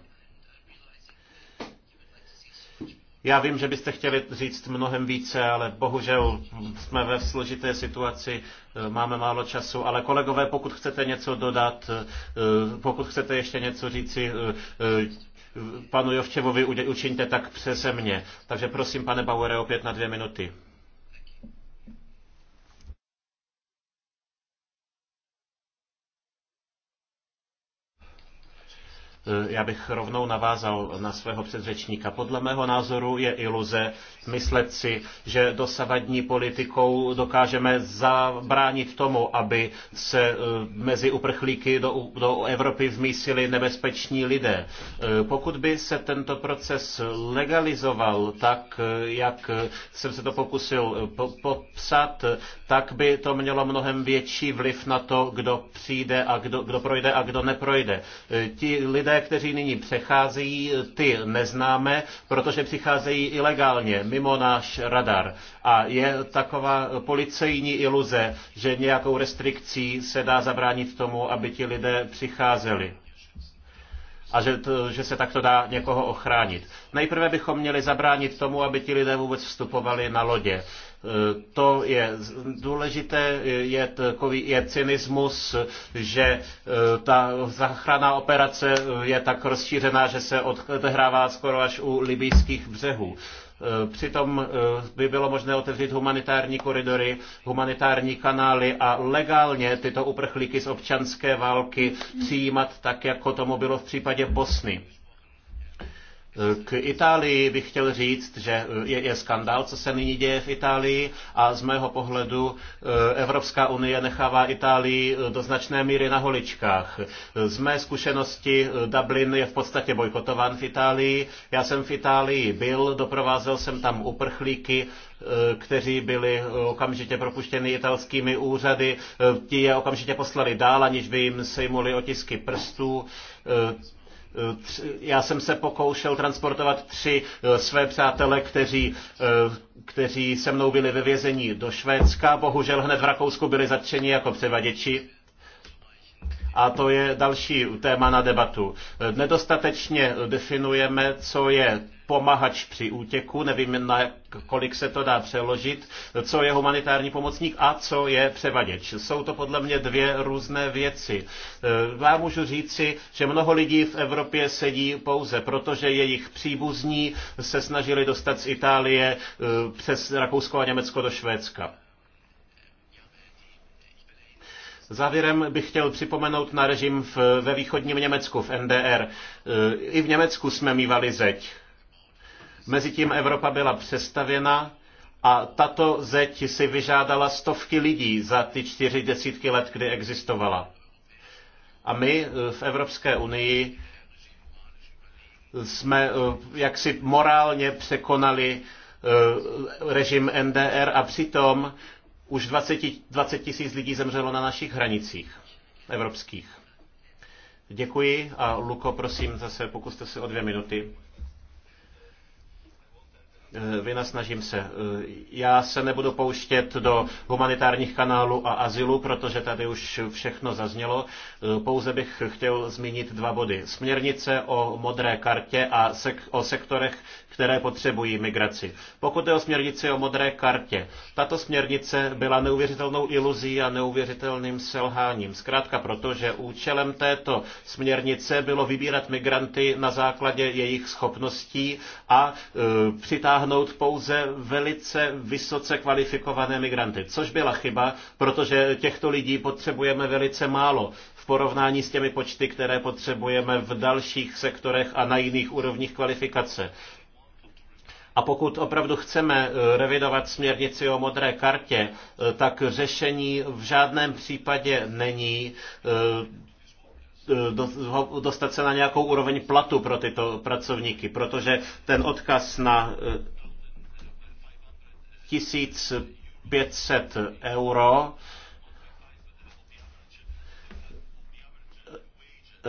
Já vím, že byste chtěli říct mnohem více, ale bohužel jsme ve složité situaci, eh, máme málo času. Ale kolegové, pokud chcete něco dodat, eh, pokud chcete ještě něco říci eh, panu Jovčevovi, učiňte tak přeze mě. Takže prosím, pane Bauere, opět na dvě minuty. Eh, já bych rovnou navázal na svého předřečníka. Podle mého názoru je iluze myslet si, že dosavadní politikou dokážeme zabránit tomu, aby se eh, mezi uprchlíky do, do Evropy vmísili nebezpeční lidé. Eh, pokud by se tento proces legalizoval tak, jak jsem se to pokusil popsat, tak by to mělo mnohem větší vliv na to, kdo přijde a kdo, kdo projde a kdo neprojde. Ti lidé kteří nyní přecházejí, ty neznáme, protože přicházejí ilegálně, mimo náš radar. A je taková policejní iluze, že nějakou restrikcí se dá zabránit tomu, aby ti lidé přicházeli a že, to, že se takto dá někoho ochránit. Nejprve bychom měli zabránit tomu, aby ti lidé vůbec vstupovali na lodě. To je důležité, je, takový, je cynismus, že eh, ta záchranná operace je tak rozšířená, že se odehrává skoro až u libijských břehů. Eh, přitom eh, by bylo možné otevřít humanitární koridory, humanitární kanály a legálně tyto uprchlíky z občanské války přijímat tak, jako tomu bylo v případě Bosny k Itálii bych chtěl říct, že eh, je, je skandál, co se nyní děje v Itálii a z mého pohledu eh, Evropská unie nechává Itálii eh, do značné míry na holičkách. Z mé zkušenosti Dublin je v podstatě bojkotován v Itálii. Já jsem v Itálii byl, doprovázel jsem tam uprchlíky, kteří byli okamžitě propuštěni italskými úřady. Ti je okamžitě poslali dál, aniž by jim sejmuli otisky prstů Eh, já jsem se pokoušel transportovat tři eh, své přátele, kteří, eh, kteří se mnou byli ve vězení do Švédska. Bohužel hned v Rakousku byli zatčeni jako převaděči. A to je další téma na debatu. Nedostatečně definujeme, co je pomahač při útěku, nevím, na kolik se to dá přeložit, co je humanitární pomocník a co je převaděč. Jsou to podle mě dvě různé věci. Eh, já můžu říci, že mnoho lidí v Evropě sedí pouze proto, že jejich příbuzní se snažili dostat z Itálie eh, přes Rakousko a Německo do Švédska. Závěrem bych chtěl připomenout na režim v, ve východním Německu, v NDR. Eh, I v Německu jsme mývali zeď. Mezitím Evropa byla přestavěna a tato zeď si vyžádala stovky lidí za ty čtyři desítky let, kdy existovala. A my eh, v Evropské unii jsme eh, jaksi morálně překonali eh, režim NDR a přitom už 20, 20 tisíc lidí zemřelo na našich hranicích evropských. Děkuji a Luko, prosím, zase pokuste se o dvě minuty. Eh, vynasnažím se. Eh, já se nebudu pouštět do humanitárních kanálů a azylu, protože tady už všechno zaznělo. Eh, pouze bych chtěl zmínit dva body. Směrnice o modré kartě a sek- o sektorech, které potřebují migraci. Pokud je o směrnici o modré kartě, tato směrnice byla neuvěřitelnou iluzí a neuvěřitelným selháním. Zkrátka proto, že účelem této směrnice bylo vybírat migranty na základě jejich schopností a e, přitáhnout přitáhnout pouze velice vysoce kvalifikované migranty, což byla chyba, protože těchto lidí potřebujeme velice málo v porovnání s těmi počty, které potřebujeme v dalších sektorech a na jiných úrovních kvalifikace. A pokud opravdu chceme eh, revidovat směrnici o modré kartě, eh, tak řešení v žádném případě není eh, dostat se na nějakou úroveň platu pro tyto pracovníky, protože ten odkaz na 1500 euro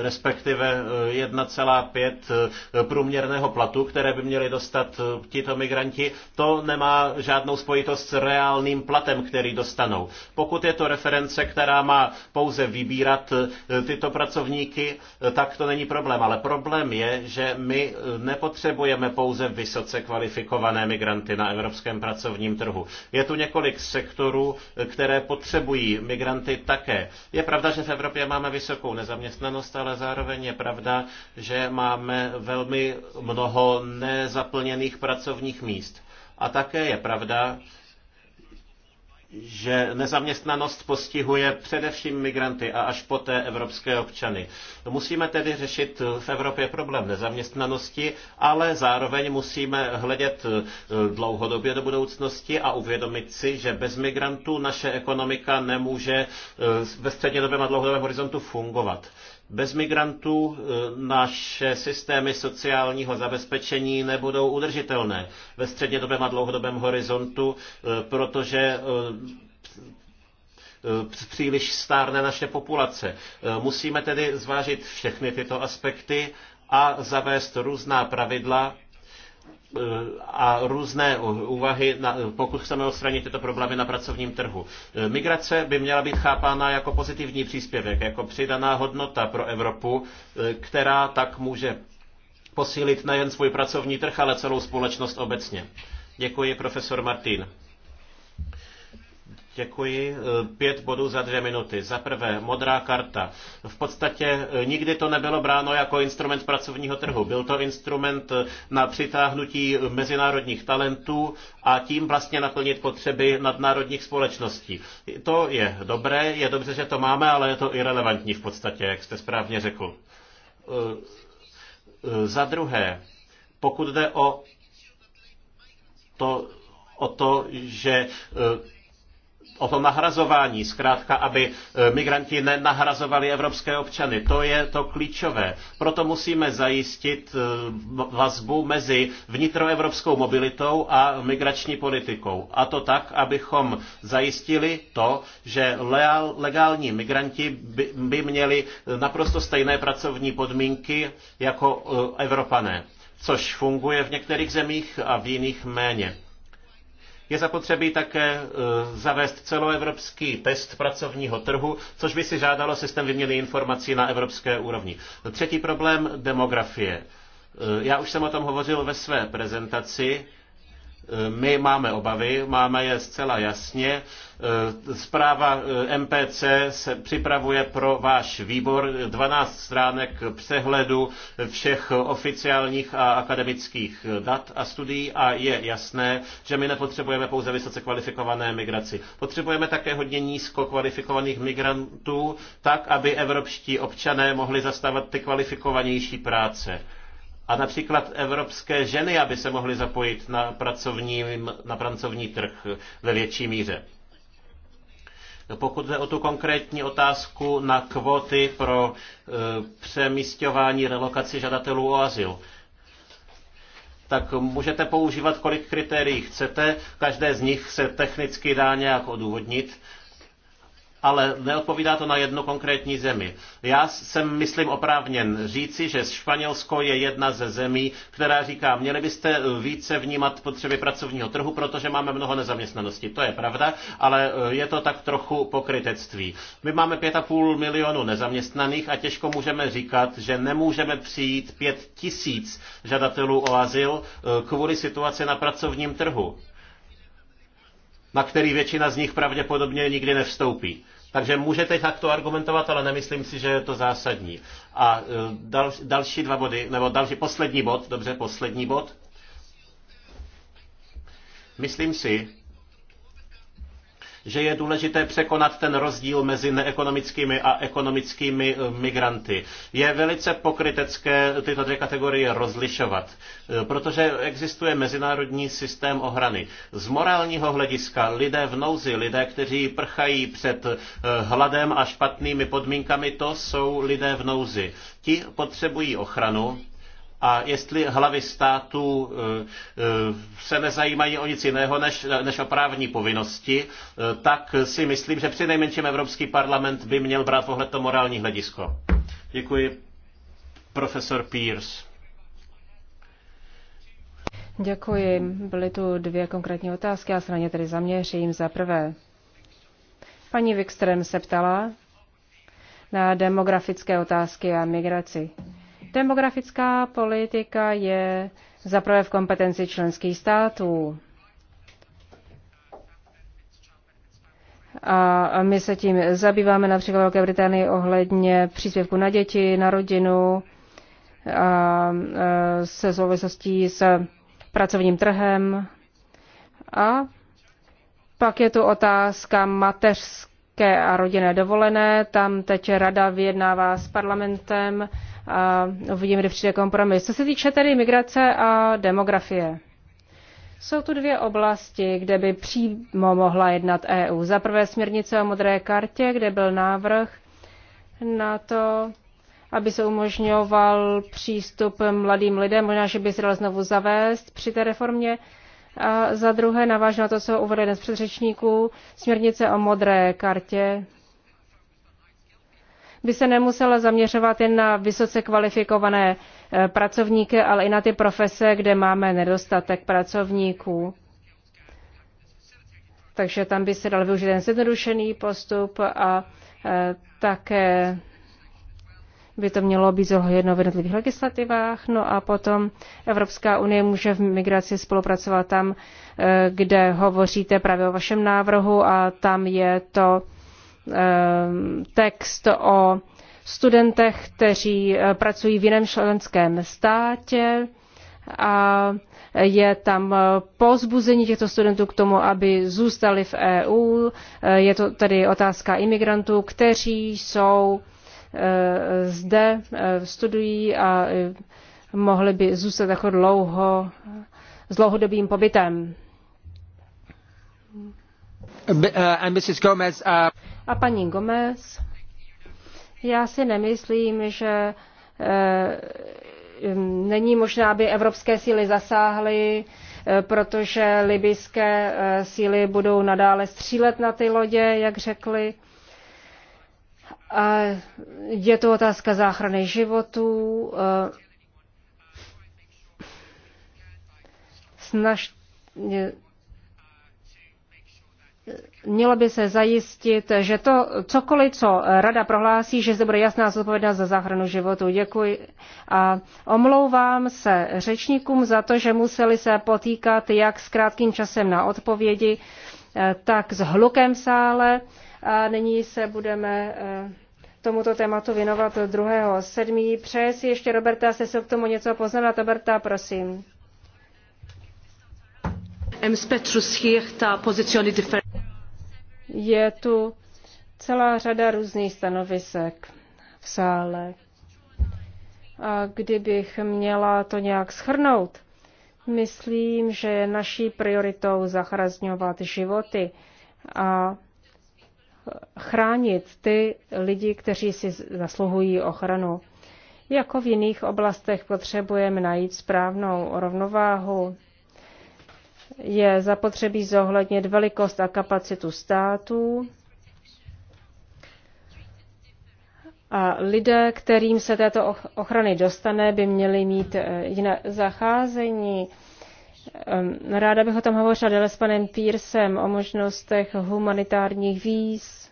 respektive 1,5 eh, eh, průměrného platu, které by měli dostat eh, tito migranti, to nemá žádnou spojitost s reálným platem, který dostanou. Pokud je to reference, která má pouze vybírat tyto pracovníky, tak to není problém. Ale problém je, že my nepotřebujeme pouze vysoce kvalifikované migranty na evropském pracovním trhu. Je tu několik sektorů, které potřebují migranty také. Je pravda, že v Evropě máme vysokou nezaměstnanost, ale ale zároveň je pravda, že máme velmi mnoho nezaplněných pracovních míst. A také je pravda, že nezaměstnanost postihuje především migranty a až poté evropské občany. Musíme tedy řešit v Evropě problém nezaměstnanosti, ale zároveň musíme hledět eh, dlouhodobě do budoucnosti a uvědomit si, že bez migrantů naše ekonomika nemůže eh, ve střednědobém a dlouhodobém horizontu fungovat. Bez migrantů e, naše systémy sociálního zabezpečení nebudou udržitelné ve střednědobém a dlouhodobém horizontu, e, protože e, příliš stárne naše populace. Musíme tedy zvážit všechny tyto aspekty a zavést různá pravidla, a různé úvahy, pokud chceme odstranit tyto problémy na pracovním trhu. Migrace by měla být chápána jako pozitivní příspěvek, jako přidaná hodnota pro Evropu, která tak může posílit nejen svůj pracovní trh, ale celou společnost obecně. Děkuji, profesor Martin. Děkuji. E, pět bodů za dvě minuty. Za prvé, modrá karta. V podstatě e, nikdy to nebylo bráno jako instrument pracovního trhu. Byl to instrument e, na přitáhnutí mezinárodních talentů a tím vlastně naplnit potřeby nadnárodních společností. To je dobré, je dobře, že to máme, ale je to irrelevantní v podstatě, jak jste správně řekl. Za druhé, pokud jde o to, o to že o to nahrazování, zkrátka, aby e, migranti nenahrazovali evropské občany. To je to klíčové. Proto musíme zajistit e, vazbu mezi vnitroevropskou mobilitou a migrační politikou. A to tak, abychom zajistili to, že legální migranti by měli naprosto stejné pracovní podmínky jako e, Evropané, což funguje v některých zemích a v jiných méně. Je zapotřebí také e, zavést celoevropský test pracovního trhu, což by si žádalo systém vyměny informací na evropské úrovni. Třetí problém demografie. E, já už jsem o tom hovořil ve své prezentaci. My máme obavy, máme je zcela jasně. Eh, zpráva eh, MPC se připravuje pro váš výbor 12 stránek přehledu všech oficiálních a akademických dat a studií a je jasné, že my nepotřebujeme pouze vysoce kvalifikované migraci. Potřebujeme také hodně nízko kvalifikovaných migrantů, tak, aby evropští občané mohli zastávat ty kvalifikovanější práce a například evropské ženy, aby se mohly zapojit na pracovní, na pracovní trh ve větší míře. No, pokud jde o tu konkrétní otázku na kvóty pro e, přemístování, relokaci žadatelů o azyl, tak můžete používat, kolik kritérií chcete. Každé z nich se technicky dá nějak odůvodnit ale neodpovídá to na jednu konkrétní zemi. Já jsem, myslím, oprávněn říci, že Španělsko je jedna ze zemí, která říká, měli byste více vnímat potřeby pracovního trhu, protože máme mnoho nezaměstnanosti. To je pravda, ale eh, je to tak trochu pokrytectví. My máme 5,5 milionu nezaměstnaných a těžko můžeme říkat, že nemůžeme přijít 5 tisíc žadatelů o azyl eh, kvůli situaci na pracovním trhu na který většina z nich pravděpodobně nikdy nevstoupí. Takže můžete takto argumentovat, ale nemyslím si, že je to zásadní. A e, dal, další dva body, nebo další poslední bod, dobře, poslední bod. Myslím si, že je důležité překonat ten rozdíl mezi neekonomickými a ekonomickými eh, migranty. Je velice pokrytecké tyto dvě kategorie rozlišovat, eh, protože existuje mezinárodní systém ochrany. Z morálního hlediska lidé v nouzi, lidé, kteří prchají před eh, hladem a špatnými podmínkami, to jsou lidé v nouzi. Ti potřebují ochranu, a jestli hlavy států eh, eh, se nezajímají o nic jiného než, než o právní povinnosti, eh, tak si myslím, že při nejmenším Evropský parlament by měl brát ohled to morální hledisko. Děkuji, profesor Pierce. Děkuji. Byly tu dvě konkrétní otázky, já se na ně tedy zaměřím. Za prvé, paní Wikström se ptala na demografické otázky a migraci. Demografická politika je zaprvé v kompetenci členských států. A my se tím zabýváme například Velké Británii ohledně příspěvku na děti, na rodinu, a se souvislostí s pracovním trhem. A pak je tu otázka mateřské a rodinné dovolené. Tam teď rada vyjednává s parlamentem a uvidíme, kde přijde kompromis. Co se týče tedy migrace a demografie. Jsou tu dvě oblasti, kde by přímo mohla jednat EU. Za prvé směrnice o modré kartě, kde byl návrh na to, aby se umožňoval přístup mladým lidem, možná, že by se dal znovu zavést při té reformě. A za druhé navážu na to, co uvedl jeden z předřečníků, směrnice o modré kartě, by se nemusela zaměřovat jen na vysoce kvalifikované eh, pracovníky, ale i na ty profese, kde máme nedostatek pracovníků. Takže tam by se dal využít ten zjednodušený postup a eh, také by to mělo být zohledněno v jednotlivých legislativách. No a potom Evropská unie může v migraci spolupracovat tam, eh, kde hovoříte právě o vašem návrhu a tam je to Eh, text o studentech, kteří eh, pracují v jiném členském státě a je tam eh, pozbuzení těchto studentů k tomu, aby zůstali v EU. Je to tedy otázka imigrantů, kteří jsou zde, studují a mohli by zůstat jako dlouho s dlouhodobým pobytem. Uh, Gomez, uh... A paní Gomez, já si nemyslím, že eh, není možné, aby evropské síly zasáhly, eh, protože libyské eh, síly budou nadále střílet na ty lodě, jak řekli. A je to otázka záchrany životů. Snaž, mělo by se zajistit, že to cokoliv, co rada prohlásí, že zde bude jasná zodpovědnost za záchranu životu. Děkuji a omlouvám se řečníkům za to, že museli se potýkat jak s krátkým časem na odpovědi, tak s hlukem v sále. A nyní se budeme eh, tomuto tématu věnovat 2.7. Přes ještě Roberta, se se k tomu něco poznat. Roberta, prosím. Hemm spettru sħiħ ta' Je tu celá řada různých stanovisek v sále. A kdybych měla to nějak schrnout, myslím, že je naší prioritou zachrazňovat životy a chránit ty lidi, kteří si zasluhují ochranu. Jako v jiných oblastech potřebujeme najít správnou rovnováhu je zapotřebí zohlednit velikost a kapacitu států a lidé, kterým se této ochrany dostane, by měli mít eh, jiné zacházení. Ehm, ráda bych o tom hovořila dále s panem Pírsem o možnostech humanitárních víz,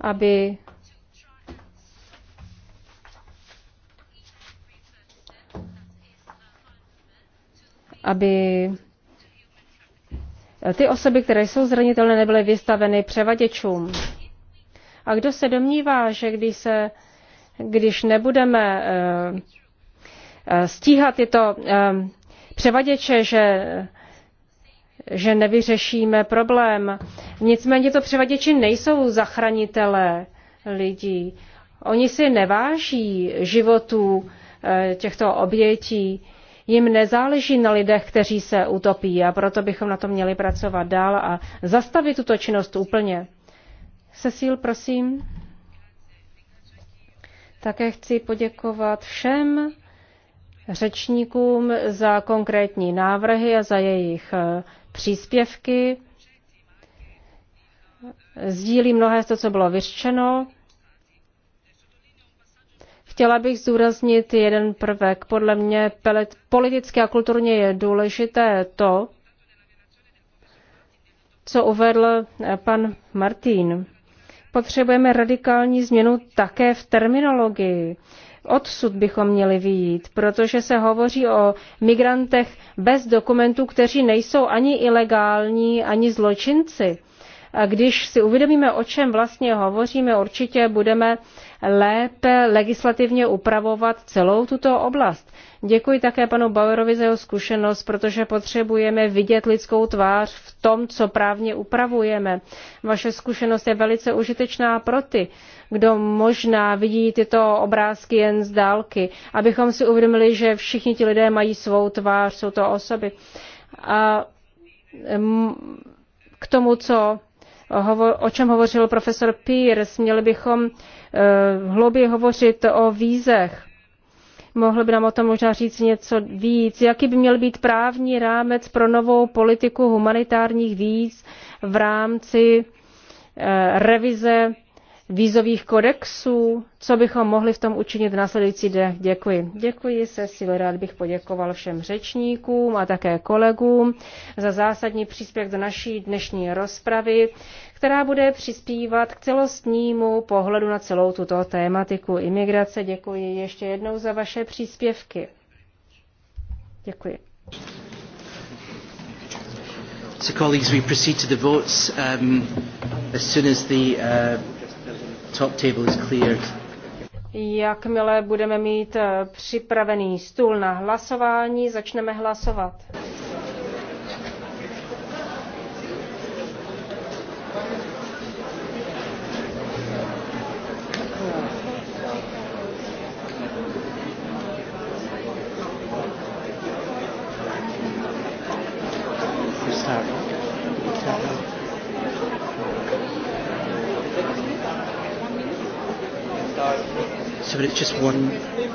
aby aby ty osoby, které jsou zranitelné, nebyly vystaveny převaděčům. A kdo se domnívá, že když, se, když nebudeme eh, eh, stíhat tyto eh, převaděče, že, že nevyřešíme problém. Nicméně to převaděči nejsou zachranitelé lidí. Oni si neváží životů těchto obětí jim nezáleží na lidech, kteří se utopí a proto bychom na tom měli pracovat dál a zastavit tuto činnost úplně. Cecil, prosím. Také chci poděkovat všem řečníkům za konkrétní návrhy a za jejich eh, příspěvky. Sdílím mnohé z toho, co bylo vyřčeno. Chtěla bych zdůraznit jeden prvek. Podle mě politicky a kulturně je důležité to, co uvedl eh, pan Martin. Potřebujeme radikální změnu také v terminologii. Odsud bychom měli vyjít, protože se hovoří o migrantech bez dokumentů, kteří nejsou ani ilegální, ani zločinci. A když si uvědomíme, o čem vlastně hovoříme, určitě budeme lépe legislativně upravovat celou tuto oblast. Děkuji také panu Bauerovi za jeho zkušenost, protože potřebujeme vidět lidskou tvář v tom, co právně upravujeme. Vaše zkušenost je velice užitečná pro ty, kdo možná vidí tyto obrázky jen z dálky, abychom si uvědomili, že všichni ti lidé mají svou tvář, jsou to osoby. A mm, k tomu, co o čem hovořil profesor Pierce. Měli bychom eh, hlouběji hovořit o vízech. Mohl by nám o tom možná říct něco víc. Jaký by měl být právní rámec pro novou politiku humanitárních víz v rámci eh, revize vízových kodexů, co bychom mohli v tom učinit v následující dnech. Děkuji. Děkuji se, Silo, rád bych poděkoval všem řečníkům a také kolegům za zásadní příspěch do naší dnešní rozpravy, která bude přispívat k celostnímu pohledu na celou tuto tématiku imigrace. Děkuji ještě jednou za vaše příspěvky. Děkuji. So colleagues, we proceed to the votes um, as soon as the uh, top table is cleared. Jakmile budeme mít eh, připravený stůl na hlasování, začneme hlasovat. one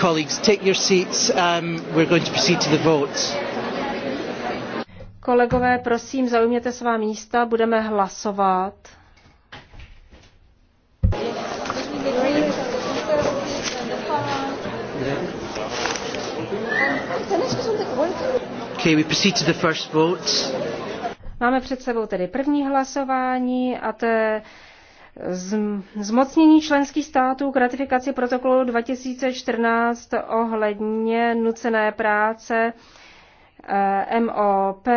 colleagues, take your seats. Um, we're going to proceed to the vote. Kolegové, prosím, zaujměte svá místa, budeme hlasovat. Okay, we proceed to the first vote. Máme před sebou tedy první hlasování a to je Zmocnění členských států k ratifikaci protokolu 2014 ohledně nucené práce eh, MOP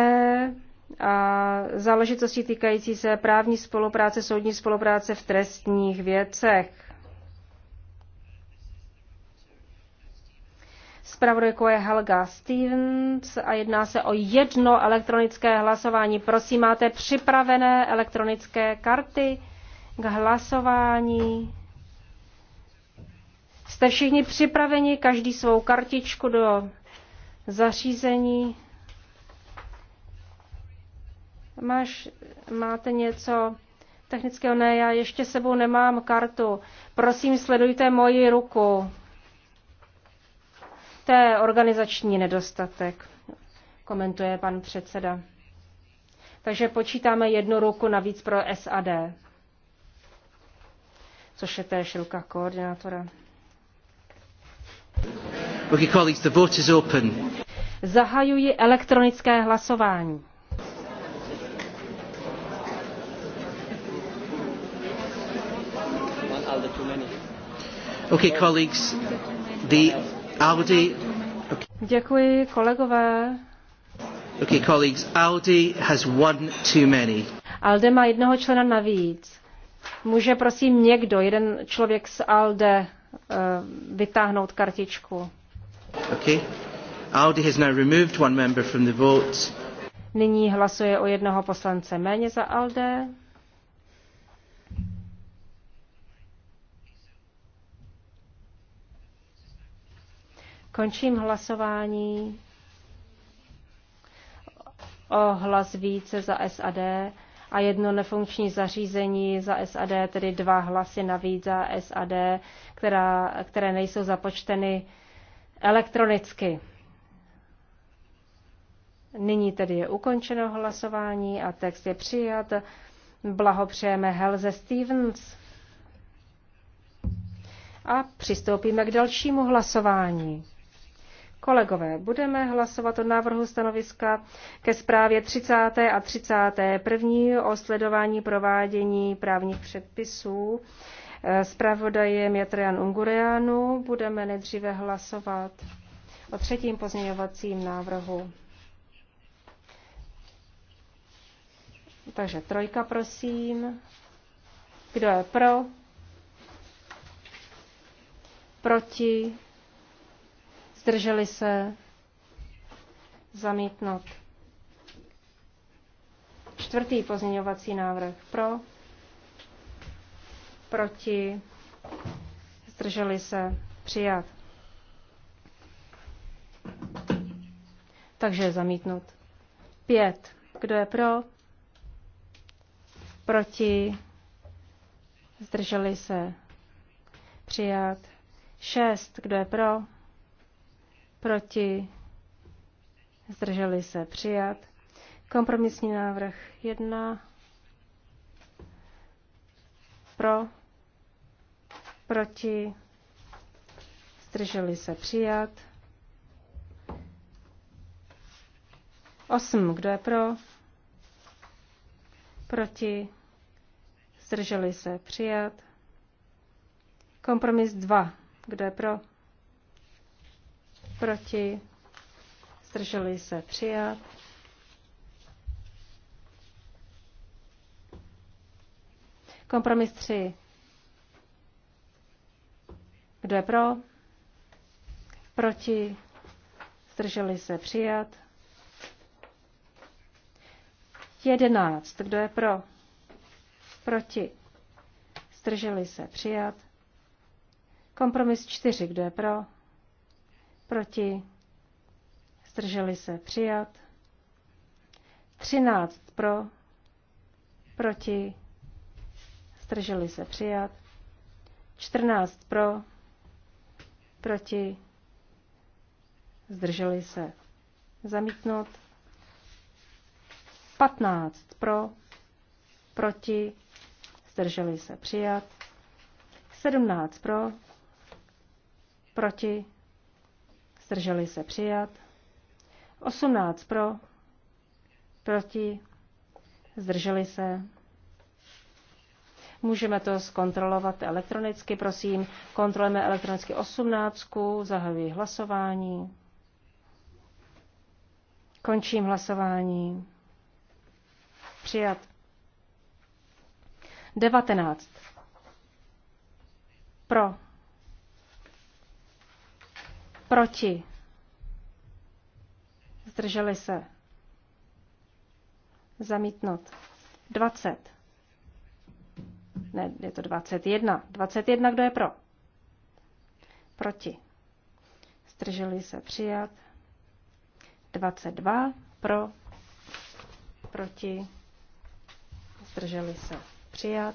a záležitosti týkající se právní spolupráce, soudní spolupráce v trestních věcech. Spravodajkou je Helga Stevens a jedná se o jedno elektronické hlasování. Prosím, máte připravené elektronické karty? k hlasování. Jste všichni připraveni, každý svou kartičku do zařízení. Máš, máte něco technického? Ne, já ještě sebou nemám kartu. Prosím, sledujte moji ruku. To je organizační nedostatek, komentuje pan předseda. Takže počítáme jednu ruku navíc pro SAD což je též ruka koordinátora. Zahajuji elektronické hlasování. Okay, colleagues, the Audi... Okay. Děkuji, kolegové. Okay, colleagues, Audi has one too many. Alde má jednoho člena navíc. Může prosím někdo, jeden člověk z ALDE, eh, vytáhnout kartičku? Okay. ALDE has now removed one member from the vote. Nyní hlasuje o jednoho poslance méně za ALDE. Končím hlasování. O hlas více za SAD a jedno nefunkční zařízení za SAD, tedy dva hlasy navíc za SAD, která, které nejsou započteny elektronicky. Nyní tedy je ukončeno hlasování a text je přijat. Blahopřejeme Helze Stevens. A přistoupíme k dalšímu hlasování. Kolegové, budeme hlasovat o návrhu stanoviska ke zprávě 30. a 31. o sledování provádění právních předpisů. Zpravodajem je Trian Ungureanu. Budeme nejdříve hlasovat o třetím pozměňovacím návrhu. Takže trojka, prosím. Kdo je pro? Proti? zdrželi se, zamítnout. Čtvrtý pozměňovací návrh pro, proti, zdrželi se, přijat. Takže zamítnout. Pět. Kdo je pro? Proti? Zdrželi se? Přijat. Šest. Kdo je pro? proti, zdrželi se přijat. Kompromisní návrh 1, pro, proti, zdrželi se přijat. 8, kdo je pro, proti, zdrželi se přijat. Kompromis 2, kdo je pro, proti, zdrželi se přijat. Kompromis 3. Kdo je pro? Proti? Zdrželi se přijat? 11. Kdo je pro? Proti? Zdrželi se přijat? Kompromis 4. Kdo je pro? proti, zdrželi se přijat, 13 pro, proti, zdrželi se přijat, 14 pro, proti, zdrželi se zamítnout, 15 pro, proti, zdrželi se přijat, 17 pro, proti, zdrželi se přijat. 18 pro, proti, zdrželi se. Můžeme to zkontrolovat elektronicky, prosím. Kontrolujeme elektronicky 18, zahajuji hlasování. Končím hlasování. Přijat. 19. Pro. Proti. Zdrželi se. Zamítnout. 20. Ne, je to 21. 21, kdo je pro? Proti. Zdrželi se přijat. 22 pro. Proti. Zdrželi se přijat.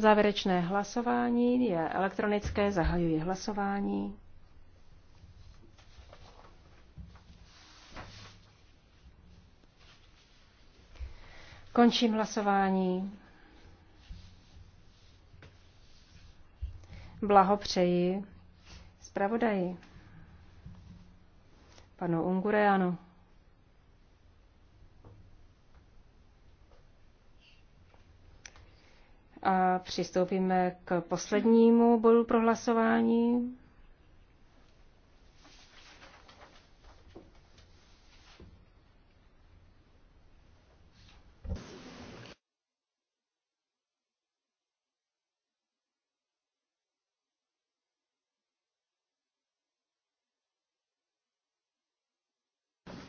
Závěrečné hlasování je elektronické, zahajuji hlasování. Končím hlasování. Blahopřeji zpravodaji panu Ungureanu. A přistoupíme k poslednímu bodu pro hlasování.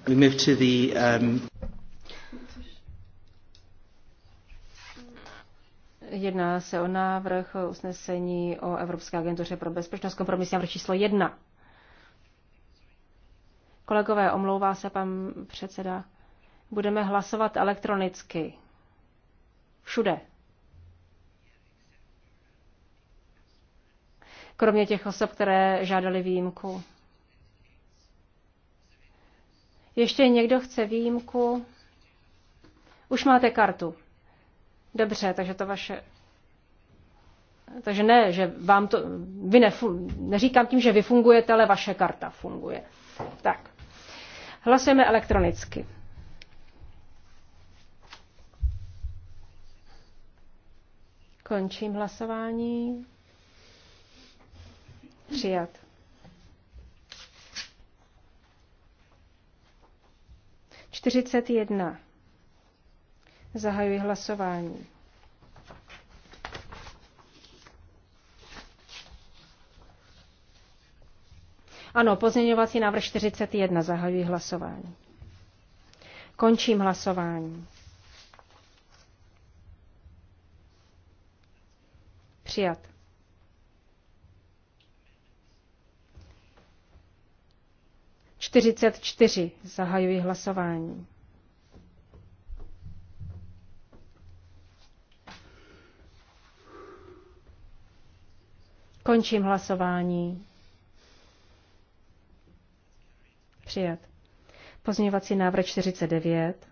We move to the, um... Jedná se o návrh usnesení o Evropské agentuře pro bezpečnost, kompromisní návrh číslo jedna. Kolegové, omlouvá se pan předseda. Budeme hlasovat elektronicky. Všude. Kromě těch osob, které žádali výjimku. Ještě někdo chce výjimku? Už máte kartu. Dobře, takže to vaše... Takže ne, že vám to... Vy nefu... neříkám tím, že vy fungujete, ale vaše karta funguje. Tak. Hlasujeme elektronicky. Končím hlasování. Přijat. Čtyřicet jedna. Zahajuji hlasování. Ano, pozměňovací návrh 41. Zahajuji hlasování. Končím hlasování. Přijat. Čtyřicet čtyři. Zahajuji hlasování. Končím hlasování. Přijat. Pozměňovací návrh 49.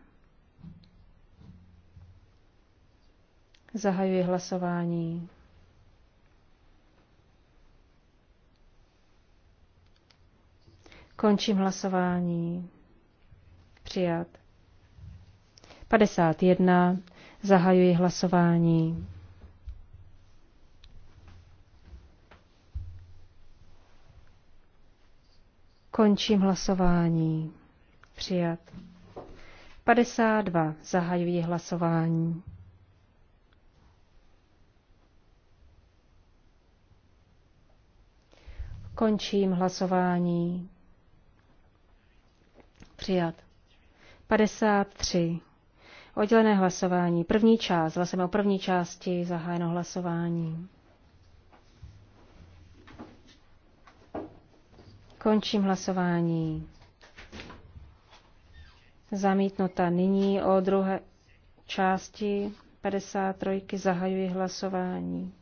Zahajuji hlasování. Končím hlasování. Přijat. 51. Zahajuji hlasování. Končím hlasování. Přijat. 52. Zahajuji hlasování. Končím hlasování. Přijat. 53. Oddělené hlasování. První část. Hlasujeme o první části. Zahájeno hlasování. Končím hlasování. Zamítnuta nyní o druhé části 53. Zahajuji hlasování.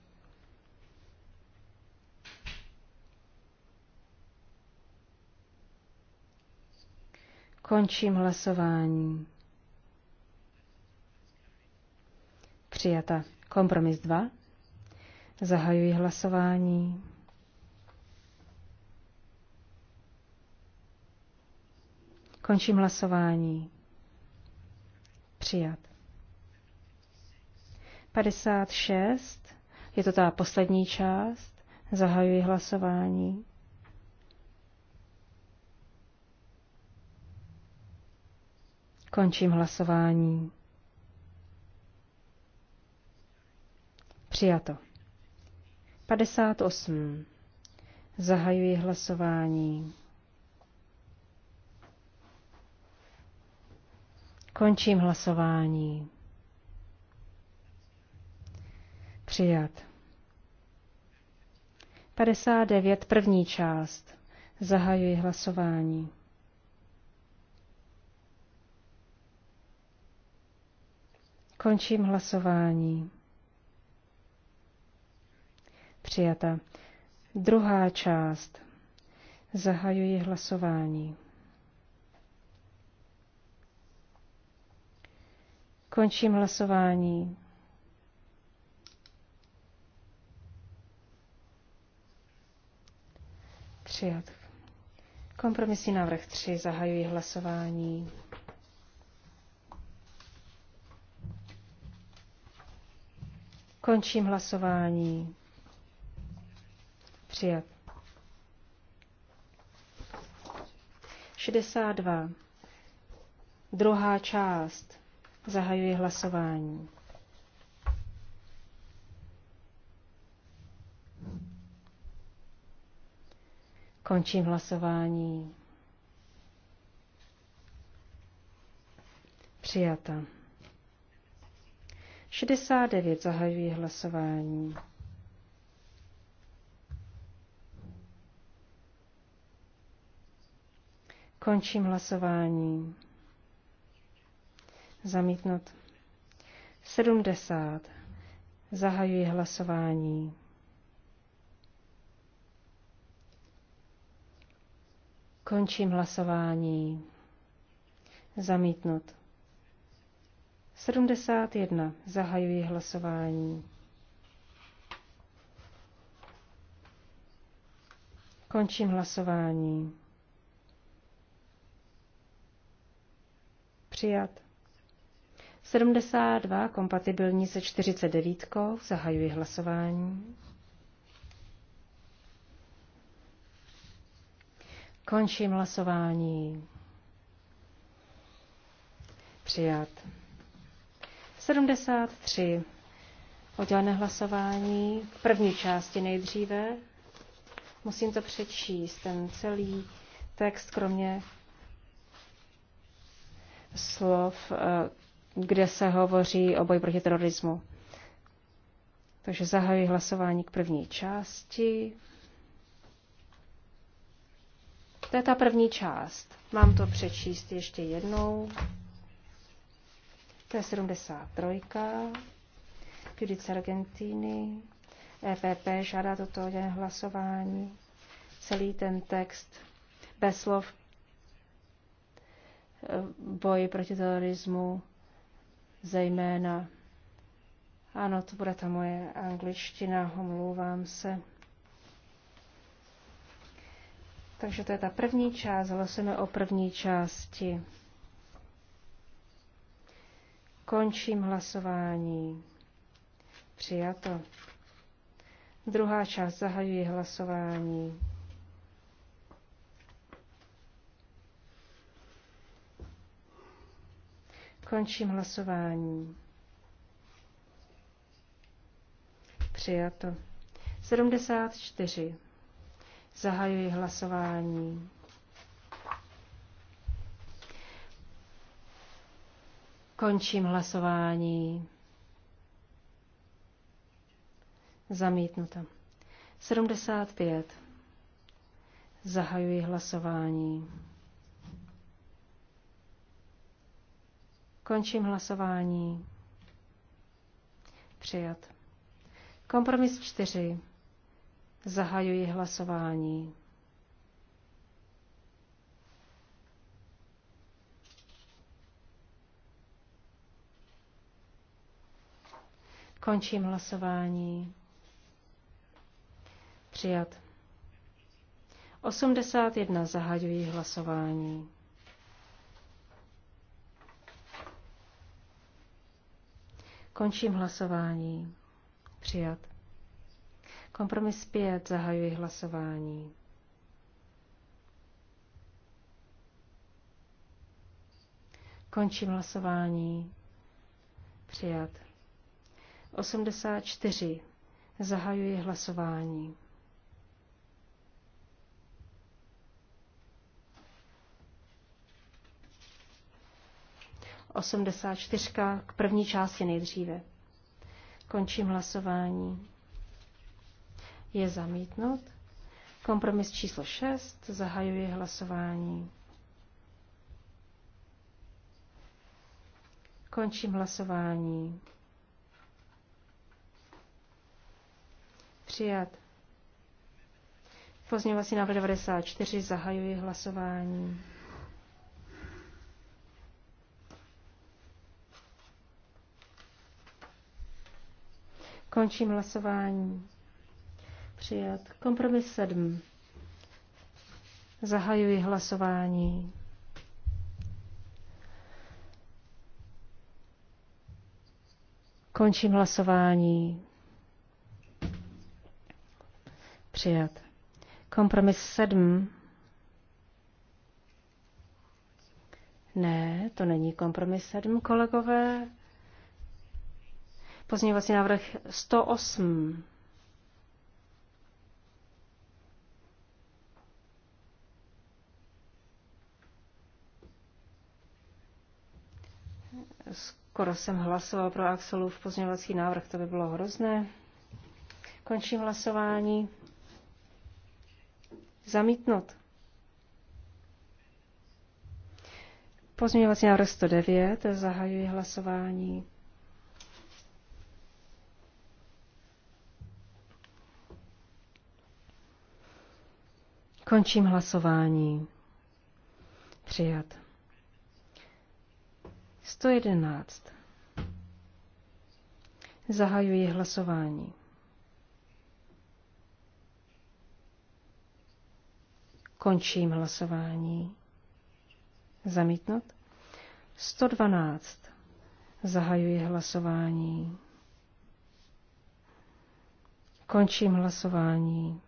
Končím hlasování. Přijata. Kompromis 2. Zahajuji hlasování. Končím hlasování. Přijat. 56. Je to ta poslední část. Zahajuji hlasování. Končím hlasování. Přijato. 58. Zahajuji hlasování. Končím hlasování. Přijat. 59. První část. Zahajuji hlasování. Končím hlasování. Přijata. Druhá část. Zahajuji hlasování. Končím hlasování. Přijat. Kompromisní návrh 3. Zahajuji hlasování. Končím hlasování. Přijat. 62. Druhá část. Zahajuji hlasování. Končím hlasování. Přijata. 69 zahajuji hlasování. Končím hlasování. Zamítnut. 70. Zahajuji hlasování. Končím hlasování. Zamítnut. 71. Zahajuji hlasování. Končím hlasování. Přijat. 72 kompatibilní se 49. Zahajuji hlasování. Končím hlasování. Přijat. 73. Oddělené hlasování. První části nejdříve. Musím to přečíst, ten celý text, kromě slov eh, kde se hovoří o boji proti terorismu. Takže zahajuji hlasování k první části. To je ta první část. Mám to přečíst ještě jednou. To je 73. Judice Argentíny. EPP žádá toto hlasování. Celý ten text bez slov e, boj proti terorismu zejména. Ano, to bude ta moje angličtina, omlouvám se. Takže to je ta první část, hlasujeme o první části. Končím hlasování. Přijato. Druhá část zahajuji hlasování. Končím hlasování. Přijato. 74. Zahajuji hlasování. Končím hlasování. Zamítnuto. 75. Zahajuji hlasování. Končím hlasování. Přijat. Kompromis 4. Zahajuji hlasování. Končím hlasování. Přijat. 81. Zahajuji hlasování. Končím hlasování. Přijat. Kompromis 5. Zahajuji hlasování. Končím hlasování. Přijat. 84. Zahajuji hlasování. 84 k první části nejdříve. Končím hlasování. Je zamítnut. Kompromis číslo 6. Zahajuji hlasování. Končím hlasování. Přijat. Pozměňovací návrh 94. Zahajuji hlasování. Končím hlasování. Přijat. Kompromis 7. Zahajuji hlasování. Končím hlasování. Přijat. Kompromis 7. Ne, to není kompromis 7, kolegové. Pozměňovací návrh 108. Skoro jsem hlasoval pro Axelův pozměňovací návrh, to by bylo hrozné. Končím hlasování. Zamítnout. Pozměňovací návrh 109, zahajuji hlasování. Končím hlasování. Přijat. 111. Zahajuji hlasování. Končím hlasování. Zamítnout. 112. Zahajuji hlasování. Končím hlasování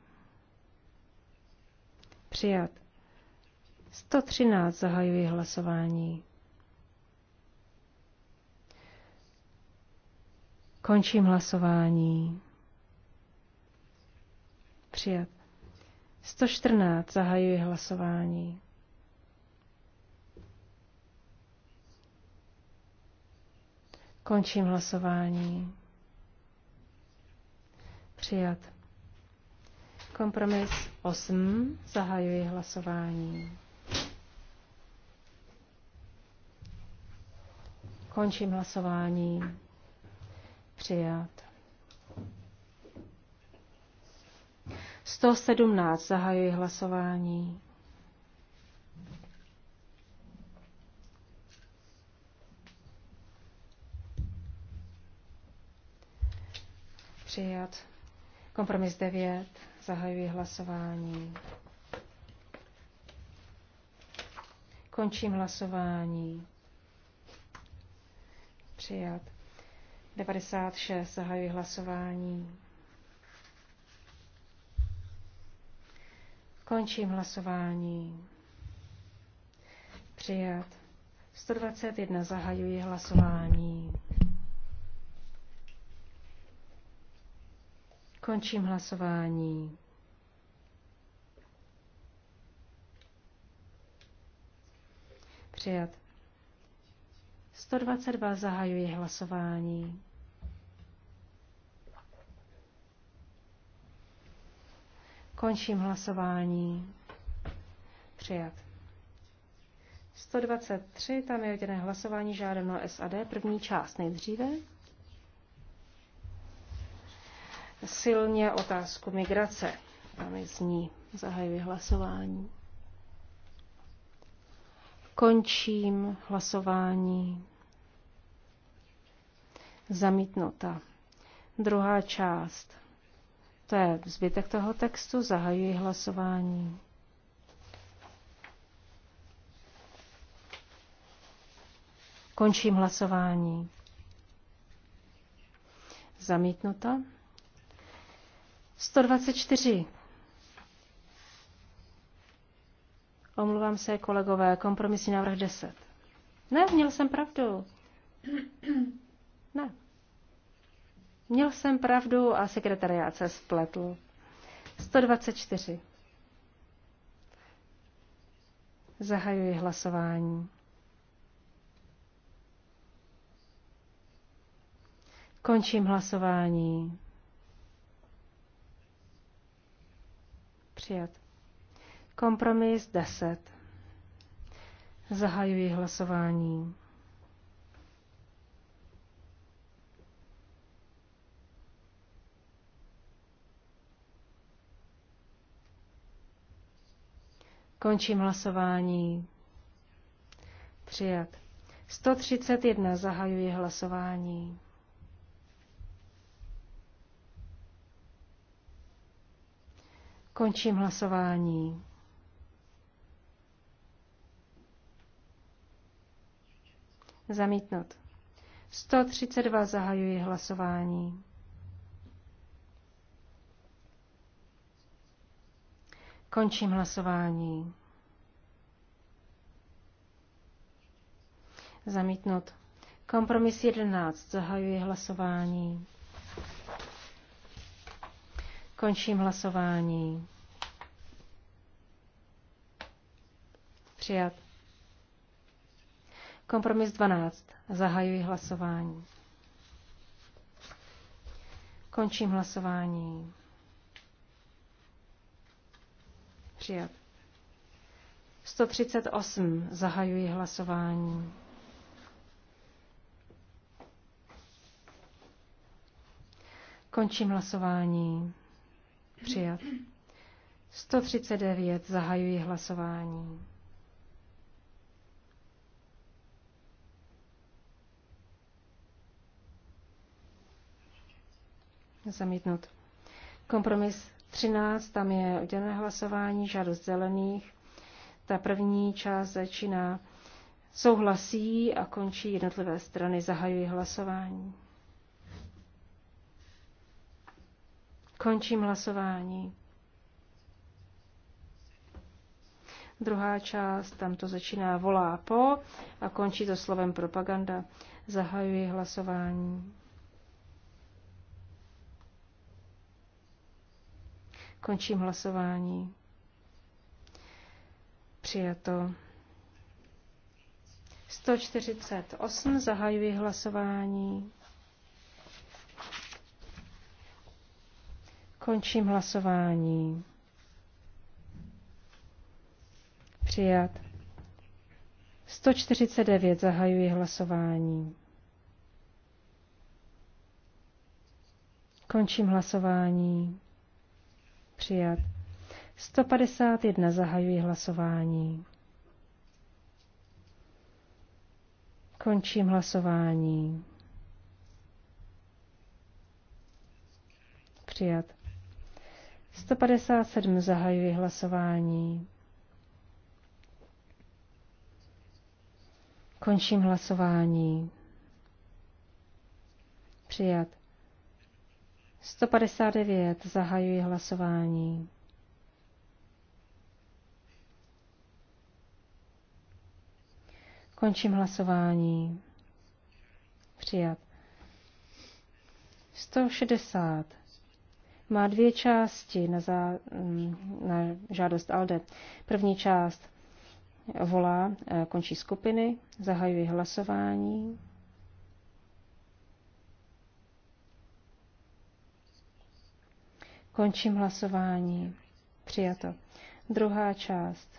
přijat. 113 zahajuji hlasování. Končím hlasování. Přijat. 114 zahajuji hlasování. Končím hlasování. Přijat. Kompromis 8. Zahajuji hlasování. Končím hlasování. Přijat. 117. Zahajuji hlasování. Přijat. Kompromis 9. Zahajuji hlasování. Končím hlasování. Přijat. 96. Zahajuji hlasování. Končím hlasování. Přijat. 121. Zahajuji hlasování. Končím hlasování. Přijat. 122 zahajuji hlasování. Končím hlasování. Přijat. 123, tam je jediné hlasování žádem na SAD, první část nejdříve silně otázku migrace. Tam zní, zahajuji hlasování. Končím hlasování. Zamítnuta. Druhá část. To je zbytek toho textu. Zahajuji hlasování. Končím hlasování. Zamítnuta. 124. Omluvám se, kolegové, kompromisní návrh 10. Ne, měl jsem pravdu. Ne. Měl jsem pravdu a sekretariát se spletl. 124. Zahajuji hlasování. Končím hlasování. Přijat. Kompromis 10. Zahajuji hlasování. Končím hlasování. Přijat. 131. Zahajuji hlasování. Končím hlasování. Zamítnout. 132 zahajuji hlasování. Končím hlasování. Zamítnout. Kompromis 11. Zahajuji hlasování. Končím hlasování. Přijat. Kompromis 12. Zahajuji hlasování. Končím hlasování. Přijat. 138. Zahajuji hlasování. Končím hlasování. Přijat. 139. Zahajuji hlasování. Zamítnut. Kompromis 13, tam je oddělené hlasování, žádost zelených. Ta první část začíná souhlasí a končí jednotlivé strany, zahajují hlasování. Končím hlasování. Druhá část, tam to začíná volá po a končí to slovem propaganda. Zahajuji hlasování. Končím hlasování. Přijato. 148. Zahajuji hlasování. Končím hlasování. Přijat. 149 zahajuji hlasování. Končím hlasování. Přijat. 151 zahajuji hlasování. Končím hlasování. Přijat. 157 zahajuji hlasování. Končím hlasování. Přijat. 159 zahajuji hlasování. Končím hlasování. Přijat. 160 má dvě části na, za, na žádost ALDE. První část volá, e, končí skupiny, zahajuje hlasování. Končím hlasování. Přijato. Druhá část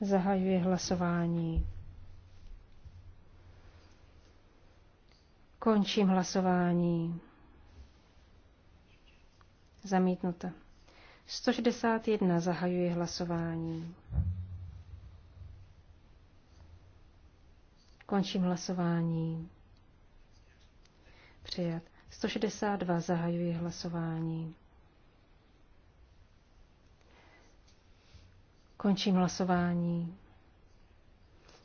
zahajuje hlasování. Končím hlasování. Zamítnuto. 161 zahajuji hlasování. Končím hlasování. Přijat. 162 zahajuji hlasování. Končím hlasování.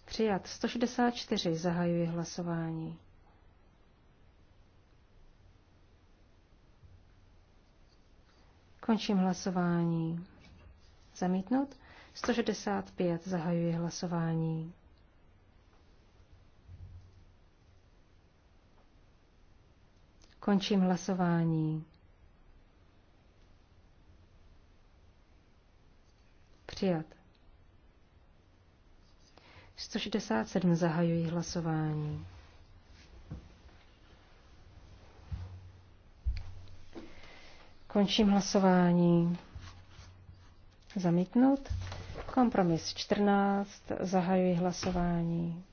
Přijat. 164 zahajuji hlasování. Končím hlasování. Zamítnout. 165. Zahajuji hlasování. Končím hlasování. Přijat. 167. Zahajuji hlasování. Končím hlasování. Zamítnout. Kompromis 14. Zahajuji hlasování.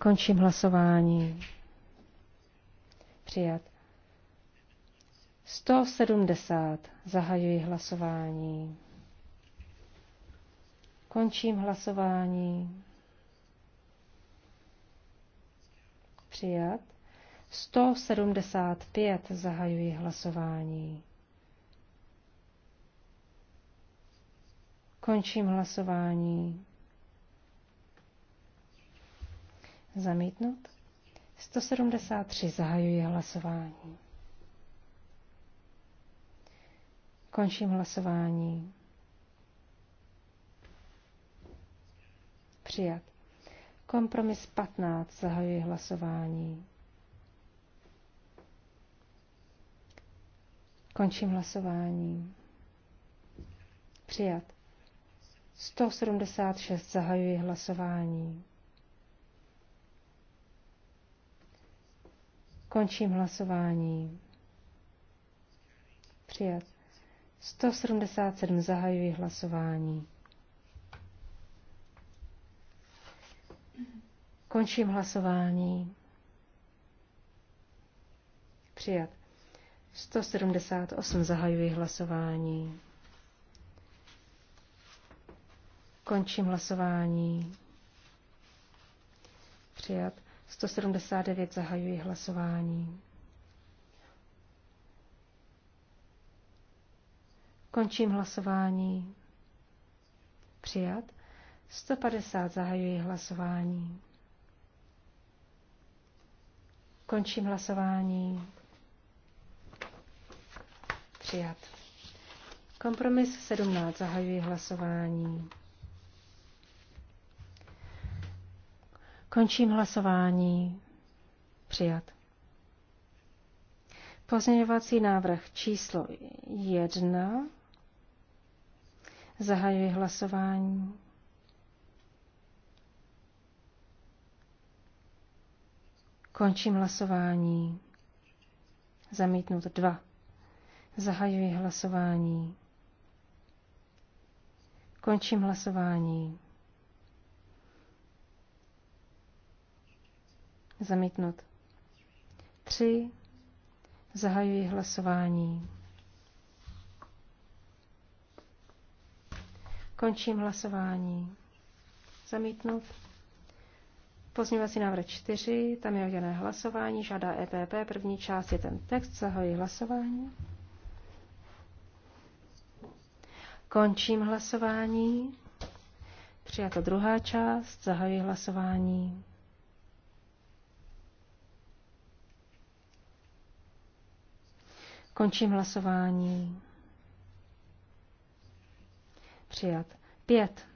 Končím hlasování. Přijat. 170. Zahajuji hlasování. Končím hlasování. Přijat. 175 zahajuji hlasování. Končím hlasování. Zamítnout. 173 zahajuji hlasování. Končím hlasování. Přijat. Kompromis 15 zahajuji hlasování. Končím hlasování. Přijat. 176 zahajuji hlasování. Končím hlasování. Přijat. 177 zahajuji hlasování. Končím hlasování. Přijat. 178 zahajuji hlasování. Končím hlasování. Přijat. 179 zahajuji hlasování. Končím hlasování. Přijat. 150 zahajuji hlasování. Končím hlasování. Přijat. Kompromis 17. Zahajuji hlasování. Končím hlasování. Přijat. Pozměňovací návrh číslo 1. Zahajuji hlasování. Končím hlasování. Zamítnout 2. Zahajuji hlasování. Končím hlasování. Zamítnut. Tři. Zahajuji hlasování. Končím hlasování. Zamítnut. Pozměňovací návrh 4, tam je udělané hlasování, žádá EPP, první část je ten text, Zahajuji hlasování. Končím hlasování. Přijata druhá část. Zahajuji hlasování. Končím hlasování. Přijat. Pět.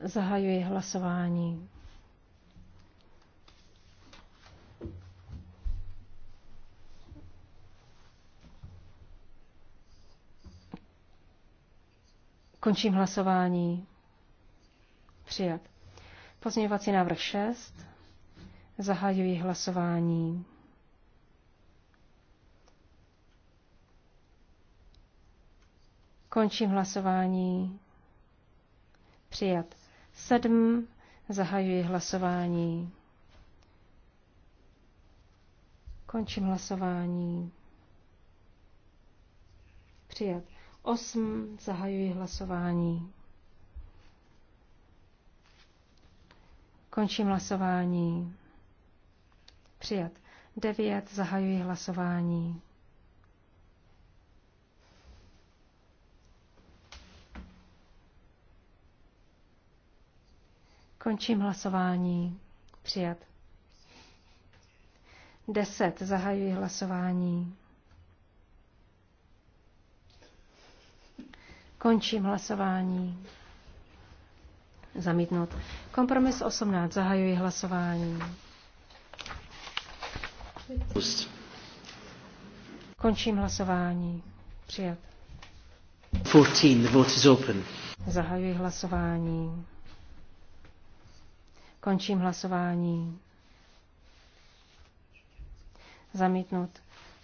Zahajuji hlasování. Končím hlasování. Přijat. Pozměňovací návrh 6. Zahajuji hlasování. Končím hlasování. Přijat. 7. Zahajuji hlasování. Končím hlasování. Přijat. 8. Zahajuji hlasování. Končím hlasování. Přijat. 9. Zahajuji hlasování. Končím hlasování. Přijat. 10. Zahajuji hlasování. Končím hlasování. Zamítnout. Kompromis 18. Zahajuji hlasování. Končím hlasování. Přijat. 14. The vote is open. Zahajuji hlasování. Končím hlasování. Zamítnut.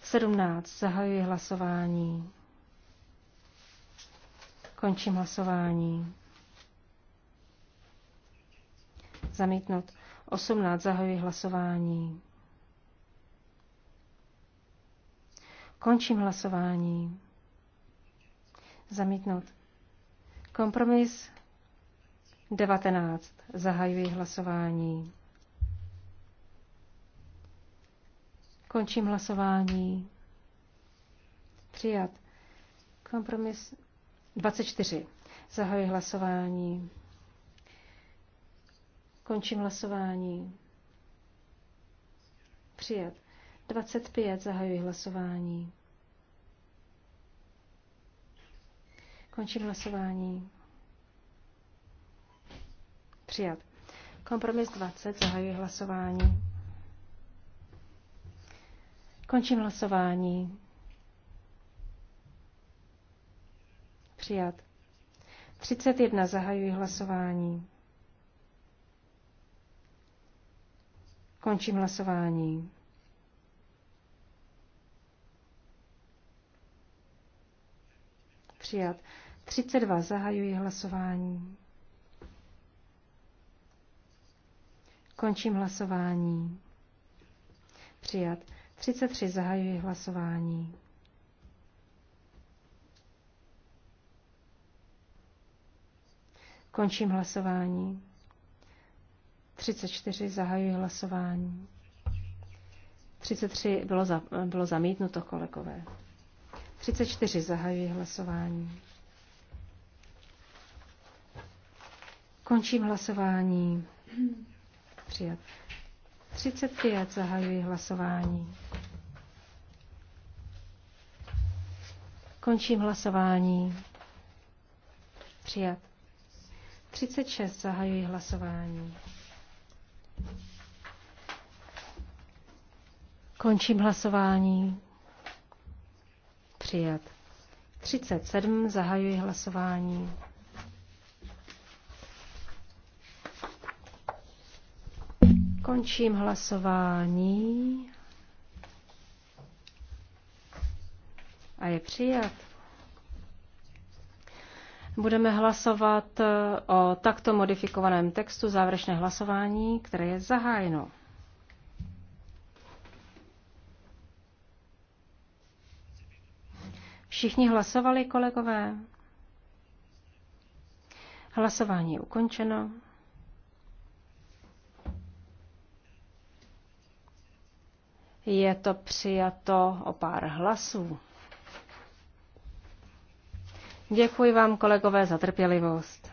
17. Zahajuji hlasování. Končím hlasování. Zamítnout. 18. Zahajuji hlasování. Končím hlasování. Zamítnout. Kompromis 19. Zahajuji hlasování. Končím hlasování. Přijat. Kompromis 24. Zahajuji hlasování. Končím hlasování. Přijat. 25. Zahajuji hlasování. Končím hlasování. Přijat. Kompromis 20. Zahajuji hlasování. Končím hlasování. Přijat. 31. Zahajuji hlasování. Končím hlasování. Přijat. 32. Zahajuji hlasování. Končím hlasování. Přijat. 33. Zahajuji hlasování. Končím hlasování. 34 zahajuji hlasování. 33 bylo, za, bylo zamítnuto, kolegové. 34 zahajuji hlasování. Končím hlasování. Přijat. 35 zahajuji hlasování. Končím hlasování. Přijat. 36 zahajuji hlasování. Končím hlasování. Přijat. 37 zahajuji hlasování. Končím hlasování. A je přijat. Budeme hlasovat eh, o takto modifikovaném textu závěrečné hlasování, které je zahájeno. Všichni hlasovali, kolegové? Hlasování je ukončeno. Je to přijato o pár hlasů. Děkuji vám, kolegové, za trpělivost.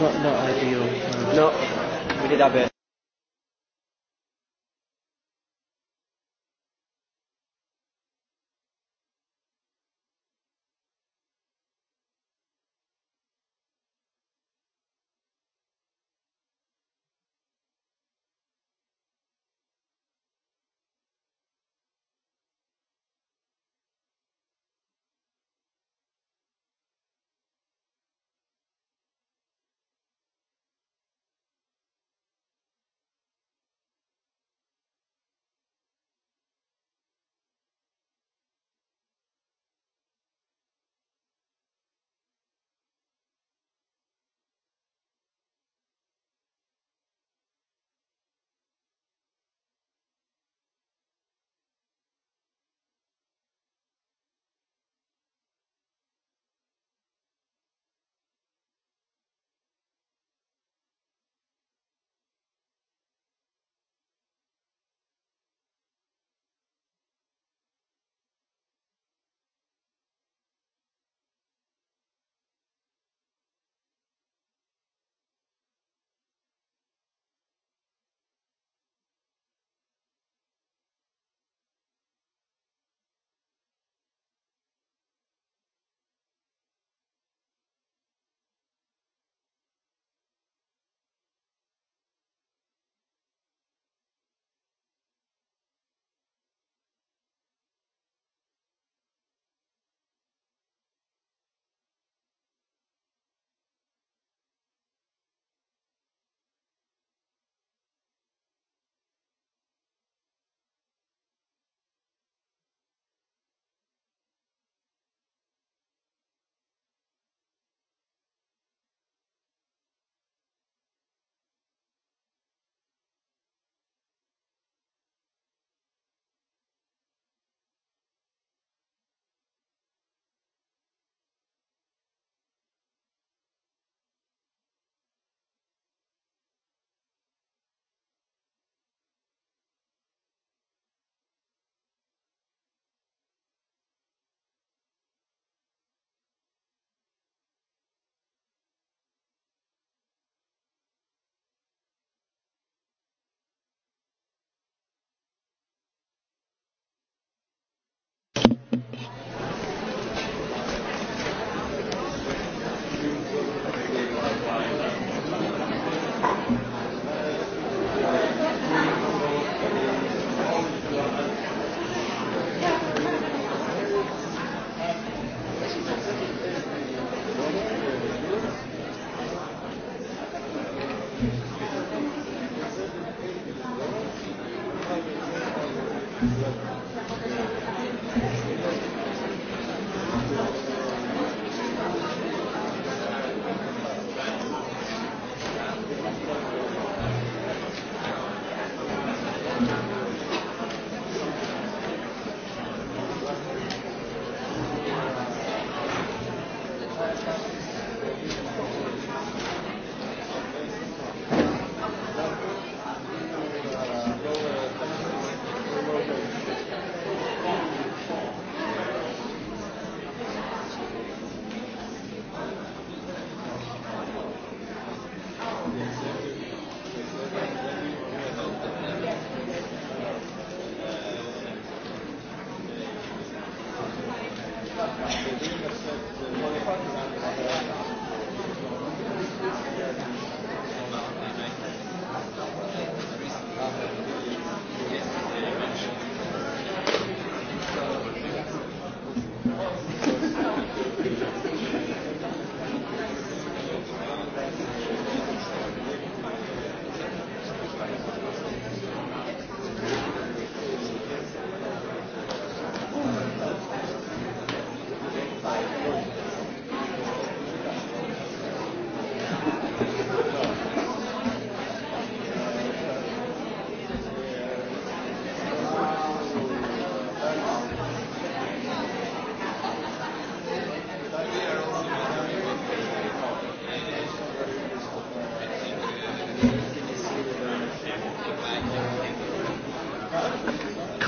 No. no,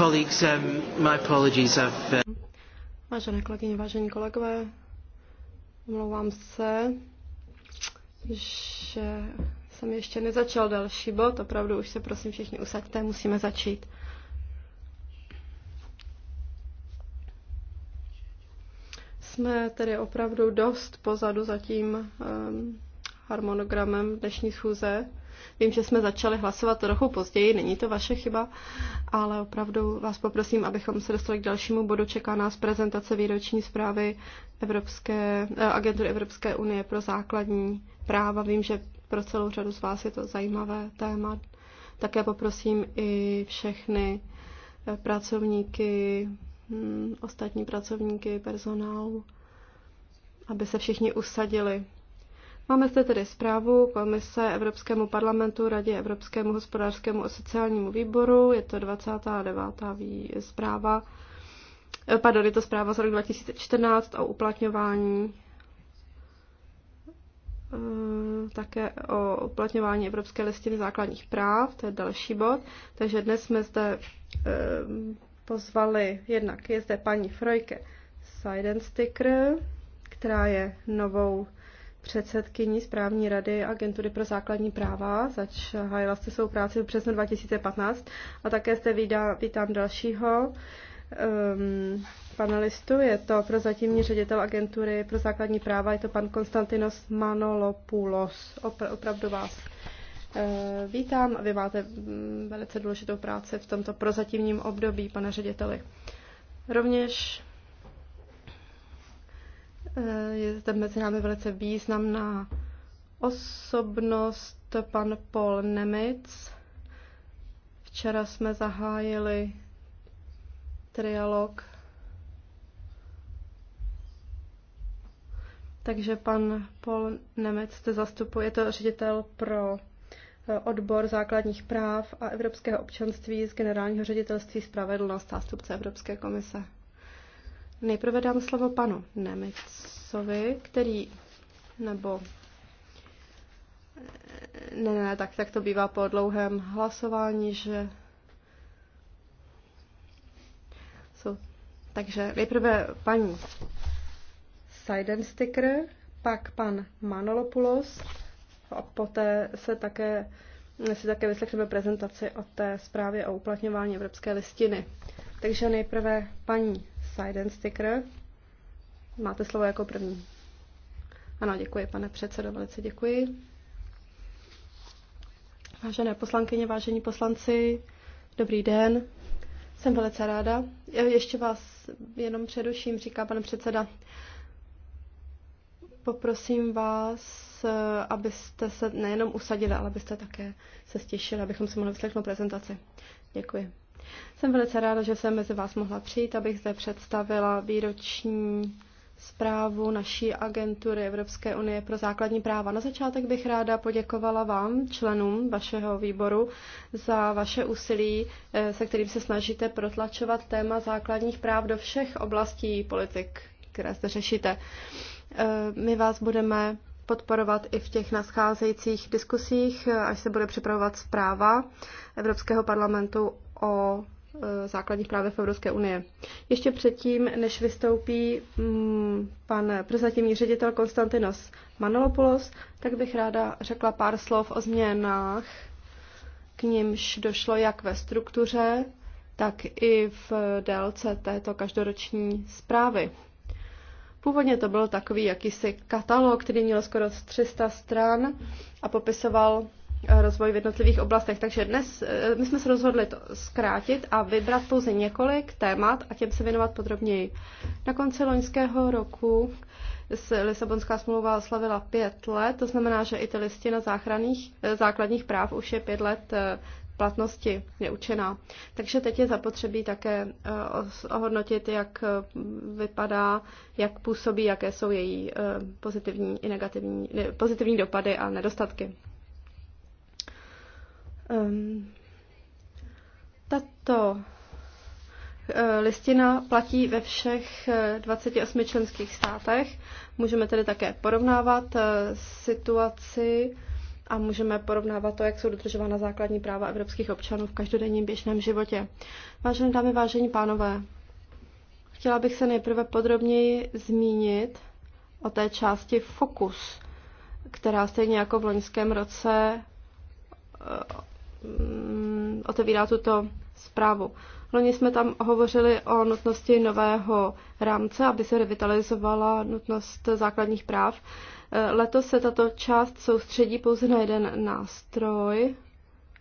colleagues, um, my apologies, I've... Uh, Vážené kolegyně, vážení kolegové, omlouvám se, že jsem ještě nezačal další bod, opravdu už se prosím všichni usaďte, musíme začít. Jsme tedy opravdu dost pozadu za tím um, harmonogramem dnešní schůze. Vím, že jsme začali hlasovat trochu později, není to vaše chyba, ale opravdu vás poprosím, abychom se dostali k dalšímu bodu. Čeká nás prezentace výroční zprávy Evropské, eh, agentury Evropské unie pro základní práva. Vím, že pro celou řadu z vás je to zajímavé téma. Také poprosím i všechny eh, pracovníky, hm, ostatní pracovníky, personálu, aby se všichni usadili. Máme zde tedy zprávu Komise Evropskému parlamentu, Radě Evropskému hospodářskému a sociálnímu výboru. Je to 29. zpráva. Eh, pardon, je to zpráva z roku 2014 o uplatňování eh, také o uplatňování Evropské listiny základních práv, to je další bod. Takže dnes jsme zde eh, pozvali, jednak je zde paní Frojke Seidensticker, která je novou předsedkyní správní rady Agentury pro základní práva, začala jste svou práci v březnu 2015 a také jste vítá, vítám dalšího um, panelistu, je to prozatímní ředitel Agentury pro základní práva, je to pan Konstantinos Manolopoulos. Opr- opravdu vás uh, vítám a vy máte mm, velice důležitou práci v tomto prozatímním období, pane řediteli. Rovněž Eh, je zde mezi námi velice významná osobnost, pan Paul Nemec. Včera jsme zahájili trialog. Takže pan Paul Nemec zde zastupuje, je to ředitel pro eh, odbor základních práv a evropského občanství z generálního ředitelství spravedlnost zástupce Evropské komise. Nejprve dám slovo panu Nemicovi, který, nebo ne, ne, tak, tak to bývá po dlouhém hlasování, že jsou. Takže nejprve paní Seidensticker, pak pan Manolopoulos a poté se také, si také vyslechneme prezentaci o té zprávě o uplatňování Evropské listiny. Takže nejprve paní Siden Sticker. Máte slovo jako první. Ano, děkuji, pane předsedo, velice děkuji. Vážené poslankyně, vážení poslanci, dobrý den. Jsem velice ráda. Ještě vás jenom předuším, říká pan předseda. Poprosím vás, abyste se nejenom usadili, ale abyste také se stěšili, abychom si mohli vyslechnout prezentaci. Děkuji. Jsem velice ráda, že jsem mezi vás mohla přijít, abych zde představila výroční zprávu naší agentury Evropské unie pro základní práva. Na začátek bych ráda poděkovala vám, členům vašeho výboru, za vaše úsilí, eh, se kterým se snažíte protlačovat téma základních práv do všech oblastí politik, které zde řešíte. Eh, my vás budeme podporovat i v těch nascházejících diskusích, eh, až se bude připravovat zpráva Evropského parlamentu o e, základních právech Evropské unie. Ještě předtím, než vystoupí mm, pan prezatímní ředitel Konstantinos Manolopoulos, tak bych ráda řekla pár slov o změnách, k nimž došlo jak ve struktuře, tak i v délce této každoroční zprávy. Původně to byl takový jakýsi katalog, který měl skoro 300 stran a popisoval Eh, rozvoj v jednotlivých oblastech. Takže dnes eh, my jsme se rozhodli to zkrátit a vybrat pouze několik témat a těm se věnovat podrobněji. Na konci loňského roku se Lisabonská smlouva slavila pět let, to znamená, že i ty listina záchranných, eh, základních práv už je pět let platnosti neučená. Takže teď je zapotřebí také ohodnotit, jak vypadá, jak působí, jaké jsou její pozitivní i negativní, pozitivní dopady a nedostatky. Um, tato eh, listina platí ve všech 28 eh, členských státech. Můžeme tedy také porovnávat eh, situaci a můžeme porovnávat to, jak jsou dodržována základní práva evropských občanů v každodenním běžném životě. Vážené dámy, vážení pánové, chtěla bych se nejprve podrobněji zmínit o té části Fokus, která stejně jako v loňském roce Mm, otevírá tuto zprávu. Loni jsme tam hovořili o nutnosti nového rámce, aby se revitalizovala nutnost základních práv. Eh, letos se tato část soustředí pouze na jeden nástroj,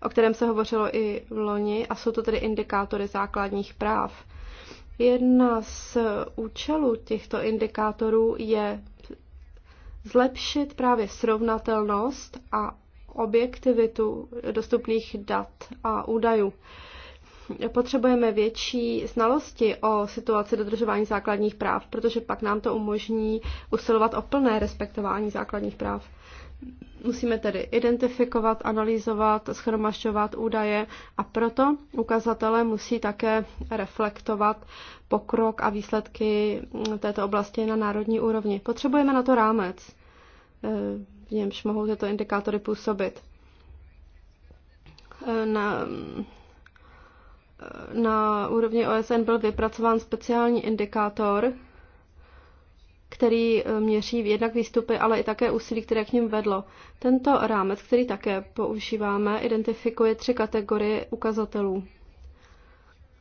o kterém se hovořilo i v loni, a jsou to tedy indikátory základních práv. Jedna z účelů těchto indikátorů je zlepšit právě srovnatelnost a objektivitu dostupných dat a údajů. Potřebujeme větší znalosti o situaci dodržování základních práv, protože pak nám to umožní usilovat o plné respektování základních práv. Musíme tedy identifikovat, analyzovat, schromažďovat údaje a proto ukazatele musí také reflektovat pokrok a výsledky této oblasti na národní úrovni. Potřebujeme na to rámec v němž mohou tyto indikátory působit. Eh, na, eh, na úrovni OSN byl vypracován speciální indikátor, který eh, měří jednak výstupy, ale i také úsilí, které k ním vedlo. Tento rámec, který také používáme, identifikuje tři kategorie ukazatelů.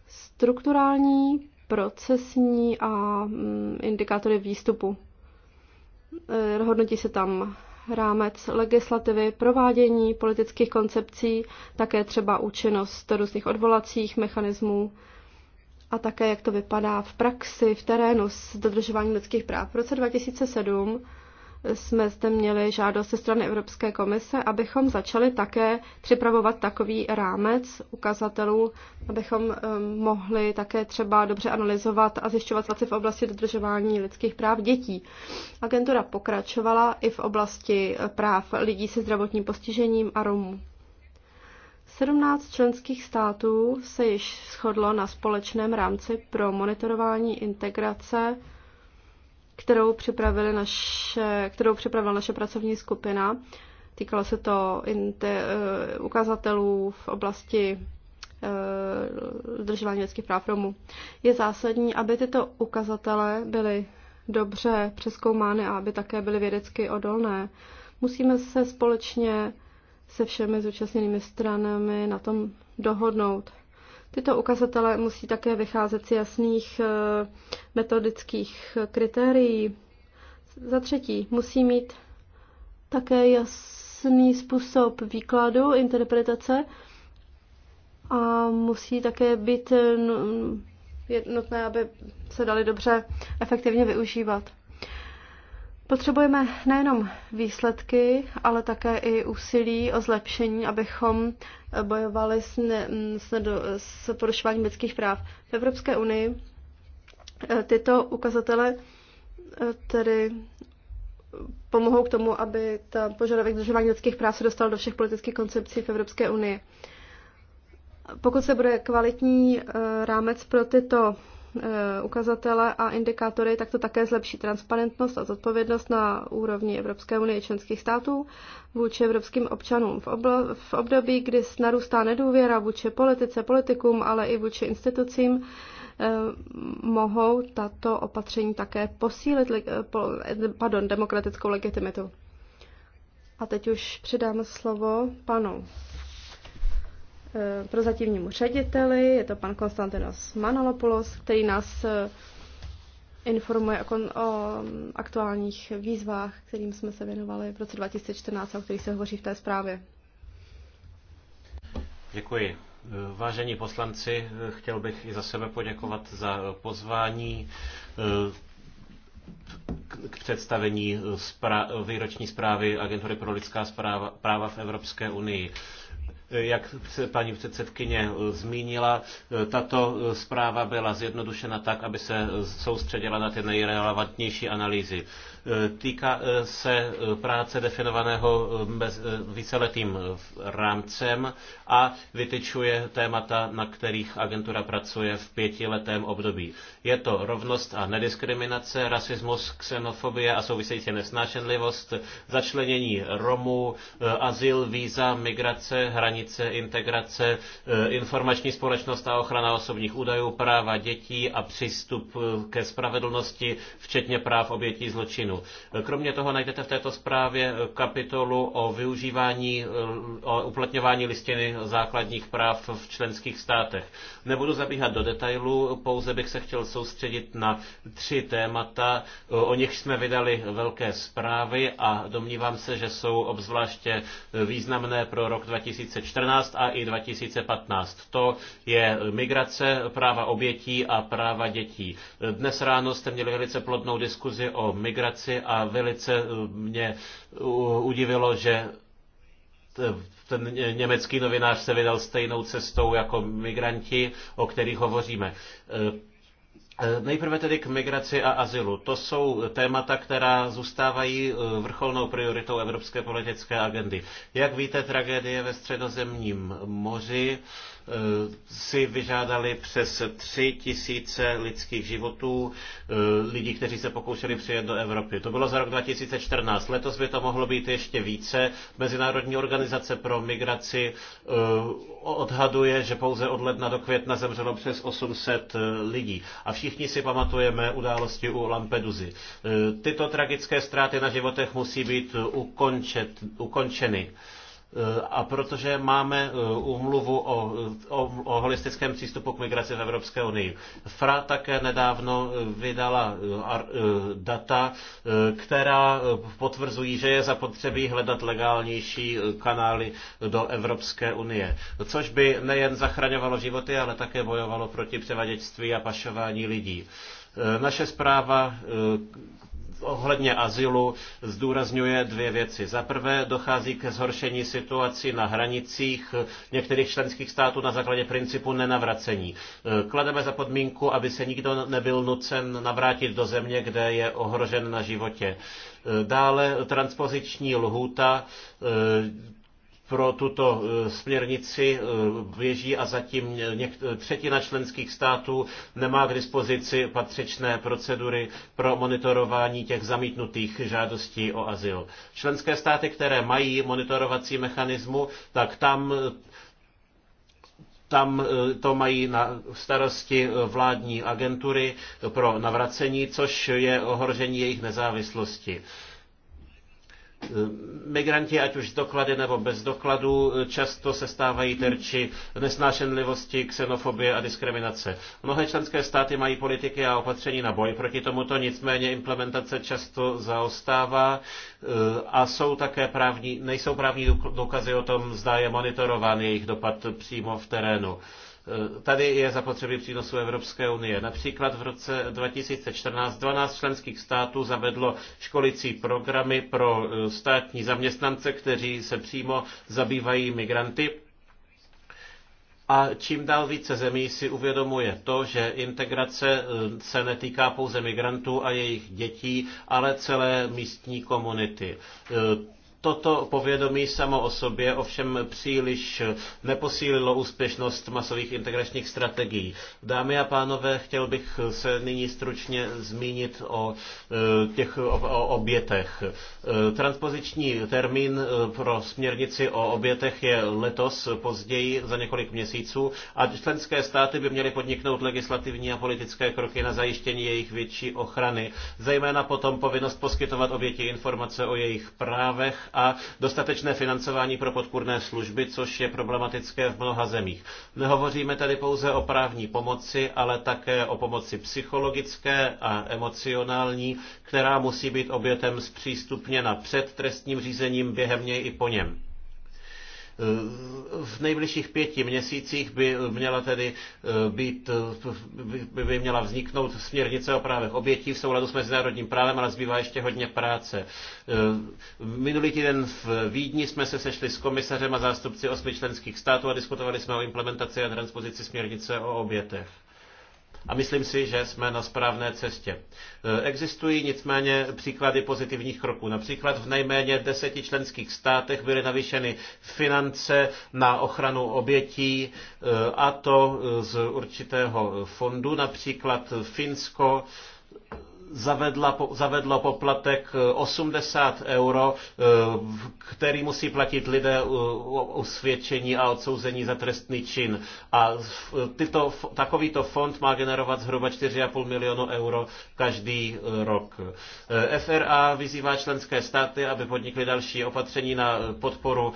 Strukturální, procesní a mm, indikátory výstupu. Hodnotí se tam rámec legislativy, provádění politických koncepcí, také třeba účinnost různých odvolacích mechanismů a také jak to vypadá v praxi, v terénu s dodržováním lidských práv. V roce 2007 jsme zde měli žádost ze strany Evropské komise, abychom začali také připravovat takový rámec ukazatelů, abychom um, mohli také třeba dobře analyzovat a zjišťovat se v oblasti dodržování lidských práv dětí. Agentura pokračovala i v oblasti eh, práv lidí se zdravotním postižením a Romů. 17 členských států se již shodlo na společném rámci pro monitorování integrace kterou, připravili naše, kterou připravila naše pracovní skupina. Týkalo se to inte, eh, ukazatelů v oblasti eh, dodržování lidských práv Romů. Je zásadní, aby tyto ukazatele byly dobře přeskoumány a aby také byly vědecky odolné. Musíme se společně se všemi zúčastněnými stranami na tom dohodnout. Tyto ukazatele musí také vycházet z jasných eh, metodických kritérií. Za třetí, musí mít také jasný způsob výkladu, interpretace a musí také být eh, jednotné, nutné, aby se dali dobře efektivně využívat. Potřebujeme nejenom výsledky, ale také i úsilí o zlepšení, abychom bojovali s, ne, s, nedo, s porušováním lidských práv. V Evropské unii eh, tyto ukazatele eh, tedy pomohou k tomu, aby ta požadavek dodržování lidských práv se dostal do všech politických koncepcí v Evropské unii. Pokud se bude kvalitní eh, rámec pro tyto Eh, ukazatele a indikátory, tak to také zlepší transparentnost a zodpovědnost na úrovni Evropské unie členských států vůči evropským občanům. V, obl- v období, kdy narůstá nedůvěra vůči politice, politikům, ale i vůči institucím, eh, mohou tato opatření také posílit eh, pardon, demokratickou legitimitu. A teď už předám slovo panu Eh, prozatímnímu řediteli, je to pan Konstantinos Manolopoulos, který nás eh, informuje o, o mm, aktuálních výzvách, kterým jsme se věnovali v roce 2014 a o kterých se hovoří v té zprávě. Děkuji. Vážení poslanci, chtěl bych i za sebe poděkovat za pozvání eh, k představení výroční zprávy Agentury pro lidská práva v Evropské unii. Jak paní předsedkyně eh, zmínila, eh, tato eh, zpráva byla zjednodušena tak, aby se soustředila na ty nejrelevantnější analýzy. Týká eh, se eh, práce definovaného eh, víceletým rámcem a vytyčuje témata, na kterých agentura pracuje v pětiletém období. Je to rovnost a nediskriminace, rasismus, xenofobie a související nesnášenlivost, začlenění Romů, azyl, víza, migrace, hranice, integrace, informační společnost a ochrana osobních údajů, práva dětí a přístup ke spravedlnosti, včetně práv obětí zločinu plynu. Kromě toho najdete v této zprávě kapitolu o využívání, eh, o uplatňování listiny základních práv v členských státech. Nebudu zabíhat do detailů, pouze bych se chtěl soustředit na tři témata, eh, o nich jsme vydali velké zprávy a domnívám se, že jsou obzvláště eh, významné pro rok 2014 a i 2015. To je migrace, práva obětí a práva dětí. Dnes ráno jste měli velice plodnou diskuzi o migraci práci a velice eh, mě eh, udivilo, že ten německý novinář se vydal stejnou cestou jako migranti, o kterých hovoříme. Eh, nejprve tedy k migraci a azylu. To jsou témata, která zůstávají vrcholnou prioritou evropské politické agendy. Jak víte, tragédie ve středozemním moři Eh, si vyžádali přes tři tisíce lidských životů eh, lidí, kteří se pokoušeli přijet do Evropy. To bylo za rok 2014. Letos by to mohlo být ještě více. Mezinárodní organizace pro migraci eh, odhaduje, že pouze od ledna do května zemřelo přes 800 lidí. A všichni si pamatujeme události u Lampeduzy. Tyto tragické ztráty na životech musí být ukončet, ukončeny. A protože máme e, úmluvu o, o, o holistickém přístupu k migraci v Evropské unii, FRA také nedávno e, vydala e, data, která potvrzují, že je zapotřebí hledat legálnější kanály do Evropské unie, což by nejen zachraňovalo životy, ale také bojovalo proti převaděčství a pašování lidí. Naše zpráva ohledně azylu zdůrazňuje dvě věci. Za prvé dochází ke zhoršení situaci na hranicích některých členských států na základě principu nenavracení. Klademe za podmínku, aby se nikdo nebyl nucen navrátit do země, kde je ohrožen na životě. Dále transpoziční lhůta pro tuto e, směrnici e, běží a zatím e, třetina členských států nemá k dispozici patřičné procedury pro monitorování těch zamítnutých žádostí o azyl. Členské státy, které mají monitorovací mechanismu, tak tam tam to mají na starosti vládní agentury pro navracení, což je ohrožení jejich nezávislosti. Migranti, ať už s doklady nebo bez dokladů, často se stávají terči nesnášenlivosti, xenofobie a diskriminace. Mnohé členské státy mají politiky a opatření na boj proti tomuto, nicméně implementace často zaostává eh, a jsou také právní, nejsou právní důkazy o tom, zda je monitorován jejich dopad přímo v terénu. Eh, tady je zapotřebí přínosu Evropské unie. Například v roce 2014 12 členských států zavedlo školicí programy pro eh, státní zaměstnance, kteří se přímo zabývají migranty. A čím dál více zemí si uvědomuje to, že integrace eh, se netýká pouze migrantů a jejich dětí, ale celé místní komunity. Toto povědomí samo o sobě ovšem příliš neposílilo úspěšnost masových integračních strategií. Dámy a pánové, chtěl bych se nyní stručně zmínit o e, těch o, obětech. E, transpoziční termín e, pro směrnici o obětech je letos, později za několik měsíců a členské státy by měly podniknout legislativní a politické kroky na zajištění jejich větší ochrany, zejména potom povinnost poskytovat oběti informace o jejich právech a dostatečné financování pro podpůrné služby, což je problematické v mnoha zemích. Nehovoříme tady pouze o právní pomoci, ale také o pomoci psychologické a emocionální, která musí být obětem zpřístupněna před trestním řízením, během něj i po něm. V nejbližších pěti měsících by měla tedy eh, být, eh, by měla vzniknout směrnice o právech obětí v souladu s mezinárodním právem, ale zbývá ještě hodně práce. Eh, minulý týden v Vídni jsme se sešli s komisařem a zástupci osmi členských států a diskutovali jsme o implementaci a transpozici směrnice o obětech a myslím si, že jsme na správné cestě. E, existují nicméně příklady pozitivních kroků. Například v nejméně deseti členských státech byly navýšeny finance na ochranu obětí e, a to z určitého fondu, například Finsko, zavedla, zavedlo poplatek 80 eh, euro, eh, který musí platit lidé usvědčení a odsouzení za trestný čin. A tyto, takovýto fond má generovat zhruba 4,5 milionu euro každý eh, rok. FRA vyzývá členské státy, aby podnikly další opatření na podporu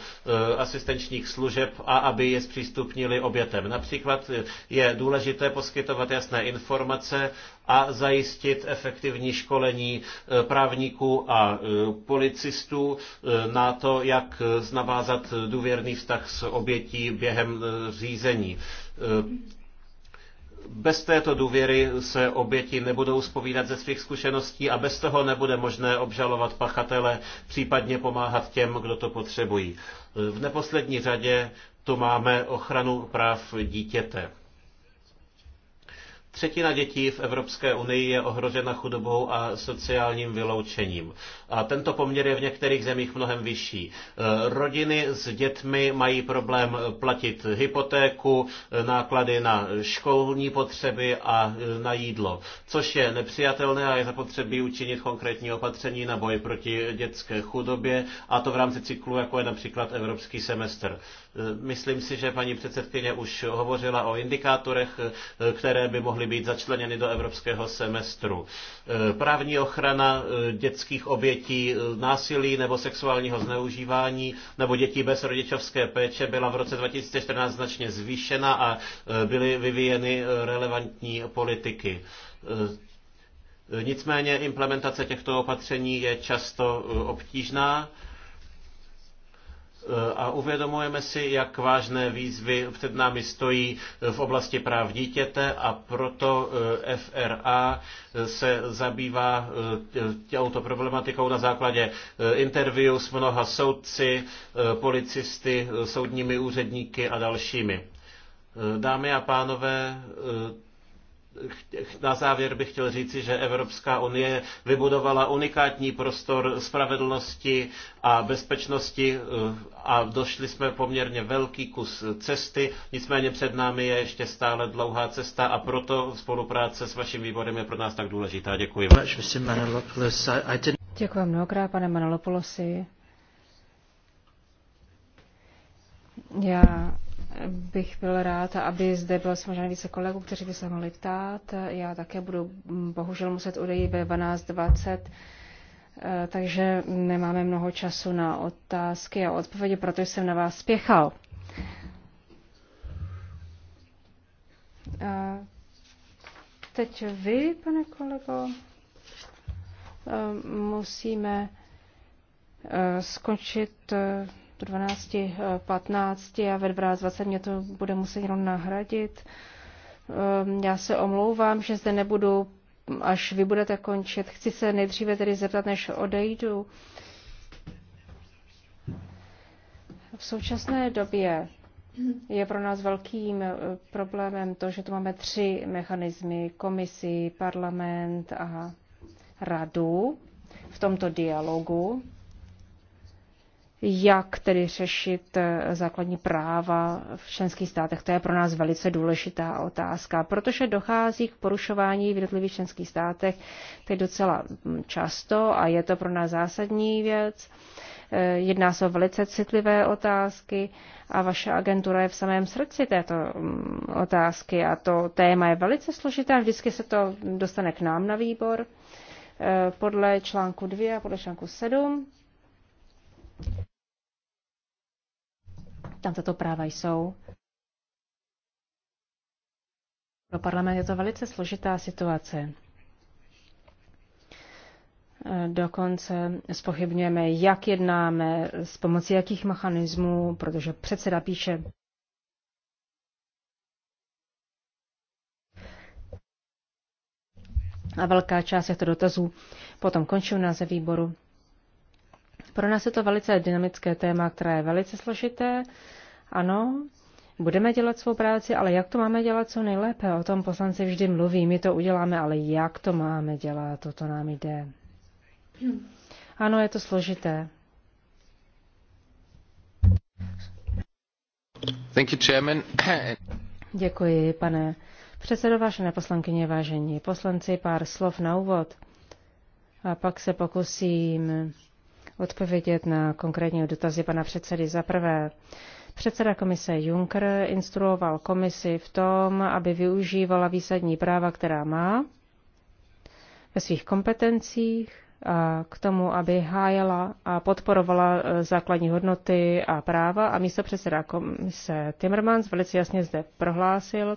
asistenčních služeb a aby je zpřístupnili obětem. Například je důležité poskytovat jasné informace a zajistit efektivní školení eh, právníků a eh, policistů eh, na to, jak navázat důvěrný vztah s obětí během řízení bez této důvěry se oběti nebudou zpovídat ze svých zkušeností a bez toho nebude možné obžalovat pachatele, případně pomáhat těm, kdo to potřebují. V neposlední řadě tu máme ochranu práv dítěte. Třetina dětí v Evropské unii je ohrožena chudobou a sociálním vyloučením. A tento poměr je v některých zemích mnohem vyšší. E, rodiny s dětmi mají problém platit hypotéku, e, náklady na školní potřeby a e, na jídlo, což je nepřijatelné a je zapotřebí učinit konkrétní opatření na boj proti dětské chudobě a to v rámci cyklu, jako je například Evropský semestr. Myslím si, že paní předsedkyně už hovořila o indikátorech, které by mohly být začleněny do evropského semestru. E, právní ochrana e, dětských obětí e, násilí nebo sexuálního zneužívání nebo dětí bez rodičovské péče byla v roce 2014 značně zvýšena a byly vyvíjeny relevantní politiky. Nicméně implementace těchto opatření je často obtížná a uvědomujeme si, jak vážné výzvy před námi stojí v oblasti práv dítěte a proto eh, FRA eh, se zabývá eh, touto problematikou na základě interview s mnoha soudci, policisty, soudními úředníky a dalšími. Dámy a pánové, na závěr bych chtěl říci, že Evropská unie vybudovala unikátní prostor spravedlnosti a bezpečnosti eh, a došli jsme poměrně velký kus cesty, nicméně před námi je ještě stále dlouhá cesta a proto spolupráce s vaším výborem je pro nás tak důležitá. Děkuji. Děkuji mnohokrát, pane Manolopoulosi. Já bych byl rád, aby zde bylo samozřejmě více kolegů, kteří by se mohli ptát. Já také budu bohužel muset odejít ve 12.20, eh, takže nemáme mnoho času na otázky a odpovědi, proto jsem na vás spěchal. A teď vy, pane kolego, eh, musíme eh, skončit do 12.15 eh, a ve 20. mě to bude muset jenom nahradit. Ehm, já se omlouvám, že zde nebudu, až vy budete končit. Chci se nejdříve tedy zeptat, než odejdu. V současné době je pro nás velkým eh, problémem to, že tu máme tři mechanismy, komisi, parlament a radu v tomto dialogu jak tedy řešit eh, základní práva v členských státech. To je pro nás velice důležitá otázka, protože dochází k porušování v jednotlivých členských státech teď docela hm, často a je to pro nás zásadní věc. Eh, jedná se o velice citlivé otázky a vaše agentura je v samém srdci této hm, otázky a to téma je velice složité. a Vždycky se to dostane k nám na výbor eh, podle článku 2 a podle článku 7 tam tato práva jsou. Pro parlament je to velice složitá situace. Dokonce spochybňujeme, jak jednáme, s pomocí jakých mechanismů, protože předseda píše. A velká část těchto dotazů potom končí u nás výboru. Pro nás je to velice dynamické téma, které je velice složité. Ano, budeme dělat svou práci, ale jak to máme dělat co nejlépe? O tom poslanci vždy mluví, my to uděláme, ale jak to máme dělat? Toto to nám jde. Ano, je to složité. Thank you, chairman. Děkuji, pane předsedo, vážené poslankyně, vážení poslanci. Pár slov na úvod a pak se pokusím odpovědět na konkrétní dotazy pana předsedy. Za prvé, Předseda komise Juncker instruoval komisi v tom, aby využívala výsadní práva, která má ve svých kompetencích a k tomu, aby hájela a podporovala eh, základní hodnoty a práva. A místo předseda komise Timmermans velice jasně zde prohlásil,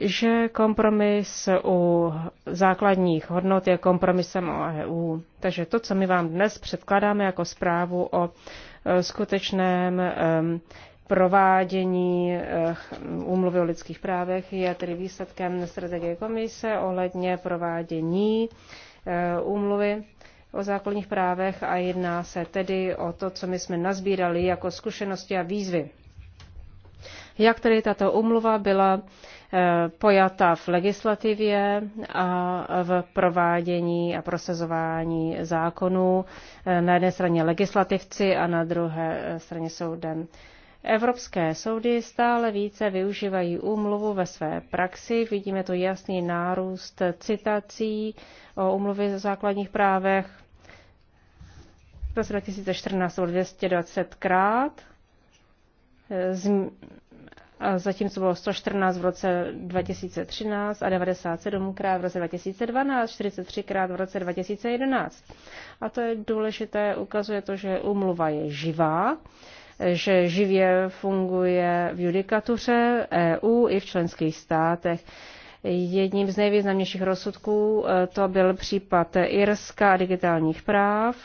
že kompromis u základních hodnot je kompromisem o EU. Takže to, co my vám dnes předkládáme jako zprávu o e, skutečném e, provádění e, úmluvy o lidských právech, je tedy výsledkem strategie komise ohledně provádění úmluvy o základních právech a jedná se tedy o to, co my jsme nazbírali jako zkušenosti a výzvy jak tedy tato umluva byla eh, pojata v legislativě a v provádění a prosazování zákonů eh, na jedné straně legislativci a na druhé eh, straně soudem. Evropské soudy stále více využívají úmluvu ve své praxi. Vidíme tu jasný nárůst citací o úmluvě o základních právech. V roce 2014 bylo 220 krát zatímco bylo 114 v roce 2013 a 97 krát v roce 2012, 43 krát v roce 2011. A to je důležité, ukazuje to, že umluva je živá, že živě funguje v judikatuře EU i v členských státech. Jedním z nejvýznamnějších rozsudků e, to byl případ Irska a digitálních práv.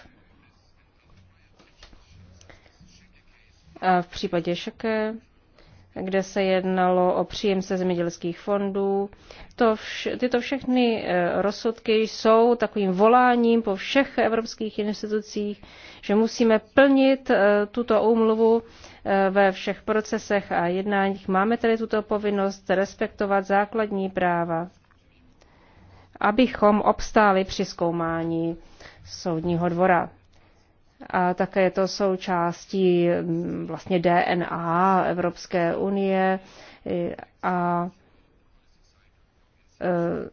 v případě Šeke kde se jednalo o příjemce zemědělských fondů. To vš- tyto všechny e, rozsudky jsou takovým voláním po všech evropských institucích, že musíme plnit e, tuto úmluvu e, ve všech procesech a jednáních. Máme tedy tuto povinnost respektovat základní práva, abychom obstáli při zkoumání soudního dvora a také je to součástí mm, vlastně DNA Evropské unie a e,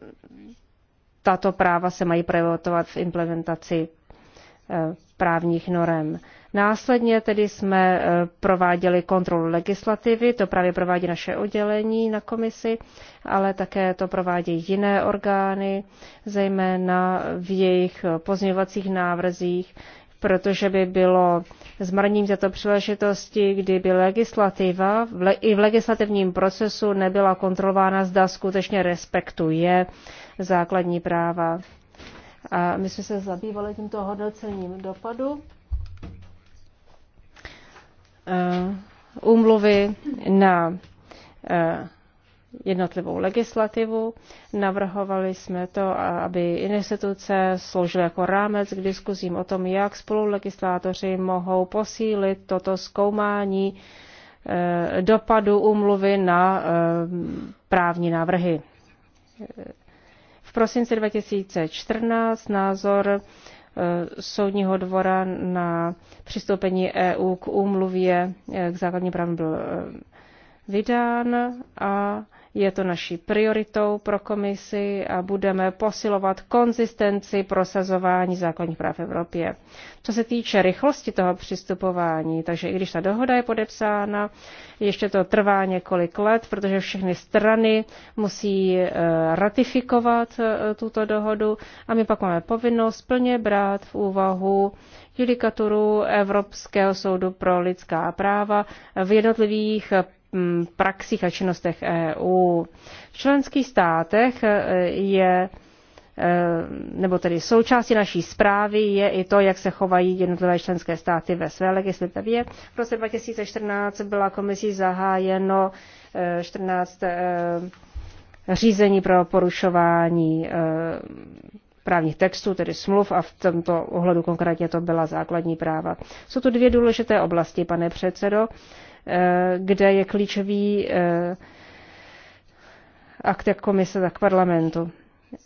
tato práva se mají prevotovat v implementaci e, právních norem. Následně tedy jsme e, prováděli kontrolu legislativy, to právě provádí naše oddělení na komisi, ale také to provádějí jiné orgány, zejména v jejich pozměňovacích návrzích protože by bylo zmarním této příležitosti, kdyby legislativa v i v legislativním procesu nebyla kontrolována, zda skutečně respektuje základní práva. A my jsme se zabývali tímto hodnocením dopadu. Eh, úmluvy na eh, jednotlivou legislativu. Navrhovali jsme to, aby instituce sloužily jako rámec k diskuzím o tom, jak spolulegislátoři mohou posílit toto zkoumání eh, dopadu umluvy na eh, právní návrhy. V prosinci 2014 názor eh, Soudního dvora na přistoupení EU k úmluvě k základním právům byl vydán a je to naší prioritou pro komisi a budeme posilovat konzistenci prosazování základních práv v Evropě. Co se týče rychlosti toho přistupování, takže i když ta dohoda je podepsána, ještě to trvá několik let, protože všechny strany musí eh, ratifikovat eh, tuto dohodu a my pak máme povinnost plně brát v úvahu judikaturu Evropského soudu pro lidská práva v jednotlivých Mm, praxích a činnostech EU. V členských státech e, je e, nebo tedy součástí naší zprávy je i to, jak se chovají jednotlivé členské státy ve své legislativě. V roce 2014 byla komisí zahájeno 14 e, řízení pro porušování právních textů, tedy smluv a v tomto ohledu konkrétně to byla základní práva. Jsou tu dvě důležité oblasti, pane předsedo, Eh, kde je klíčový eh, akt jak komise, tak parlamentu.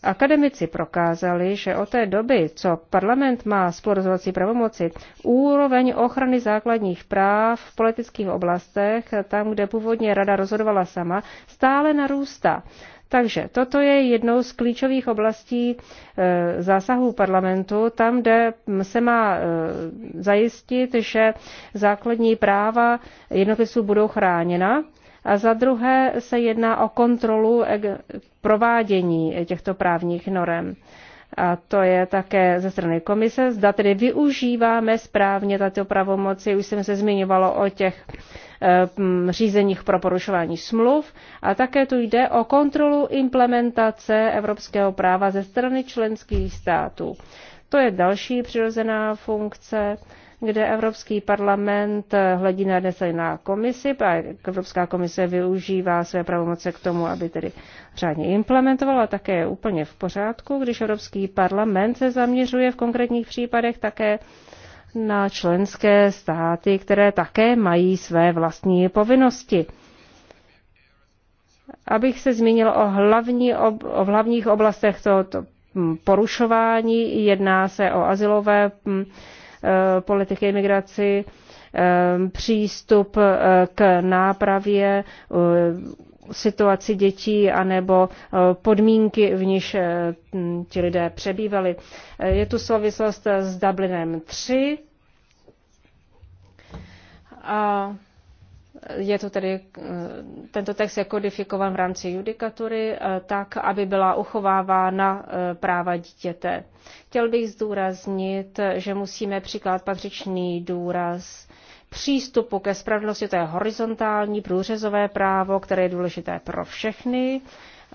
Akademici prokázali, že od té doby, co parlament má spolurozhodovací pravomoci, úroveň ochrany základních práv v politických oblastech, tam, kde původně rada rozhodovala sama, stále narůstá. Takže toto je jednou z klíčových oblastí eh, zásahů parlamentu, tam, kde se má eh, zajistit, že základní práva jednotlivců budou chráněna. A za druhé se jedná o kontrolu e-, provádění těchto právních norem. A to je také ze strany komise. Zda tedy využíváme správně tato pravomoci, už jsem se zmiňovalo o těch Eh, řízeních pro porušování smluv a také tu jde o kontrolu implementace evropského práva ze strany členských států. To je další přirozená funkce, kde Evropský parlament eh, hledí na na komisi a Evropská komise využívá své pravomoce k tomu, aby tedy řádně implementovala. Také je úplně v pořádku, když Evropský parlament se zaměřuje v konkrétních případech také na členské státy, které také mají své vlastní povinnosti. Abych se zmínil o, hlavní, o hlavních oblastech tohoto mm, porušování, jedná se o asilové mm, e, politiky imigraci, e, přístup e, k nápravě situaci dětí anebo eh, podmínky, v níž eh, ti lidé přebývali. Eh, je tu souvislost s Dublinem 3 a je to tedy, tento text je kodifikovan v rámci judikatury tak, aby byla uchovávána práva dítěte. Chtěl bych zdůraznit, že musíme přikládat patřičný důraz přístupu ke spravedlnosti, to je horizontální průřezové právo, které je důležité pro všechny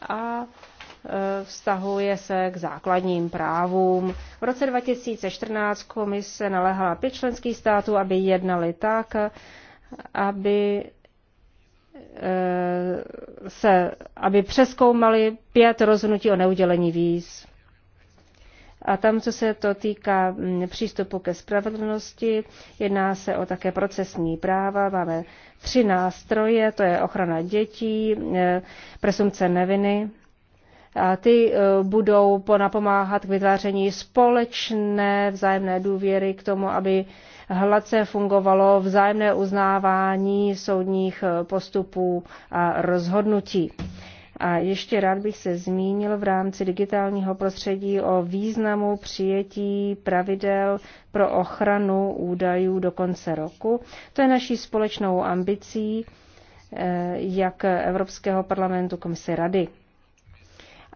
a e, vztahuje se k základním právům. V roce 2014 komise naléhala pět členských států, aby jednali tak, aby e, se, aby přeskoumali pět rozhodnutí o neudělení víz. A tam, co se to týká mm, přístupu ke spravedlnosti, jedná se o také procesní práva. Máme tři nástroje, to je ochrana dětí, e, presumce neviny. A ty e, budou napomáhat k vytváření společné vzájemné důvěry k tomu, aby hladce fungovalo vzájemné uznávání soudních e, postupů a rozhodnutí. A ještě rád bych se zmínil v rámci digitálního prostředí o významu přijetí pravidel pro ochranu údajů do konce roku. To je naší společnou ambicí eh, jak Evropského parlamentu, komise rady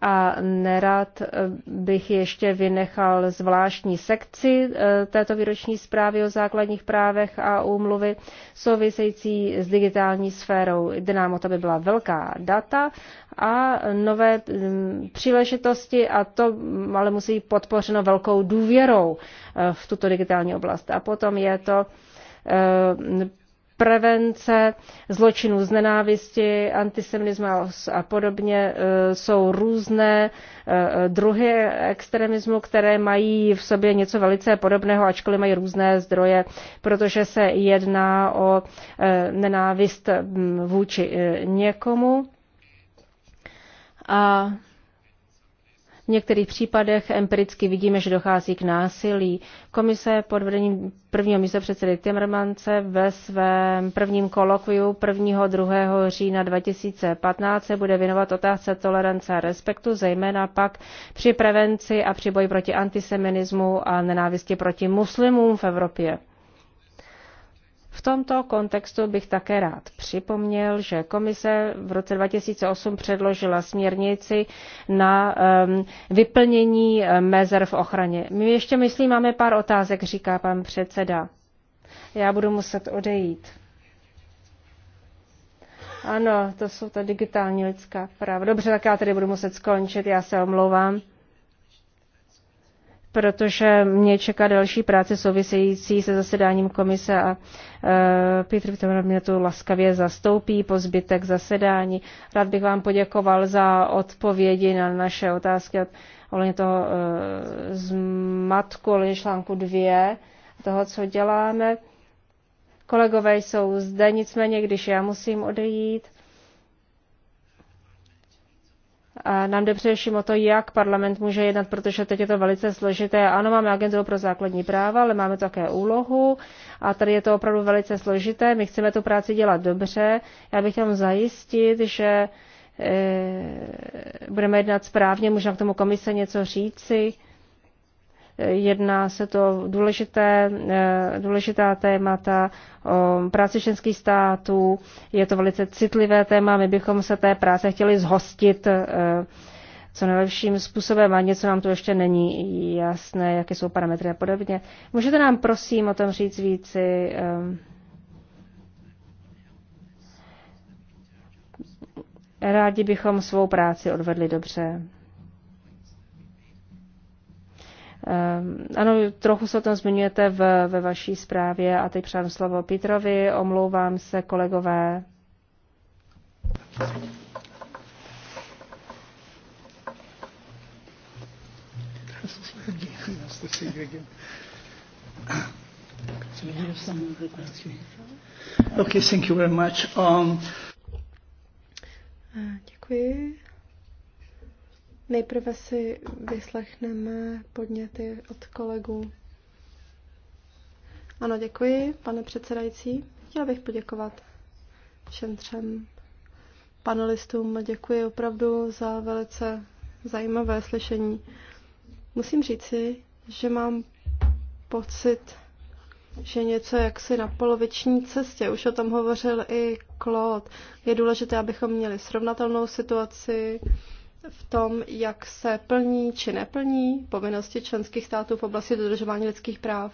a nerad eh, bych ještě vynechal zvláštní sekci eh, této výroční zprávy o základních právech a úmluvy související s digitální sférou. Jde nám o to, aby byla velká data a nové mm, příležitosti a to ale musí být podpořeno velkou důvěrou eh, v tuto digitální oblast. A potom je to prevence zločinů z nenávisti, antisemitismu a podobně eh, jsou různé eh, druhy extremismu, které mají v sobě něco velice podobného, ačkoliv mají různé zdroje, protože se jedná o eh, nenávist mm, vůči někomu. A v některých případech empiricky vidíme, že dochází k násilí. Komise pod vedením prvního místopředsedy Timmermance ve svém prvním kolokviu 1. 2. října 2015 se bude věnovat otázce tolerance a respektu, zejména pak při prevenci a při boji proti antisemitismu a nenávisti proti muslimům v Evropě. V tomto kontextu bych také rád připomněl, že komise v roce 2008 předložila směrnici na um, vyplnění ehm, mezer v ochraně. My ještě, myslím, máme pár otázek, říká pan předseda. Já budu muset odejít. Ano, to jsou ta digitální lidská práva. Dobře, tak já tady budu muset skončit, já se omlouvám protože mě čeká další práce související se zasedáním komise a uh, Petr Vitovna mě tu laskavě zastoupí po zbytek zasedání. Rád bych vám poděkoval za odpovědi na naše otázky ohledně toho eh, z zmatku, ohledně článku dvě, toho, co děláme. Kolegové jsou zde, nicméně, když já musím odejít, nám jde především o to, jak parlament může jednat, protože teď je to velice složité. Ano, máme agenturu pro základní práva, ale máme také úlohu a tady je to opravdu velice složité. My chceme tu práci dělat dobře. Já bych chtěl zajistit, že e, budeme jednat správně, možná k tomu komise něco říci. Jedná se to důležité, eh, důležitá témata o práci členských států. Je to velice citlivé téma. My bychom se té práce chtěli zhostit eh, co nejlepším způsobem a něco nám tu ještě není jasné, jaké jsou parametry a podobně. Můžete nám prosím o tom říct víci? Eh, rádi bychom svou práci odvedli dobře. Ehm, ano, trochu se o tom zmiňujete v, ve vaší zprávě a teď přám slovo Petrovi, omlouvám se kolegové. Okay, thank you very much. Um... Děkuji. Nejprve si vyslechneme podněty od kolegů. Ano, děkuji, pane předsedající. Chtěla bych poděkovat všem třem panelistům. Děkuji opravdu za velice zajímavé slyšení. Musím říci, že mám pocit, že něco jaksi na poloviční cestě. Už o tom hovořil i Claude. Je důležité, abychom měli srovnatelnou situaci, v tom, jak se plní či neplní povinnosti členských států v oblasti dodržování lidských práv.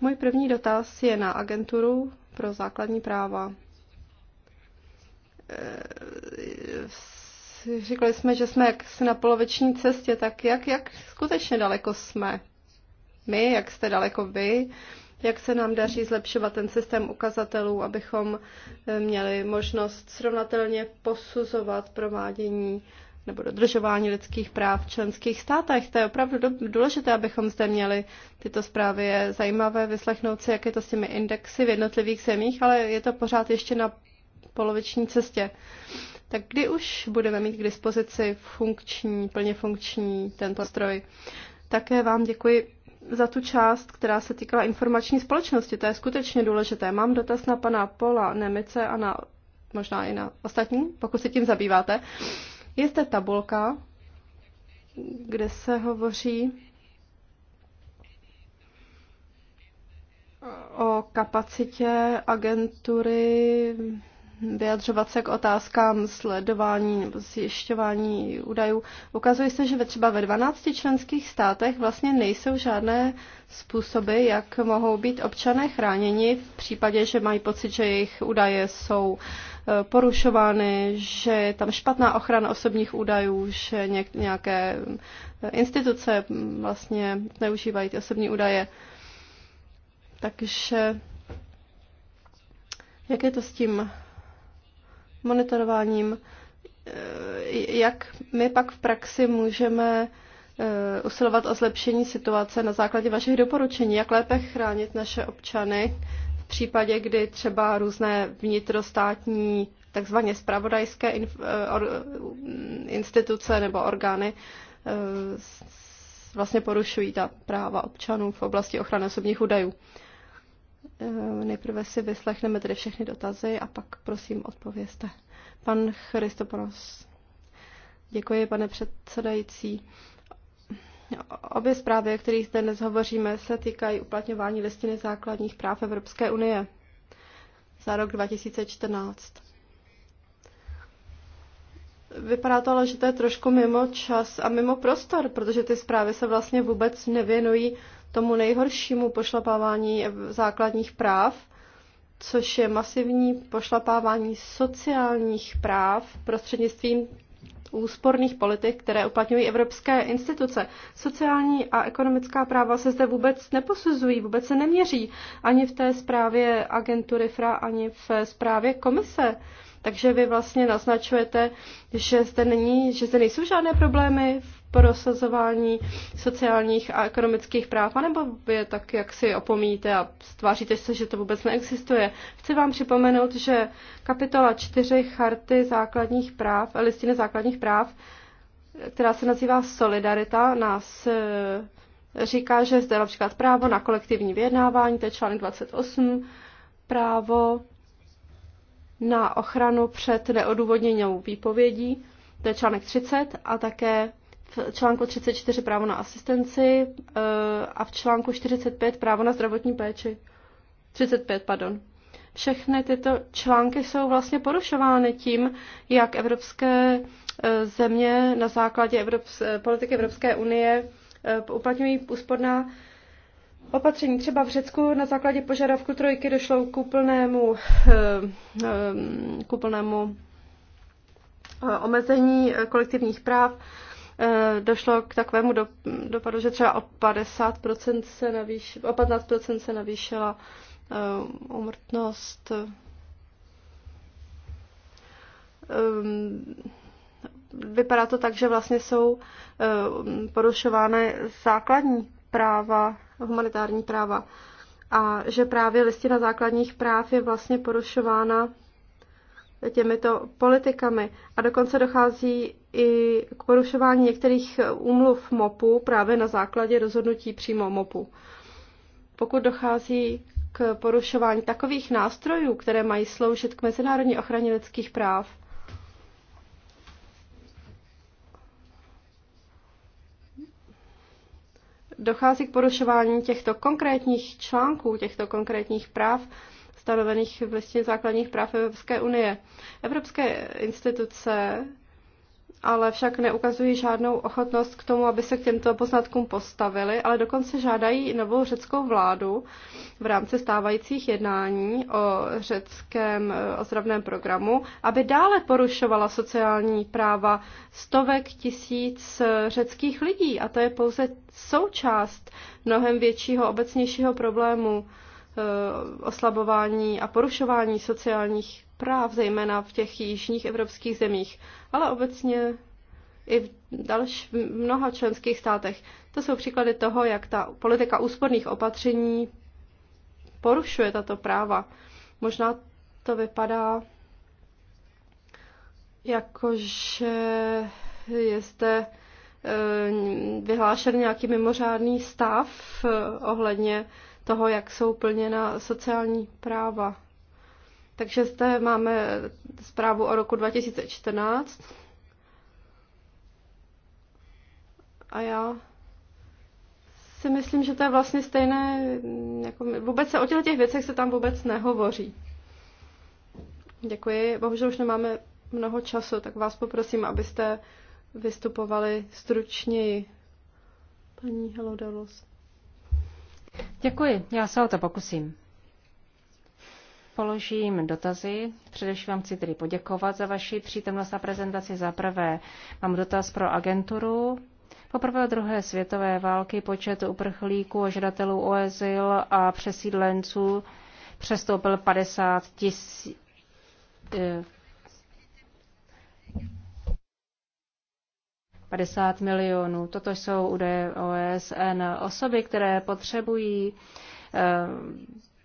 Můj první dotaz je na agenturu pro základní práva. Eh, říkali jsme, že jsme jaksi na poloviční cestě, tak jak, jak skutečně daleko jsme? My, jak jste daleko vy? jak se nám daří zlepšovat ten systém ukazatelů, abychom eh, měli možnost srovnatelně posuzovat provádění nebo dodržování lidských práv v členských státech. To je opravdu důležité, abychom zde měli tyto zprávy. Je zajímavé vyslechnout si, jak je to s těmi indexy v jednotlivých zemích, ale je to pořád ještě na poloviční cestě. Tak kdy už budeme mít k dispozici funkční, plně funkční tento stroj? Také vám děkuji za tu část, která se týkala informační společnosti. To je skutečně důležité. Mám dotaz na pana Pola Nemice a na možná i na ostatní, pokud se tím zabýváte. Je zde tabulka, kde se hovoří o kapacitě agentury vyjadřovat se k otázkám sledování nebo zjišťování údajů. Ukazuje se, že ve třeba ve 12 členských státech vlastně nejsou žádné způsoby, jak mohou být občané chráněni v případě, že mají pocit, že jejich údaje jsou eh, porušovány, že je tam špatná ochrana osobních údajů, že nějaké eh, instituce vlastně neužívají ty osobní údaje. Takže jak je to s tím monitorováním, eh, jak my pak v praxi můžeme eh, usilovat o zlepšení situace na základě vašich doporučení, jak lépe chránit naše občany v případě, kdy třeba různé vnitrostátní takzvaně spravodajské eh, instituce nebo orgány vlastně porušují ta práva občanů v oblasti ochrany osobních údajů. Eh, nejprve si vyslechneme tedy všechny dotazy a pak prosím odpovězte. Pan Christoporos. Děkuji, pane předsedající. Obě zprávy, o kterých zde dnes hovoříme, se týkají uplatňování listiny základních práv Evropské unie za rok 2014. Vypadá to ale, že to je trošku mimo čas a mimo prostor, protože ty zprávy se vlastně vůbec nevěnují tomu nejhoršímu pošlapávání základních práv, což je masivní pošlapávání sociálních práv prostřednictvím úsporných politik, které uplatňují evropské instituce. Sociální a ekonomická práva se zde vůbec neposuzují, vůbec se neměří ani v té zprávě agentury FRA, ani v zprávě komise. Takže vy vlastně naznačujete, že zde, není, že zde nejsou žádné problémy v prosazování sociálních a ekonomických práv, anebo je tak, jak si opomíte a stváříte se, že to vůbec neexistuje. Chci vám připomenout, že kapitola 4 Charty základních práv, listiny základních práv, která se nazývá Solidarita, nás eh, říká, že zde například právo na kolektivní vyjednávání, to je článek 28, právo na ochranu před neodůvodněnou výpovědí, to je článek 30, a také v článku 34 právo na asistenci eh, a v článku 45 právo na zdravotní péči. 35, pardon. Všechny tyto články jsou vlastně porušovány tím, jak evropské eh, země na základě Evrops- eh, politiky Evropské unie uplatňují úsporná opatření. Třeba v Řecku na základě požadavku trojky došlo k úplnému, k úplnému omezení kolektivních práv. Eh, došlo k takovému do, dopadu, že třeba o 50% se navýš, o 15% se navýšila umrtnost. Eh, ehm, vypadá to tak, že vlastně jsou eh, porušovány základní práva, humanitární práva a že právě listina základních práv je vlastně porušována těmito politikami. A dokonce dochází i k porušování některých úmluv MOPu právě na základě rozhodnutí přímo MOPu. Pokud dochází k porušování takových nástrojů, které mají sloužit k mezinárodní ochraně lidských práv, dochází k porušování těchto konkrétních článků, těchto konkrétních práv stanovených v listině základních práv Evropské unie. Evropské instituce ale však neukazují žádnou ochotnost k tomu, aby se k těmto poznatkům postavili, ale dokonce žádají novou řeckou vládu v rámci stávajících jednání o řeckém ozdravném programu, aby dále porušovala sociální práva stovek tisíc řeckých lidí. A to je pouze součást mnohem většího, obecnějšího problému eh, oslabování a porušování sociálních práv, zejména v těch jižních evropských zemích, ale obecně i v, dalš, v mnoha členských státech. To jsou příklady toho, jak ta politika úsporných opatření porušuje tato práva. Možná to vypadá jako, že je zde eh, vyhlášen nějaký mimořádný stav eh, ohledně toho, jak jsou plněna sociální práva. Takže zde máme zprávu o roku 2014. A já si myslím, že to je vlastně stejné, jako vůbec se o těch, těch věcech se tam vůbec nehovoří. Děkuji. Bohužel už nemáme mnoho času, tak vás poprosím, abyste vystupovali stručněji. Paní Helodelos. Děkuji, já se o to pokusím položím dotazy. Především vám chci tedy poděkovat za vaši přítomnost a prezentaci. Za prvé mám dotaz pro agenturu. Po prvé druhé světové války počet uprchlíků a žadatelů o azyl a přesídlenců přestoupil 50 tisíc. 50 milionů. Toto jsou údaje OSN. Osoby, které potřebují eh,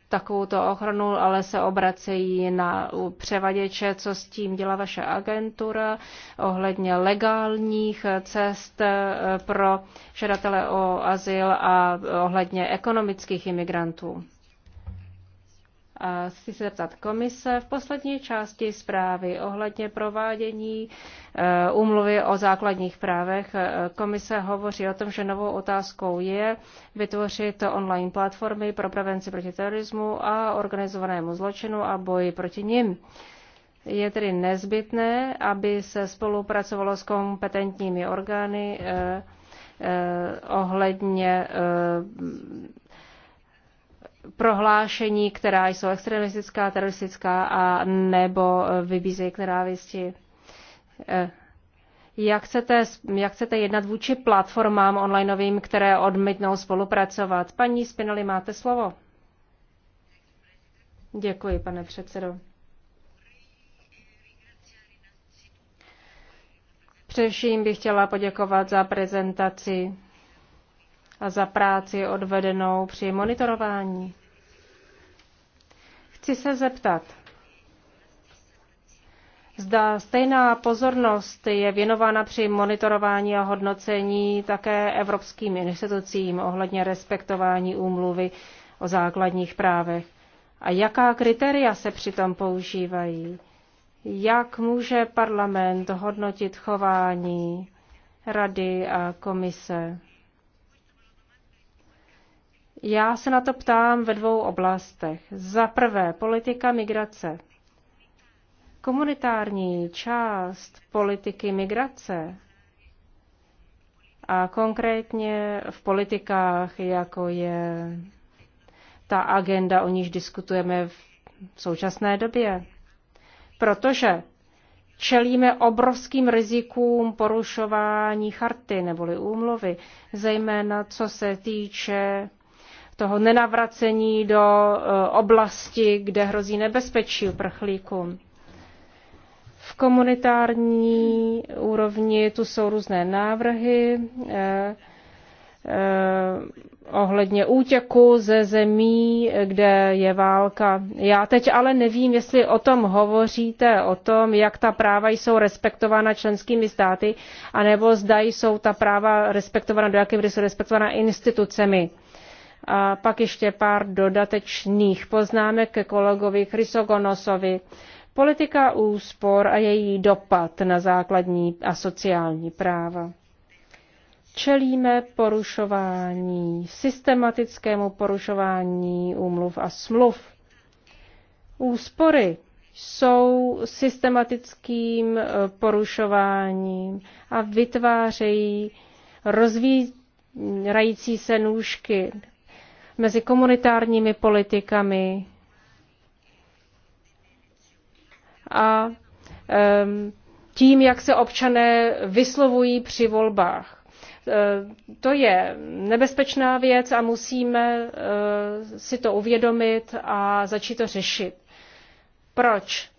takovouto ochranu, ale se obracejí na převaděče, co s tím dělá vaše agentura ohledně legálních cest eh, pro žadatele o azyl a ohledně ekonomických imigrantů. A chci se zeptat komise v poslední části zprávy ohledně provádění eh, úmluvy o základních právech. Eh, komise hovoří o tom, že novou otázkou je vytvořit online platformy pro prevenci proti terorismu a organizovanému zločinu a boji proti nim. Je tedy nezbytné, aby se spolupracovalo s kompetentními orgány eh, eh, ohledně eh, prohlášení, která jsou extremistická, teroristická a nebo vybízejí k nenávisti. Eh, jak chcete, jak chcete jednat vůči platformám onlineovým, které odmítnou spolupracovat? Paní Spinelli, máte slovo. Děkuji, pane předsedo. Především bych chtěla poděkovat za prezentaci a za práci odvedenou při monitorování. Chci se zeptat, zda stejná pozornost je věnována při monitorování a hodnocení také evropským institucím ohledně respektování úmluvy o základních právech. A jaká kritéria se přitom používají? Jak může parlament hodnotit chování rady a komise? Já se na to ptám ve dvou oblastech. Za prvé, politika migrace. Komunitární část politiky migrace a konkrétně v politikách, jako je ta agenda, o níž diskutujeme v současné době. Protože čelíme obrovským rizikům porušování charty neboli úmluvy, zejména co se týče toho nenavracení do eh, oblasti, kde hrozí nebezpečí uprchlíkům. V komunitární úrovni tu jsou různé návrhy eh, eh, ohledně útěku ze zemí, kde je válka. Já teď ale nevím, jestli o tom hovoříte, o tom, jak ta práva jsou respektována členskými státy, anebo zda jsou ta práva respektována, do jaké jsou respektována institucemi. A pak ještě pár dodatečných poznámek ke kolegovi Chrysogonosovi. Politika úspor a její dopad na základní a sociální práva. Čelíme porušování, systematickému porušování úmluv a smluv. Úspory jsou systematickým eh, porušováním a vytvářejí rozvírající se nůžky mezi komunitárními politikami a tím, jak se občané vyslovují při volbách. E, to je nebezpečná věc a musíme e, si to uvědomit a začít to řešit. Proč?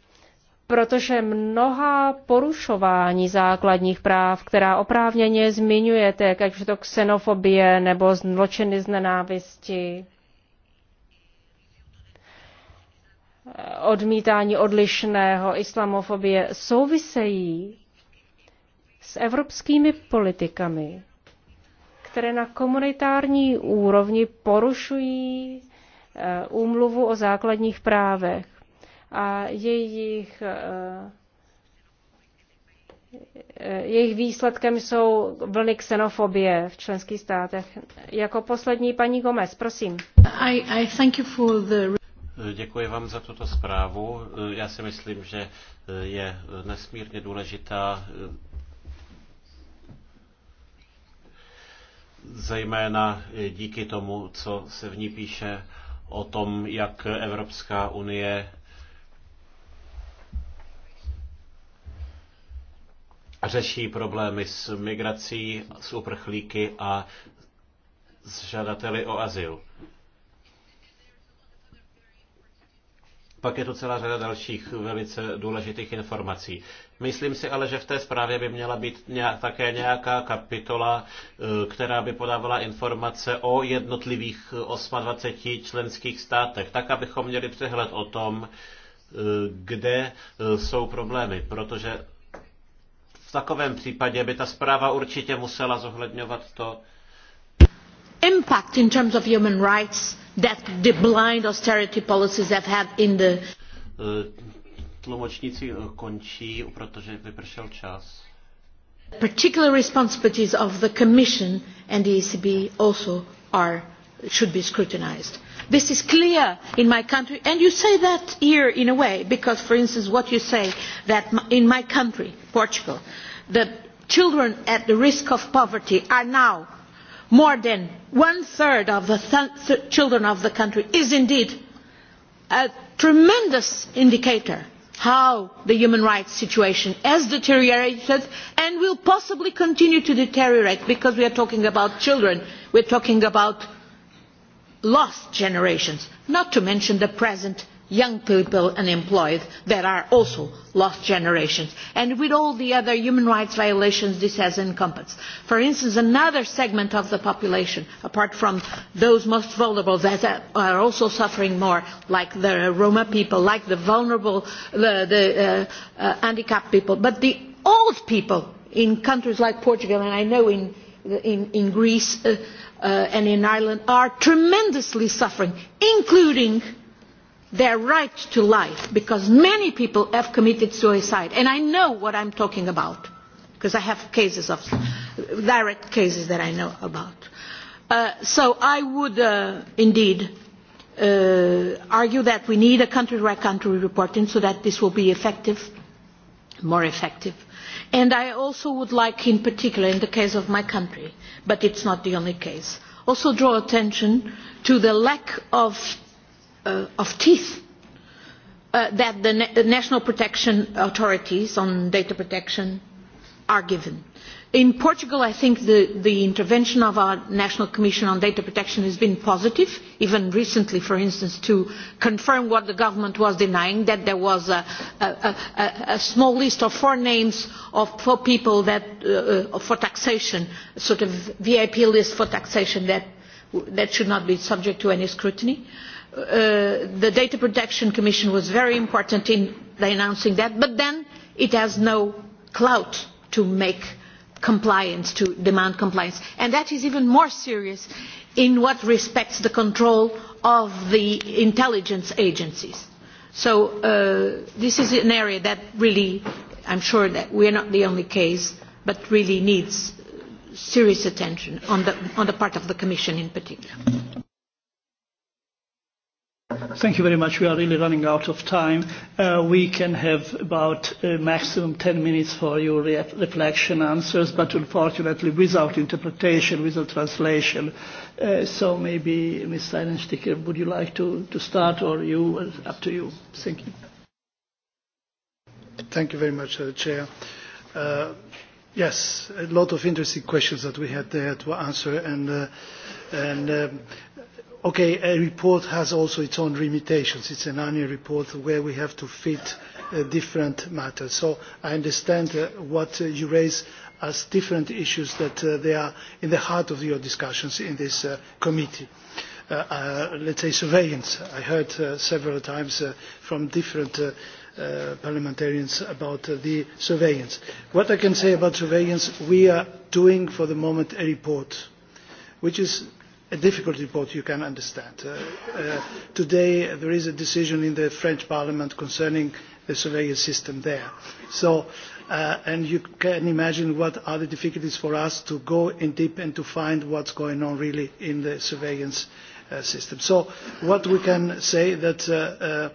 protože mnoha porušování základních práv, která oprávněně zmiňujete, ať je to xenofobie nebo zločiny z nenávisti, odmítání odlišného, islamofobie, souvisejí s evropskými politikami, které na komunitární úrovni porušují eh, úmluvu o základních právech a jejich eh, eh, jejich výsledkem jsou vlny xenofobie v členských státech. Jako poslední paní Gomez, prosím. I, I thank you for the... Děkuji vám za tuto zprávu. Eh, já si myslím, že je nesmírně důležitá zejména díky tomu, co se v ní píše o tom, jak Evropská unie řeší problémy s migrací, s uprchlíky a s žadateli o azyl. Pak je tu celá řada dalších velice důležitých informací. Myslím si ale, že v té zprávě by měla být nějak, také nějaká kapitola, eh, která by podávala informace o jednotlivých 28 členských státech, tak abychom měli přehled o tom, eh, kde eh, jsou problémy, protože v takovém případě by ta zpráva určitě musela zohledňovat to, impact in terms of human rights that the blind austerity policies have had in the eh, tlumočníci eh, končí, protože vypršel čas. Particular responsibilities of the Commission and the ECB also are should be scrutinised. This is clear in my country, and you say that here in a way, because, for instance, what you say that in my country, Portugal, the children at the risk of poverty are now more than one third of the children of the country is indeed a tremendous indicator how the human rights situation has deteriorated and will possibly continue to deteriorate because we are talking about children, we are talking about lost generations not to mention the present young people unemployed that are also lost generations and with all the other human rights violations this has encompassed. For instance, another segment of the population, apart from those most vulnerable that are also suffering more, like the Roma people, like the vulnerable, the, the uh, uh, handicapped people, but the old people in countries like Portugal and I know in, in, in Greece, uh, Uh, and in Ireland are tremendously suffering, including their right to life, because many people have committed suicide. And I know what I'm talking about, because I have cases of, direct cases that I know about. Uh, so I would uh, indeed uh, argue that we need a country by -country reporting so that this will be effective, more effective and i also would like in particular in the case of my country but it is not the only case also draw attention to the lack of, uh, teeth uh, that the national protection authorities on data protection are given in portugal i think the, the intervention of our national commission on data protection has been positive even recently for instance to confirm what the government was denying that there was a, a, a, a small list of four names of four people that uh, for taxation a sort of vip list for taxation that, that should not be subject to any scrutiny. Uh, the data protection commission was very important in announcing that but then it has no clout to make compliance to demand compliance and that is even more serious in what respects the control of the intelligence agencies so uh, this is an area that really i'm sure that we are not the only case but really needs serious attention on the, on the part of the commission in particular Thank you very much. We are really running out of time. Uh, we can have about uh, maximum 10 minutes for your re reflection answers, but unfortunately without interpretation, without translation. Uh, so maybe Ms. Seidensticker, would you like to, to start or you? Uh, up to you. Thank you. Thank you very much, uh, Chair. Uh, yes, a lot of interesting questions that we had there to answer, and, uh, and um, Okay, a report has also its own limitations. It's an annual report where we have to fit uh, different matters. So I understand uh, what uh, you raise as different issues that uh, they are in the heart of your discussions in this uh, committee. Uh, uh, let's say surveillance. I heard uh, several times uh, from different uh, uh, parliamentarians about uh, the surveillance. What I can say about surveillance, we are doing for the moment a report, which is a difficult report you can understand. Uh, uh, today uh, there is a decision in the French Parliament concerning the surveillance system there. So, uh, and you can imagine what are the difficulties for us to go in deep and to find what's going on really in the surveillance uh, system. So what we can say that uh, uh,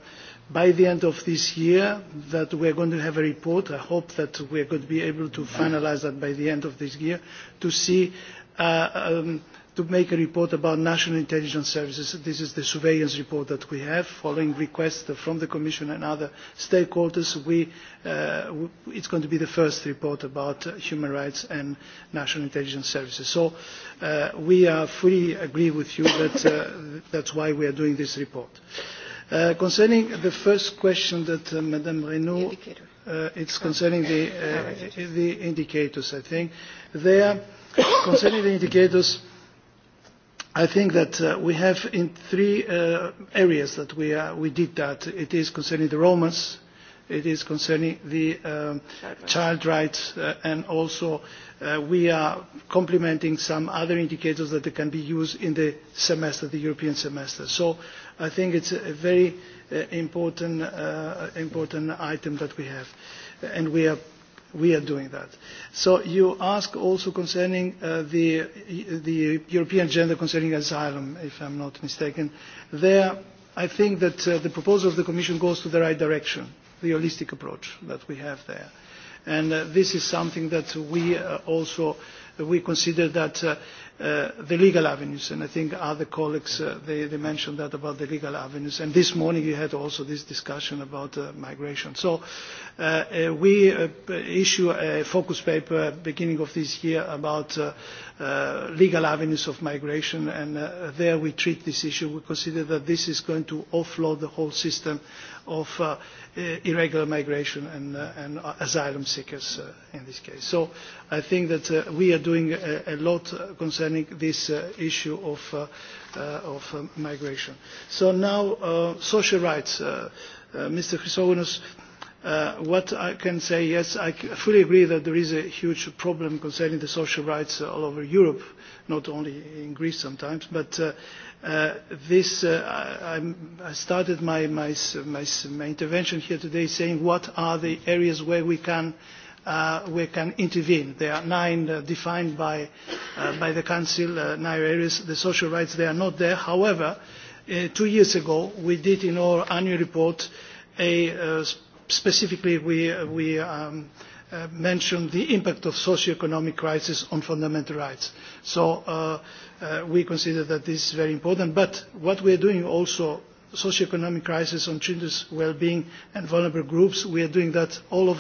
by the end of this year that we are going to have a report. I hope that we are going to be able to finalize that by the end of this year to see uh, um, to make a report about national intelligence services. This is the surveillance report that we have, following requests from the Commission and other stakeholders. We, uh, it's going to be the first report about uh, human rights and national intelligence services. So uh, we are fully agree with you that uh, that's why we are doing this report. Uh, concerning the first question that uh, Madame Renault, uh, it's concerning the, uh, the indicators, I think. There, concerning the indicators, i think that uh, we have in three uh, areas that we, uh, we did that. It is concerning the Romans, it is concerning the um, child rights, uh, and also uh, we are complementing some other indicators that can be used in the semester, the European semester. So I think it's a very uh, important, uh, important item that we have, and we are we are doing that. So you ask also concerning uh, the, the European agenda concerning asylum, if I'm not mistaken. There, I think that uh, the proposal of the Commission goes to the right direction, the holistic approach that we have there. And uh, this is something that we uh, also uh, we consider that uh, uh, the legal avenues, and I think other colleagues, uh, they, they mentioned that about the legal avenues. And this morning you had also this discussion about uh, migration. So uh, uh, we uh, issue a focus paper beginning of this year about uh, uh, legal avenues of migration, and uh, there we treat this issue. We consider that this is going to offload the whole system of uh, irregular migration and, uh, and uh, asylum seekers uh, in this case. So I think that uh, we are doing a, a lot concerning this uh, issue of, uh, uh, of uh, migration. So now, uh, social rights. Uh, uh, Mr. Chrysogonos, uh, Uh, what I can say, yes, I fully agree that there is a huge problem concerning the social rights uh, all over Europe, not only in Greece sometimes, but uh, uh, this, uh, I, I, started my, my, my, my, intervention here today saying what are the areas where we can, uh, we can intervene. There are nine defined by, by, the Council, nine areas. The social rights, they are not there. However, two years ago, we did in our annual report a specifically, we, we um, uh, mentioned the impact of socio-economic crisis on fundamental rights. So uh, uh, we consider that this is very important. But what we are doing also, socio-economic crisis on children's well-being and vulnerable groups, we are doing that all of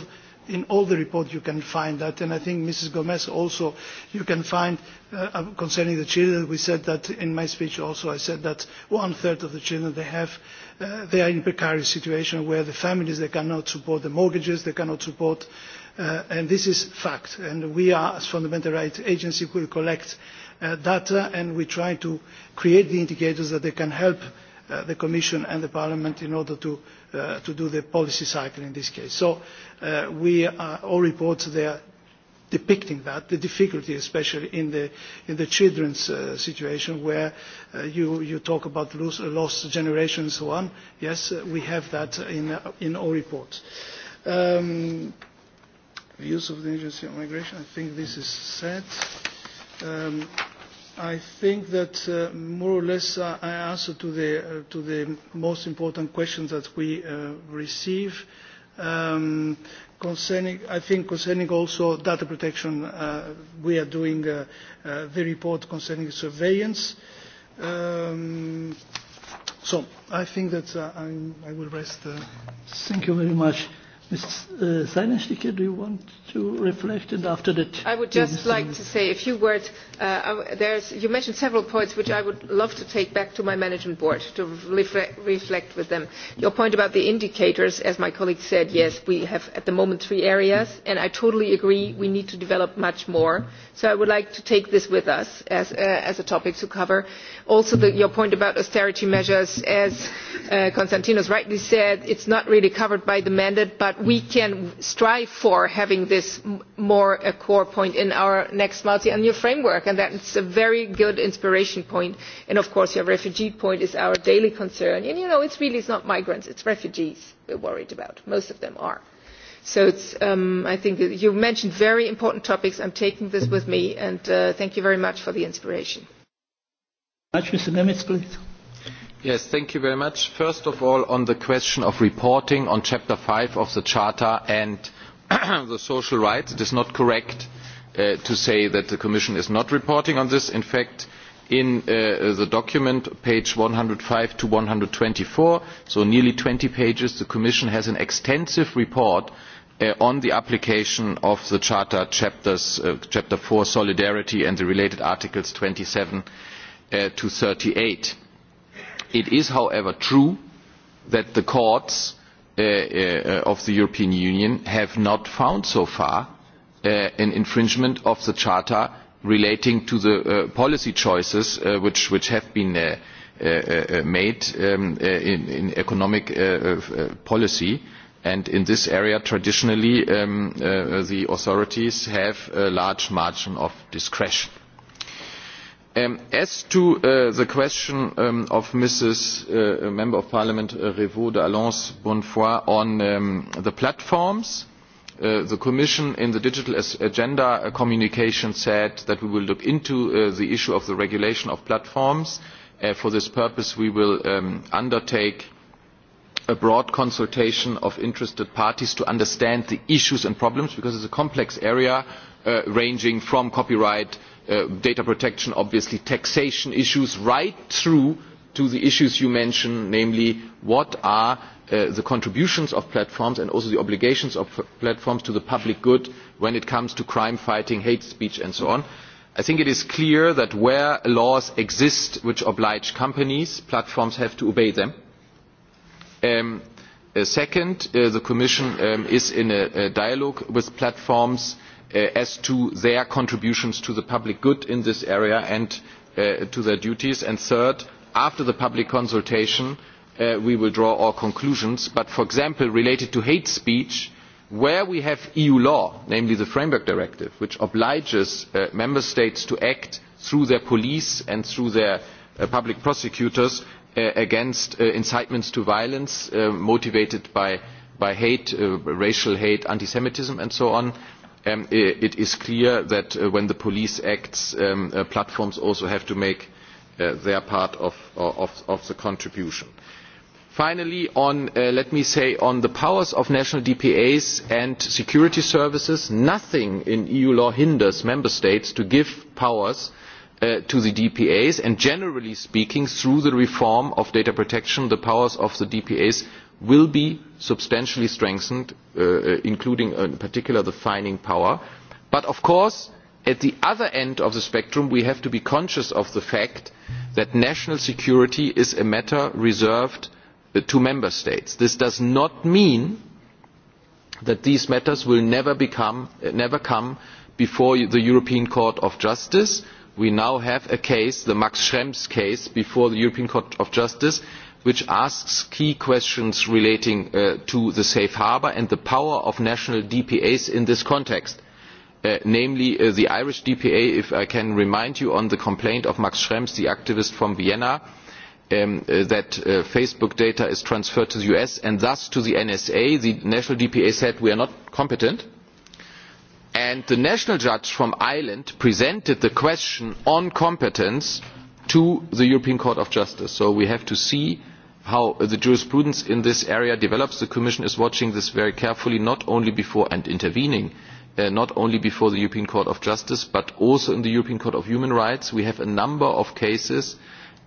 in all the reports you can find that. And I think Mrs. Gomez also, you can find uh, uh, concerning the children, we said that in my speech also, I said that one third of the children they have, uh, they are in a precarious situation where the families, they cannot support the mortgages, they cannot support, uh, and this is fact. And we are, as fundamental rights agency, will collect uh, data and we try to create the indicators that they can help uh, the Commission and the Parliament in order to uh, to do the policy cycle in this case. So uh, we are, uh, all reports there depicting that, the difficulty especially in the, in the children's uh, situation where uh, you, you talk about lose, lost generation and so on. Yes, uh, we have that in, uh, in all reports. Um, views of the agency on migration, I think this is said. Um, i think that uh, more or less uh, I answered to the, uh, to the most important questions that we uh, receive. Um, concerning, I think concerning also data protection, uh, we are doing uh, uh, the report concerning surveillance. Um, so I think that uh, I'm, I will rest. Uh. Thank you very much. Ms. Uh, Seinensticker, do you want to reflect? And after that, I would just like to say a few words Uh, you mentioned several points which I would love to take back to my management board to reflect, with them. Your point about the indicators, as my colleague said, yes, we have at the moment three areas, and I totally agree we need to develop much more. So I would like to take this with us as, uh, as a topic to cover. Also, the, your point about austerity measures, as uh, Konstantinos rightly said, it's not really covered by the mandate, but we can strive for having this more a core point in our next multi-annual framework and that is a very good inspiration point. And of course, your refugee point is our daily concern. And you know, it is really not migrants, it is refugees we are worried about. Most of them are. So um, I think you mentioned very important topics. i am taking this with me, and uh, thank you very much for the inspiration. Yes, thank you very much. First of all, on the question of reporting on Chapter 5 of the Charter and the social rights, it is not correct uh, Uh, to say that the Commission is not reporting on this. In fact, in uh, the document, on pages one hundred and five to one hundred and twenty four so nearly twenty pages, the Commission has an extensive report uh, on the application of the charter chapters chapter four solidarity and the related articles twenty seven to thirty eight. it is however true that the courts of the european union have not found so far Uh, an infringement of the Charter relating to the uh, policy choices uh, which, which have been uh, uh, uh made um, uh, in, in economic uh, uh, policy. And in this area, traditionally, um, uh, the authorities have a large margin of discretion. Um, as to uh, the question um, of Mrs. Uh, Member of Parliament uh, Revaux d'Alons-Bonnefoy on um, the platforms, Uh, the commission in the digital agenda communication said that we will look into uh, the issue of the regulation of platforms. Uh, for this purpose we will um, undertake a broad consultation of interested parties to understand the issues and problems because it is a complex area ranging from copyright data protection obviously taxation issues right through to the issues you mention, namely what are Uh, the contributions of platforms and also the obligations of platforms to the public good when it comes to crime fighting hate speech and so on. i think it is clear that where laws exist which oblige companies platforms have to obey them. Um, uh, second uh, the commission um, is in a dialogue with platforms as to their contributions to the public good in this area and to their duties. and third after the public consultation Uh, we will draw our conclusions but for example related to hate speech where we have eu law namely the framework directive which obliges uh, member states to act through their police and through their uh, public prosecutors against incitements to violence motivated by, hate racial hate anti semitism and so on um, it is clear that when the police acts um, platforms also have to make their part of the contribution finally uh, let me say on the powers of national dpas and security services nothing in eu law hinders member states from giving powers uh, to the dpas and generally speaking through the reform of data protection the powers of the dpas will be substantially strengthened uh, including in particular the fining power but of course at the other end of the spectrum we have to be conscious of the fact that national security is a matter reserved to member states. This does not mean that these matters will never, come before the European Court of Justice. We now have a case, the Max Schrems case, before the European Court of Justice, which asks key questions relating uh, to the safe harbour and the power of national DPAs in this context. Uh, namely uh, the Irish DPA, if I can remind you, on the complaint of Max Schrems, the activist from Vienna, Um, uh, that uh, Facebook data is transferred to the US and thus to the NSA. The national DPA said we are not competent. And the national judge from Ireland presented the question on competence to the European Court of Justice. So we have to see how the jurisprudence in this area develops. The Commission is watching this very carefully, not only before and intervening, uh, not only before the European Court of Justice, but also in the European Court of Human Rights. We have a number of cases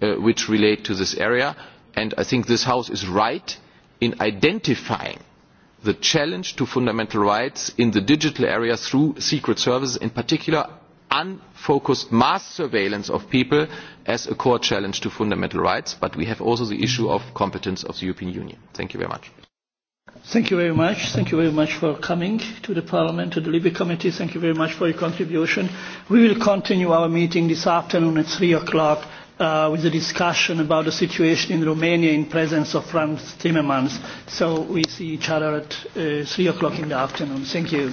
Uh, which relate to this area. And I think this House is right in identifying the challenge to fundamental rights in the digital area through secret services, in particular unfocused mass surveillance of people as a core challenge to fundamental rights. But we have also the issue of competence of the European Union. Thank you very much. Thank you very much. Thank you very much for coming to the Parliament, to the Libe Committee. Thank you very much for your contribution. We will continue our meeting this afternoon at 3 o'clock Uh, with a discussion about the situation in Romania in presence of Franz Timmermans. So we see each other at uh, 3 o'clock in the afternoon. Thank you.